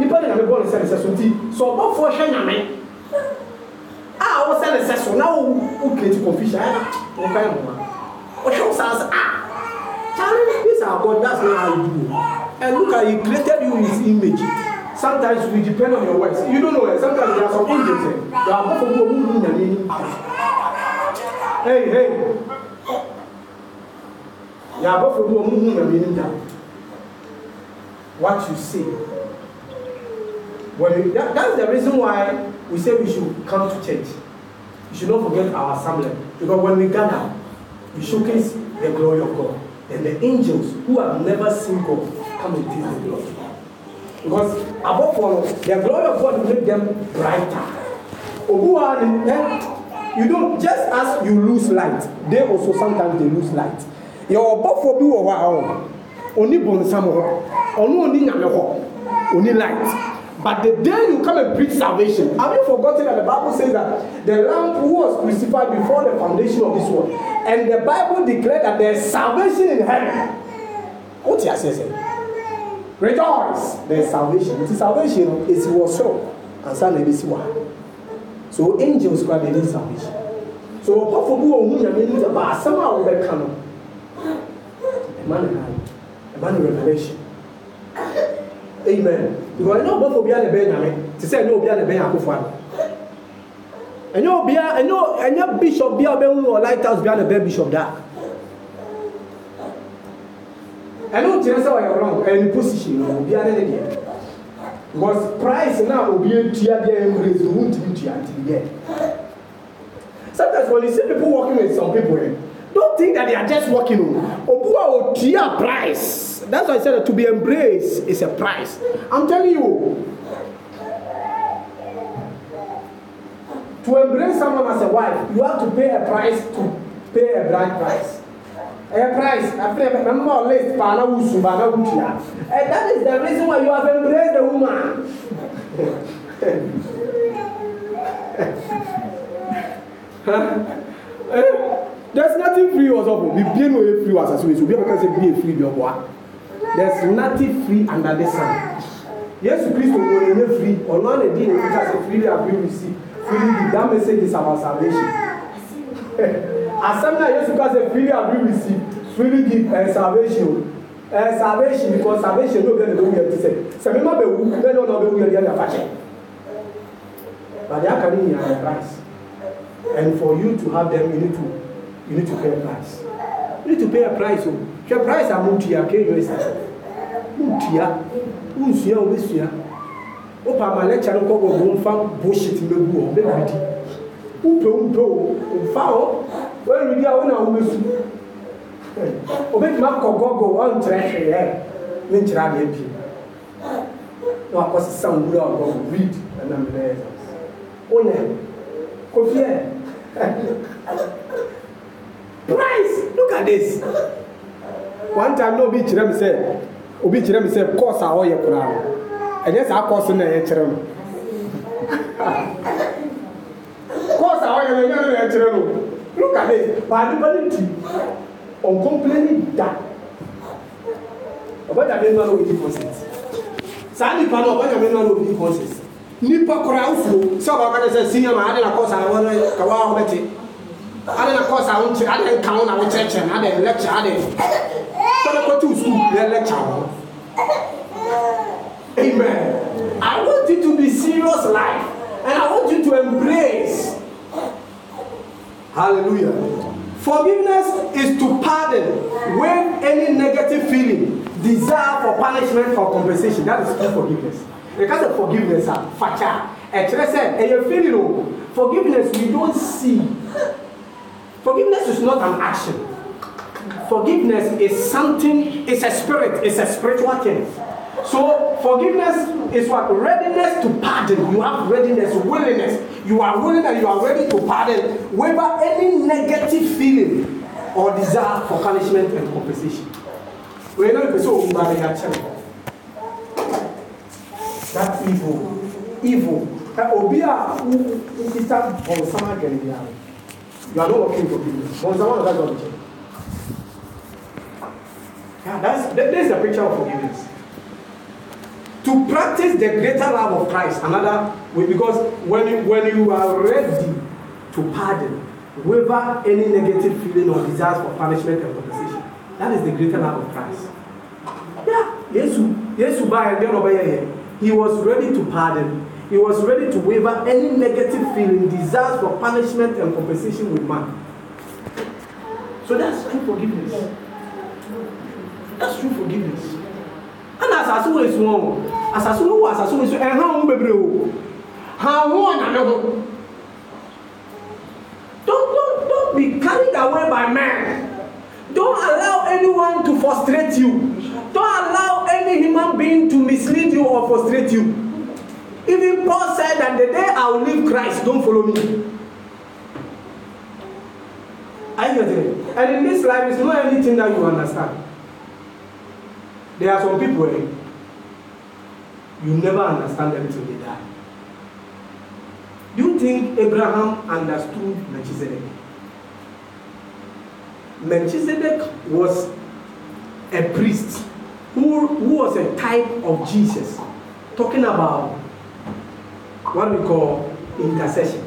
Nipa de nyame bɔ ne sɛ ne sɛ so nti sɛ ɔbɔfoɔ hwɛ nyame a wɔsɛ ne sɛ so na wo wo create confusion ayɛ wɔn kan mu a ɔhwɛ wo saa sɛ ah Charlie this our God that's not how you do and look at he created you in his image sometimes we depend on your words you don't know eh sometimes there are some agents there are people who don't know their hey hey there are people who don't know their name down what you say Well, that that's the reason why we say we should come to church we should not forget our assembly because when we gather we showcase the glory of God and the angels who have never seen God come and taste the glory because above all the glory of God make them brighter obuwa eh you don't just as you lose light they also sometimes they lose light Your above bi you hɔ a Only born bɔnsam hɔ only oni nyame hɔ oni light. But the day you come and preach salvation, have you forgotten that the Bible says that the Lamb who was crucified before the foundation of this world, and the Bible declared that there's salvation in heaven. What you are saying? rejoice There's is salvation nti salvation no esi wɔ soro ansa na ebesi wɔ ha so angels kura de need salvation so ɔpɔfo bi wɔ ohun nyame ni ba asɛm a wɔbɛka no ɛma ne nan ɛma ne revelation amen because ɛnyɛ ɔpɔfo bi a na ɛbɛyɛ nyame te sɛ ɛnyɛ obi a na ɛbɛyɛ akofo ano ɛnyɛ obi a ɛnyɛ ɛnyɛ bishop bi a ɔbɛn wɔ light house bi a na ɛbɛyɛ bishop daa ɛno kyerɛ sɛ ɔyɛ wrong ɛne position no obiara ne deɛ because price na obi etua deɛ ɛnkurɛs no wuntumi tua nti deɛ sometimes when you see people working with some people eh don't think that they are just working o obu a otua price that's why i said that to be embraced is a price i'm telling you to embrace someone as a wife you have to pay a price to pay a bride price a price. After remember list, Pana Usuba, And that is the reason why you have embraced the woman. huh? [LAUGHS] Eh? There's nothing free or something. We pay no free as we soon as we can say be a free job. There's nothing free under the sun. Yes, Christ will be free. Or not a deal, it has a freely that we receive. Freely, that message is about salvation. [LAUGHS] Assembly of Jesus Christ freely have we received, freely give uh, salvation. Uh, salvation because salvation no get the way to say. Sɛ mi ma bɛ wu, bɛ n'o na bɛ wu yɛ di ɛna fakyɛ. But that can be a price. And for you to have them, you need to you need to pay a price. You need to pay a price o. Hwɛ price a mo tia kéwòn ɛsɛ. Mo tia, mo nsua o, mo sua. O pa ma lɛkyɛ no kɔ gbogbo nfa bullshit mbɛ bu hɔ, mbɛ bu di. Mo pɛ mo pɛ o, nfa o wɔawidi a wo na wobɛsu obɛtumi akɔ gɔgɔ ɔnkyerɛ hweyɛ ne nkyerɛ adeɛ pii na wakɔsesa nwura ɔgɔ weed ɛnam dɛ wonyɛ kofiɛ price look at this one time na obi kyerɛ me sɛ obi kyerɛ me sɛ course a ɔyɛ koraa ɛnyɛ saa course na ɛyɛ kyerɛ no course a ɔyɛ no ɛnyɛ no na ɛkyerɛ no Look at it. Bàbá bá ní ti uncomplaining dà. Ọ̀bájàmí náà ló di consent. Sáà nípa náà ọ̀bájàmí náà ló di consent. Nípa kọ̀rọ̀ àwùfò sọ ọ̀bá bá dẹ̀sẹ̀ sí yẹn mà adé na kọ́ọ̀sì àwọn ọ̀nà kàwá ọ̀bẹ ti. Adé na kọ́ọ̀sì àwọn ti adé nka wọn àwọn kyerẹ́kyerẹ́ na adé lẹ́kṣà adé. Tọ́lá kọ́tù sùkúl yẹ lẹ́kṣà wọn. Amen. I want you to be serious life and I want you to embrace. Hallelujah. Forgiveness is to pardon when any negative feeling, desire for punishment or compensation, that is true forgiveness. Because of forgiveness, ah, facha, etrese, and your feeling, oh, forgiveness we don't see. Forgiveness is not an action. Forgiveness is something, it's a spirit, it's a spiritual thing. So forgiveness is what readiness to pardon. You have readiness, willingness. You are willing and you are ready to pardon, waiver any negative feeling or desire for punishment and compensation. We know the person who marry her child. That's evil. Evil. That obi a nkita bọnsama gẹrẹ bi ara. You are not working for people. Bọnsama ọ̀gá jọ̀ọ́ bi jẹ. Yeah, that's that, that's the picture of forgiveness to practice the greater love of Christ. Another way, because when you, when you are ready to pardon, waiver any negative feeling or desires for punishment and compensation. That is the greater love of Christ. Yeah, Yesu, Yesu by He was ready to pardon. He was ready to waiver any negative feeling, desires for punishment and compensation with man. So that's true forgiveness. That's true forgiveness ɛna asase wɔ esu wɔn asase no wɔ asase no so ɛha wɔn bebree o ha wɔn na ho don don don be carried away by men don allow anyone to frustrate you don allow any human being to mislead you or frustrate you even paul said that the day i will leave christ don follow me are you getting and in this life it's not anything that you understand. There are some people eh, you never understand them till they die. Do you think Abraham understood Melchizedek? Melchizedek was a priest who, who was a type of Jesus, talking about what we call intercession.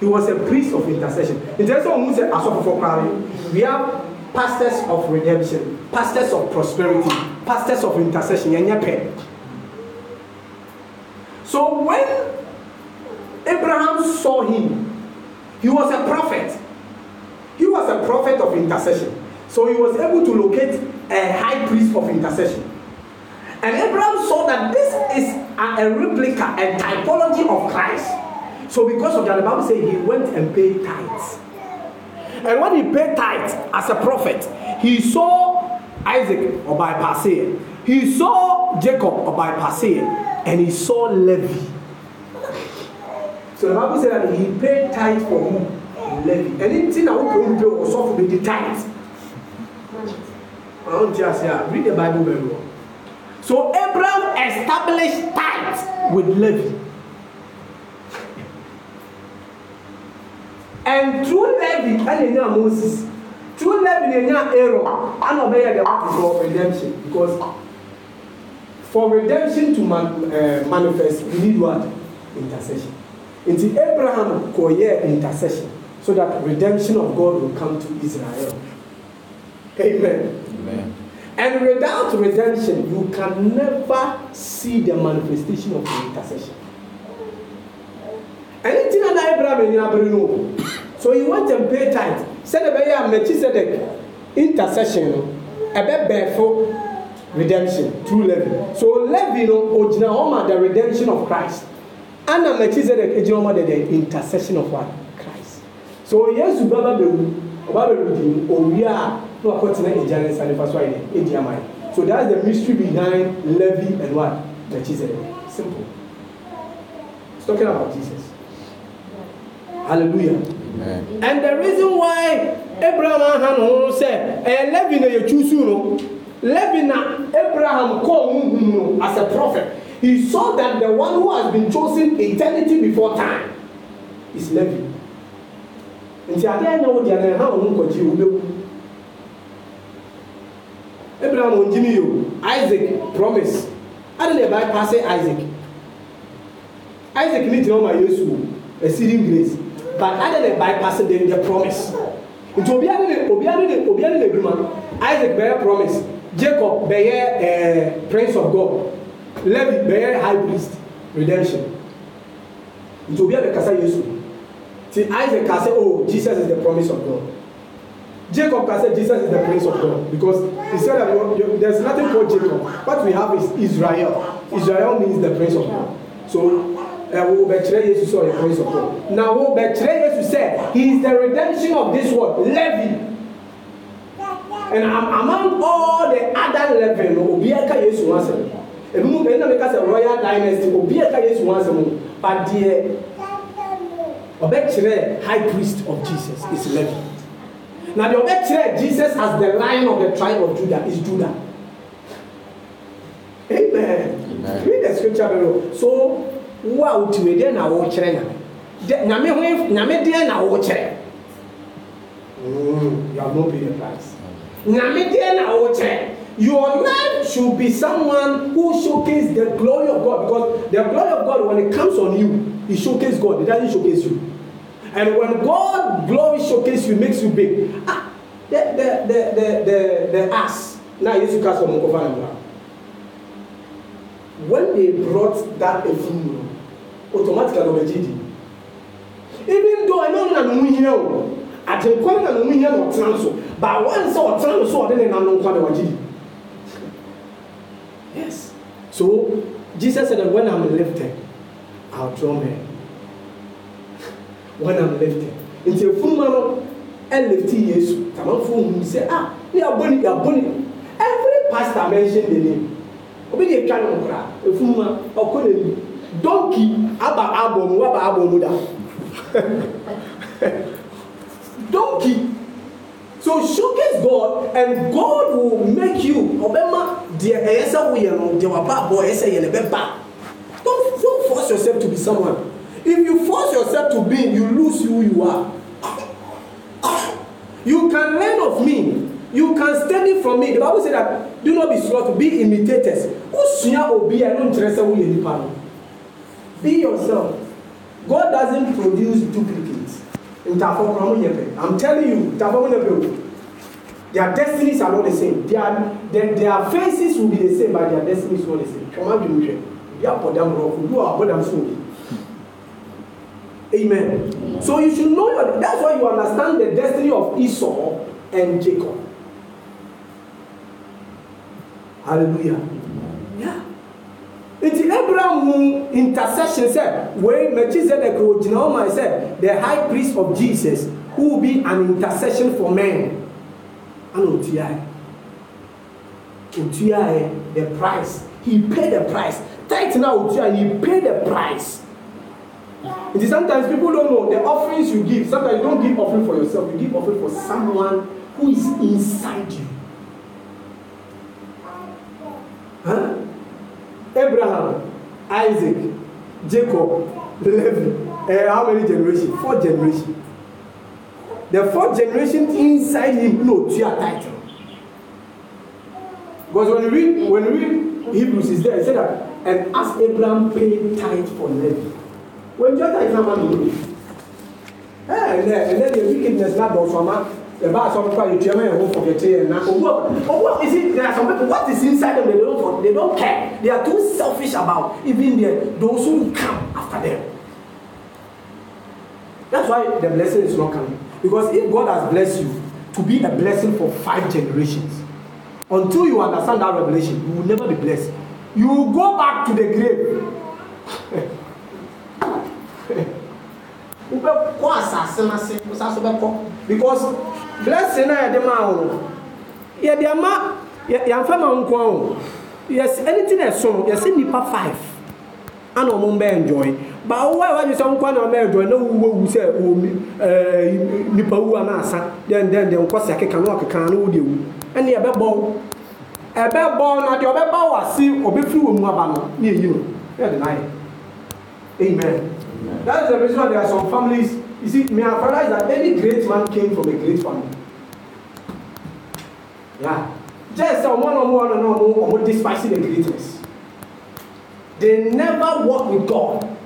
He was a priest of intercession. Intercession means a for crying. We have pastors of redemption pastors of prosperity pastors of intercession yẹn yẹ pẹ so when abraham saw him he was a prophet he was a prophet of intercession so he was able to locate a high priest of intercession and abraham saw that this is a, a replica a typology of christ so because of that the bible say he went and paid tithes. And when he paid tithes as a prophet, he saw Isaac or by here. He saw Jacob or by here. And he saw Levi. So the Bible said that he paid tithes for who? Levi. Anything that we can do or suffer with the tithes. I don't just yeah. Read the Bible very well. So Abraham established tithes with Levi. and through levi ɛna enya moses through levi na enya aaron ɛna ɔbɛyɛ the work for redemption because for redemption to man, uh, manifest we need what intercession nti abraham kò yẹ intercession so that redemption of god will come to israel amen. amen. And without redemption, you can never see the manifestation of the intercession ɛne na ayɛ berɛ a manyina bere no so you want them pay tight sɛde bɛyɛ a melchisedek intercession no ɛbɛbɛɛfo redemption through levy so levy no ogyina hɔ ma the redemption of christ ana melchisedek egyina hɔ ma the, the intercession of what christ so yesu bɛba bɛwu ɔba bɛwu di owia a na wakɔtena egya ne nsa nifa so ayɛ edi ama yi so that's the mystery behind levy and what melchisedek simple it's talking about jesus hallelujah Amen. and the reason why abraham aha no ho sɛ ɛyɛ levi na yɛtwi su no levi na abraham kɔɔ ho hum no as a prophet he saw that the one who has been chosen eternity before time is levi nti adeɛ na wodi adeɛ ha wɔn nkɔgye wo bɛwu abraham ongyini yi o isaac promise adi na ɛbaa paase isaac isaac ne gyina hɔ ma yesu o exceeding grace but other than bypassing them the promise nti obiara ne obiara ne obiara ne edwuma isaac bɛyɛ promise jacob bɛyɛ ɛɛ eh, prince of god levi bɛyɛ high priest redemption nti obiara ne kasa yesu ti isaac ka oh jesus is the promise of god jacob ka jesus is the prince of god because he said that you, you, there is nothing called jacob what we have is israel israel means the prince of god so wo bɛkyerɛ yesu sɛ ɔyɛ voice of god na wo bɛkyerɛ yesu sɛ he is the redemption of this world levy and am among all the other levy no obiara ka yesu ho asɛm ebinom ɛnna mi ka sɛ royal dynasty obiara ka yesu ho asɛm but deɛ ɔbɛkyerɛ uh, high priest of jesus is levy na deɛ ɔbɛkyerɛ jesus as the lion of the tribe of judah is judah amen, amen. read the scripture below. so wo a wotumi deɛ na wɔrekyerɛ nyame de nyame ho nyame deɛ na wɔrekyerɛ mm, nyame deɛ na wɔrekyerɛ your life should be someone who showcase the glory of God because the glory of God when it comes on you it showcase God it doesn't showcase you and when God glory showcase you makes you big ah the the the the the, the ass now Yesu Christ ọmọ nkọfa na mura when they brought that efunmu automatically ọmọ ẹ̀jẹ̀ di even though ẹ̀nà ọ̀nà nínú yẹn o àtẹ̀kọ́ ẹ̀nà nínú yẹn lọ tẹ̀lé so but once ọ̀tẹ̀lé so ọ̀dẹ̀ nínú ànú nǹkan ẹ̀ wá di yes so Jesus said that when I'm lifted I'll draw men when I'm lifted nti efunuma no ɛlifti Yesu tamanfo ohun sɛ ah ne yabɔ ne yabɔ ne every pastor mention the name obi de etwa ne nkora efunuma ɔkɔ n'anim. Donkey, aba abɔ mu aba abɔ mu da Donkey, so showcase god and god will make you ɔbɛma deɛ ɛyɛ sɛ woyɛ no deɛ waba abɔ ɛyɛ sɛ yɛn ɛbɛba don't don't force yourself to be someone if you force yourself to be you lose who you are you can learn of me you can study from me the bible say that do not be sloth be imitators wosua obi a ɛno nkyerɛ sɛ woyɛ nipa no. Be yourself. God doesn't produce duplicates. I'm telling you, their destinies are not the same. Their, their, their faces will be the same, but their destinies are not the same. Come on, Dimitri. You are them Amen. So you should know your, that's why you understand the destiny of Esau and Jacob. Hallelujah nti abraham hu intercession sɛ wei melchizedek wɔgyina hɔ ma sɛ the high priest of jesus who will be an intercession for men ana otuaɛ otuaɛ the price he paid the price tithe na otua he paid the price nti sometimes people don't know the offerings you give sometimes you don't give offering for yourself you give offering for someone who is inside you. Huh? Abraham, Isaac, Jacob, Levi. Uh, how many generations? Four generations. The fourth generation inside him, no, to your title. Because when you read, when you read Hebrews, is there, it said that, and as Abraham paid tithe for Levi. When your tithe, how much do you And then the wickedness, not those from yɛba asɔm kɔ you yɛtua ma yɛn ho forget yɛn now. owu what is it? there are some people what is inside them they don't for they don't care they are too selfish about even there those who come after them that's why the blessing is not coming because if God has blessed you to be a blessing for five generations until you understand that revelation you will never be blessed you will go back to the grave. wobɛkɔ asase no ase wosa so bɛkɔ because blessing a yɛde ma wo yɛde ama yɛmfa ma nko o yɛsi anything ɛso yɛsi nipa five ana ɔmo mbɛ enjoy a nko ana ɔmo na wo wu sɛ wo ɛɛ eh, nipa wu asa den den den nkɔsi akeka na ɔkeka na de wu ɛbɛbɔ na deɛ ɔbɛba wo ase ɔbɛfiri wɔ mu aba no na yɛ amen that is the reason why You see, my I is that any great man came from a great family. Yeah. Just one on one and more or one despising the greatness. They never walk with God.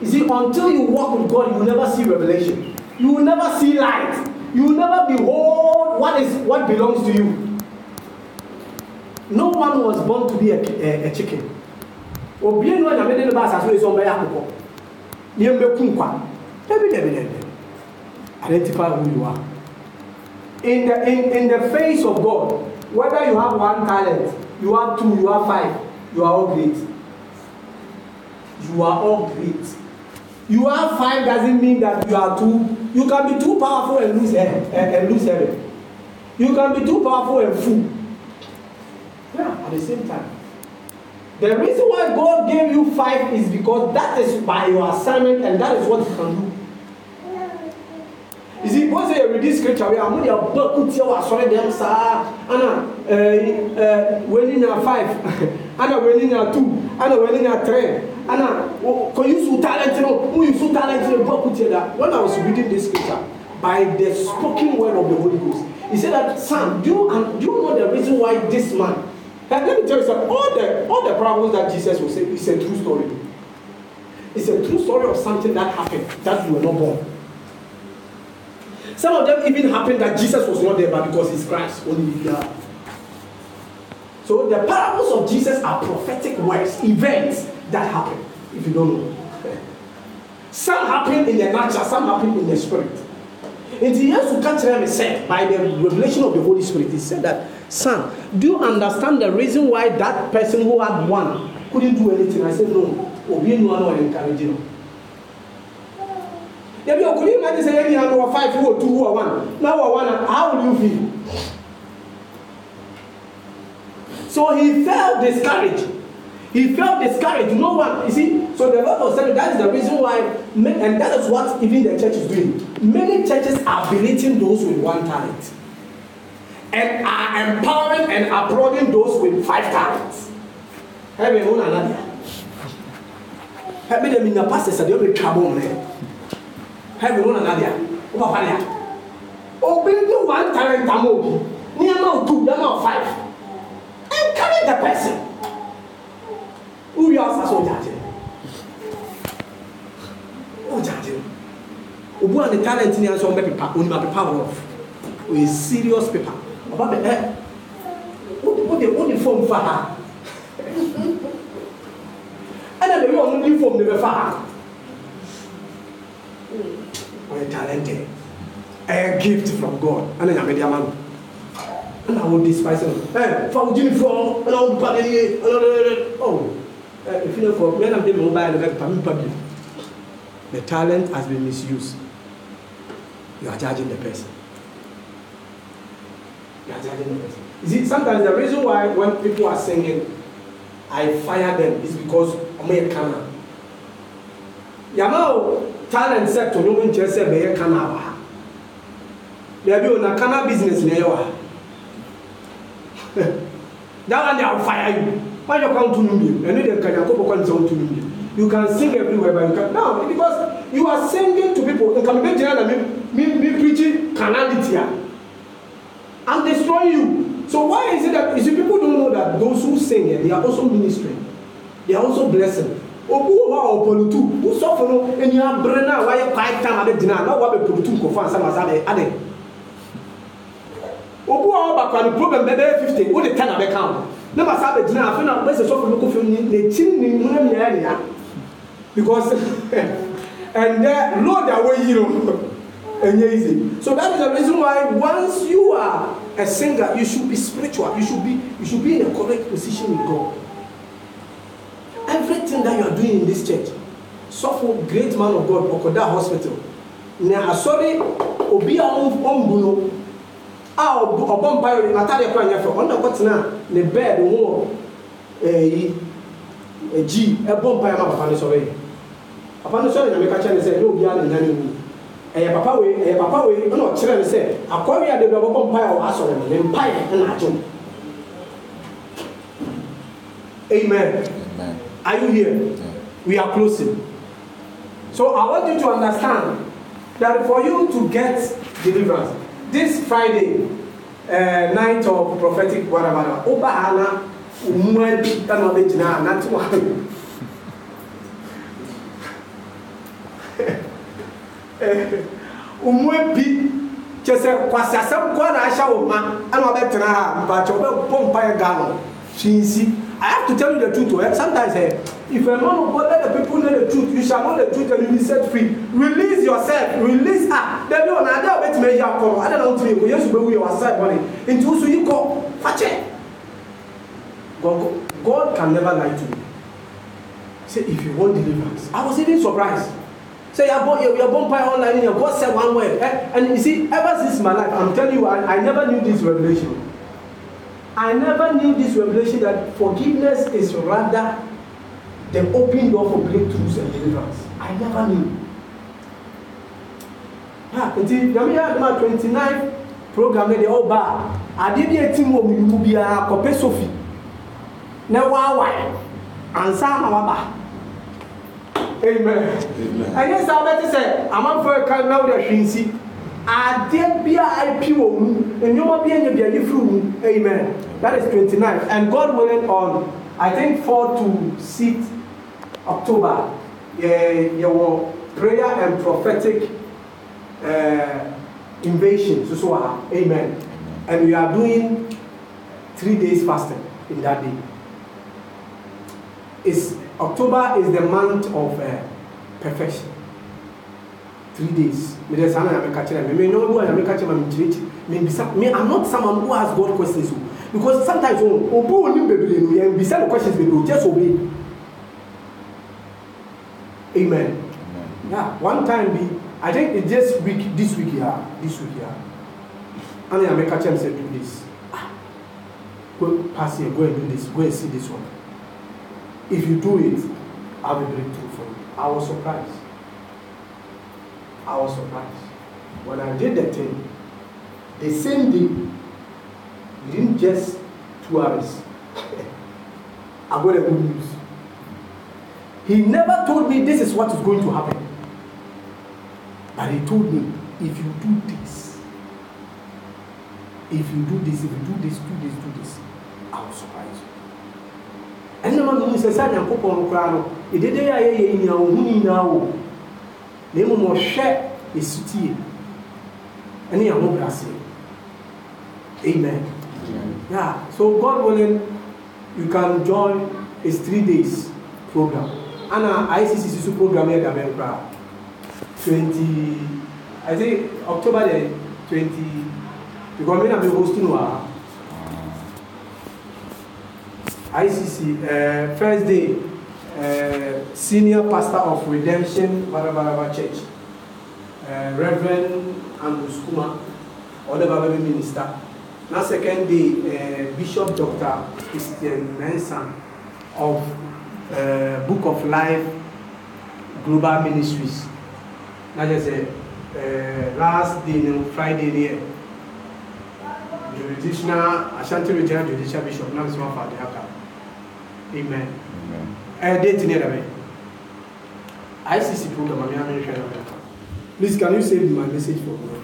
You see, until you walk with God, you never see revelation. You will never see light. You will never behold what is what belongs to you. No one was born to be a, a, a chicken. Obienu anyamede ne ba asase no esi ɔbɛyɛ Evidently, identify who you are. In the, in, in the face of God, whether you have one talent, you have two, you have five, you are all great. You are all great. You have five doesn't mean that you are two. You can be too powerful and lose and, eh, and lose head. You can be too powerful and fool. Yeah, at the same time. The reason why God gave you five is because that is by your assignment and that is what you can do you see once you read this scripture we are mo de ba kutia wa asɔre dɛm saa ana ɛɛ ɛɛ wɛni na five ana [LAUGHS] wɛni na two ana wɛni na three ana kò yin su talent no mo yin su talent no ba kutia da when i was reading this scripture by the spoken word of the holy ghost he said that sam do you and do you know the reason why this man and let me tell you something all the all the problems that jesus was saying is a true story it's a true story of something that happened that you were not born. Some of them even happened that Jesus was not there, but because he's Christ, only he So the parables of Jesus are prophetic words, events that happen, if you don't know. Some happen in the natural, some happen in the spirit. In the years to catch them said by the revelation of the Holy Spirit, he said that, son, do you understand the reason why that person who had one couldn't do anything? I said, no. Obi no one encouraging him yẹbi o could imagine say yẹn nyinaa wọ five wọ two wọ one na wọ one na how will you feel so he felt discouraged he felt discouraged no one you see so the lord was telling that is the reason why many, and that is what even the church is doing many churches are belittling those with one talent and are empowering and applauding those with five talents Help me, ẹbí wọn Help me, the minister. pastor sadi ọbẹ twabọ mẹ heaven wọn nana deɛ wọn papa deɛ obi di one talent ama obi nneɛma o two nneɛma o five encourage the person Who you so jàjẹ o jàjẹ obu a ne talent ni asọ bẹ pepa onim a pepa wọ o yɛ serious pepa ọba bɛ ɛ o de o de fɔm fa ha ɛna bɛ yi wɔn mu di fɔm de bɛ fa ha ɔyɛ mm. talented ɛyɛ gift from god ɛna nyame eh, de ama no ɛna wo despise no ɛ fa wo gyini fɔ ɛna wo ba ne ye ɔwɔ ɛ efi ne fɔ mɛ nam de mi wo ba yɛ no bɛ pa mi pa bi the talent has been misused you are judging the person you are judging the person you see sometimes the reason why when people are singing i fire them is because ɔmo yɛ calm yàmà talent sector no nkyerɛ sɛ bɛyɛ kana wà ha baabi o na kana business na ɛyɛ wà ha [LAUGHS] that one dey on fire you why your count two million ɛnu de nkanya kó bɔkɔ nisɔn two million you can sing everywhere but you can now because you are singing to people nkan mi gyina na mi mi mi preaching carnality ah and destroy you so why is it that is see people don't know that those who sing eh, they are also ministering they are also blessing obi wɔ hɔ a ɔpɔlutu wosɔfo no enyiwa bere na wayɛ kwae tam ade gyina na wabɛ pɔlutu nkɔfo ansamasa de ade obi wɔ hɔ bakwa no problem bɛ bɛyɛ fifty wode ten abɛka ho ne ma dina bɛgyina afei na bɛsɛ sɔfo no kɔfo ni n'ekyi ne mu na nyinaa nea because ɛndɛ Lord a wɔyi no enye easy so that is the reason why once you are a singer you should be spiritual you should be you should be in a correct position with God everything that you are doing in this church sɔfo great man of god ɔkɔda hospital na asɔre obi a ɔmbu no a ɔbɔ mpa yɛ n'atadeɛ kora nyɛ fɛ ɔno na ɔkɔtena ne bed ho wɔ ɛyi eh, ɛgyi eh, ɛbɔ mpa yɛ ma papa no sɔre yɛ papa no sɔre nyame ka kyerɛ ne sɛ ɛyɛ obi a ne nan mu ɛyɛ papa wei ɛyɛ papa wei ɛna ɔkyerɛ ne sɛ akɔre a debi ɔbɔ mpa yɛ ɔasɔre no ne mpa yɛ ɛna amen. Are you here? We are closing. So I want you to understand that for you to get deliverance, this Friday, uh, night of prophetic whatever, Obahana, Umwebi, Tanobejina, Natuwa. [LAUGHS] Umwebi, kyɛ sɛ kwasiasɛm kɔ na ahyɛ wo ma ɛna ɔbɛtena ha mpakyɛ ɔbɛbɔ mpaeɛ ghana hwinsi I have to tell you the truth. Oh, eh? Sometimes, eh, if a man of God let the people know the truth, you shall know the truth and you will be set free. Release yourself. Release her. Ah, then you know, I don't wait to make you call. I don't know to you. Yes, but we are side money. Into so you call. Fetch it. God, God can never lie to you. Say, if you want deliverance. I was even surprised. Say, you're born, you're born by online and God said one word. Eh? And you see, ever since my life, I'm telling you, I, I never knew this revelation. I never knew this revelation that forgiveness is rather the open door for breakthroughs and deliverance. I never knew. Ha, nti nyame yɛ adoma twenty nine program ne deɛ oh, be a adeɛ bi eti mu omi mu biara ah, kɔpɛ sofi na waawae ansa na waba amen ɛnyɛ saa bɛte sɛ amanfoɔ ɛka na now." ahwɛ nsi adeɛ bi a ɛpi wɔ mu nneɛma bi a nyɛ bi a yɛ firi mu amen that is twenty nine and god willing on i think four to six october yɛ yɛ wɔ prayer and prophetic uh, invasion so ha uh, amen and we are doing three days fasting in that day is october is the month of uh, perfection three days mede saa na me menyɛ obi a nyameka kyerɛ ma mekyerɛkyiri membisa i'm not someone who has god questions because sometimes oh, o obi onim bebree no yɛn bisa no questions we do just obey amen yeah one time be i think it just week this week ya this week ya ana nyameka kyerɛ me sɛ do this go pass here go and do this go and see this one if you do it i will break through for you i was surprised. I was surprised. When I did the thing, the same day, within just two hours. [LAUGHS] I got the good news. He never told me this is what is going to happen. But he told me, if you do this, if you do this, if you do this, do this, do this, I will surprise you. ɛnna maa mi mu sɛ sɛ anyankopɔn koraa no edede yɛ a yɛyɛ nyinaa ohun nyinaa o na mmom ɔhwɛ esutie ɛne yɛn ho brase amen yeah so god willing you can join a three days program ana icc sisu program yɛ da bɛn koraa twenty i think october the twenty because mi na mi host no icc uh, eh, first day uh, senior pastor of Redemption Barabaraba Church, uh, Reverend Andrew Skuma, Odebabe minister. Now second day, uh, Bishop Dr. Christian Mensah of uh, Book of Life Global Ministries. Now just a uh, last day, Friday there. Jurisdictional, Ashanti Regional Judicial Bishop, now it's one for the Amen. Amen ɛyɛ eh, date ne dɛmɛ icc program mi ame hwɛ dɛmɛ please can you save my message for me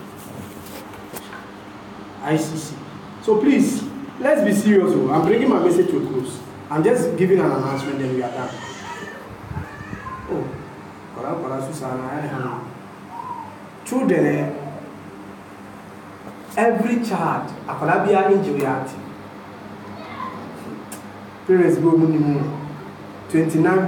icc so please let's be serious o oh. i'm bringing my message to a close i'm just giving an announcement then we are done oh kora kora susana I hàn children eh? every child akwadaa bi a ngye o yɛ ate parents bi a wɔn ni mu 29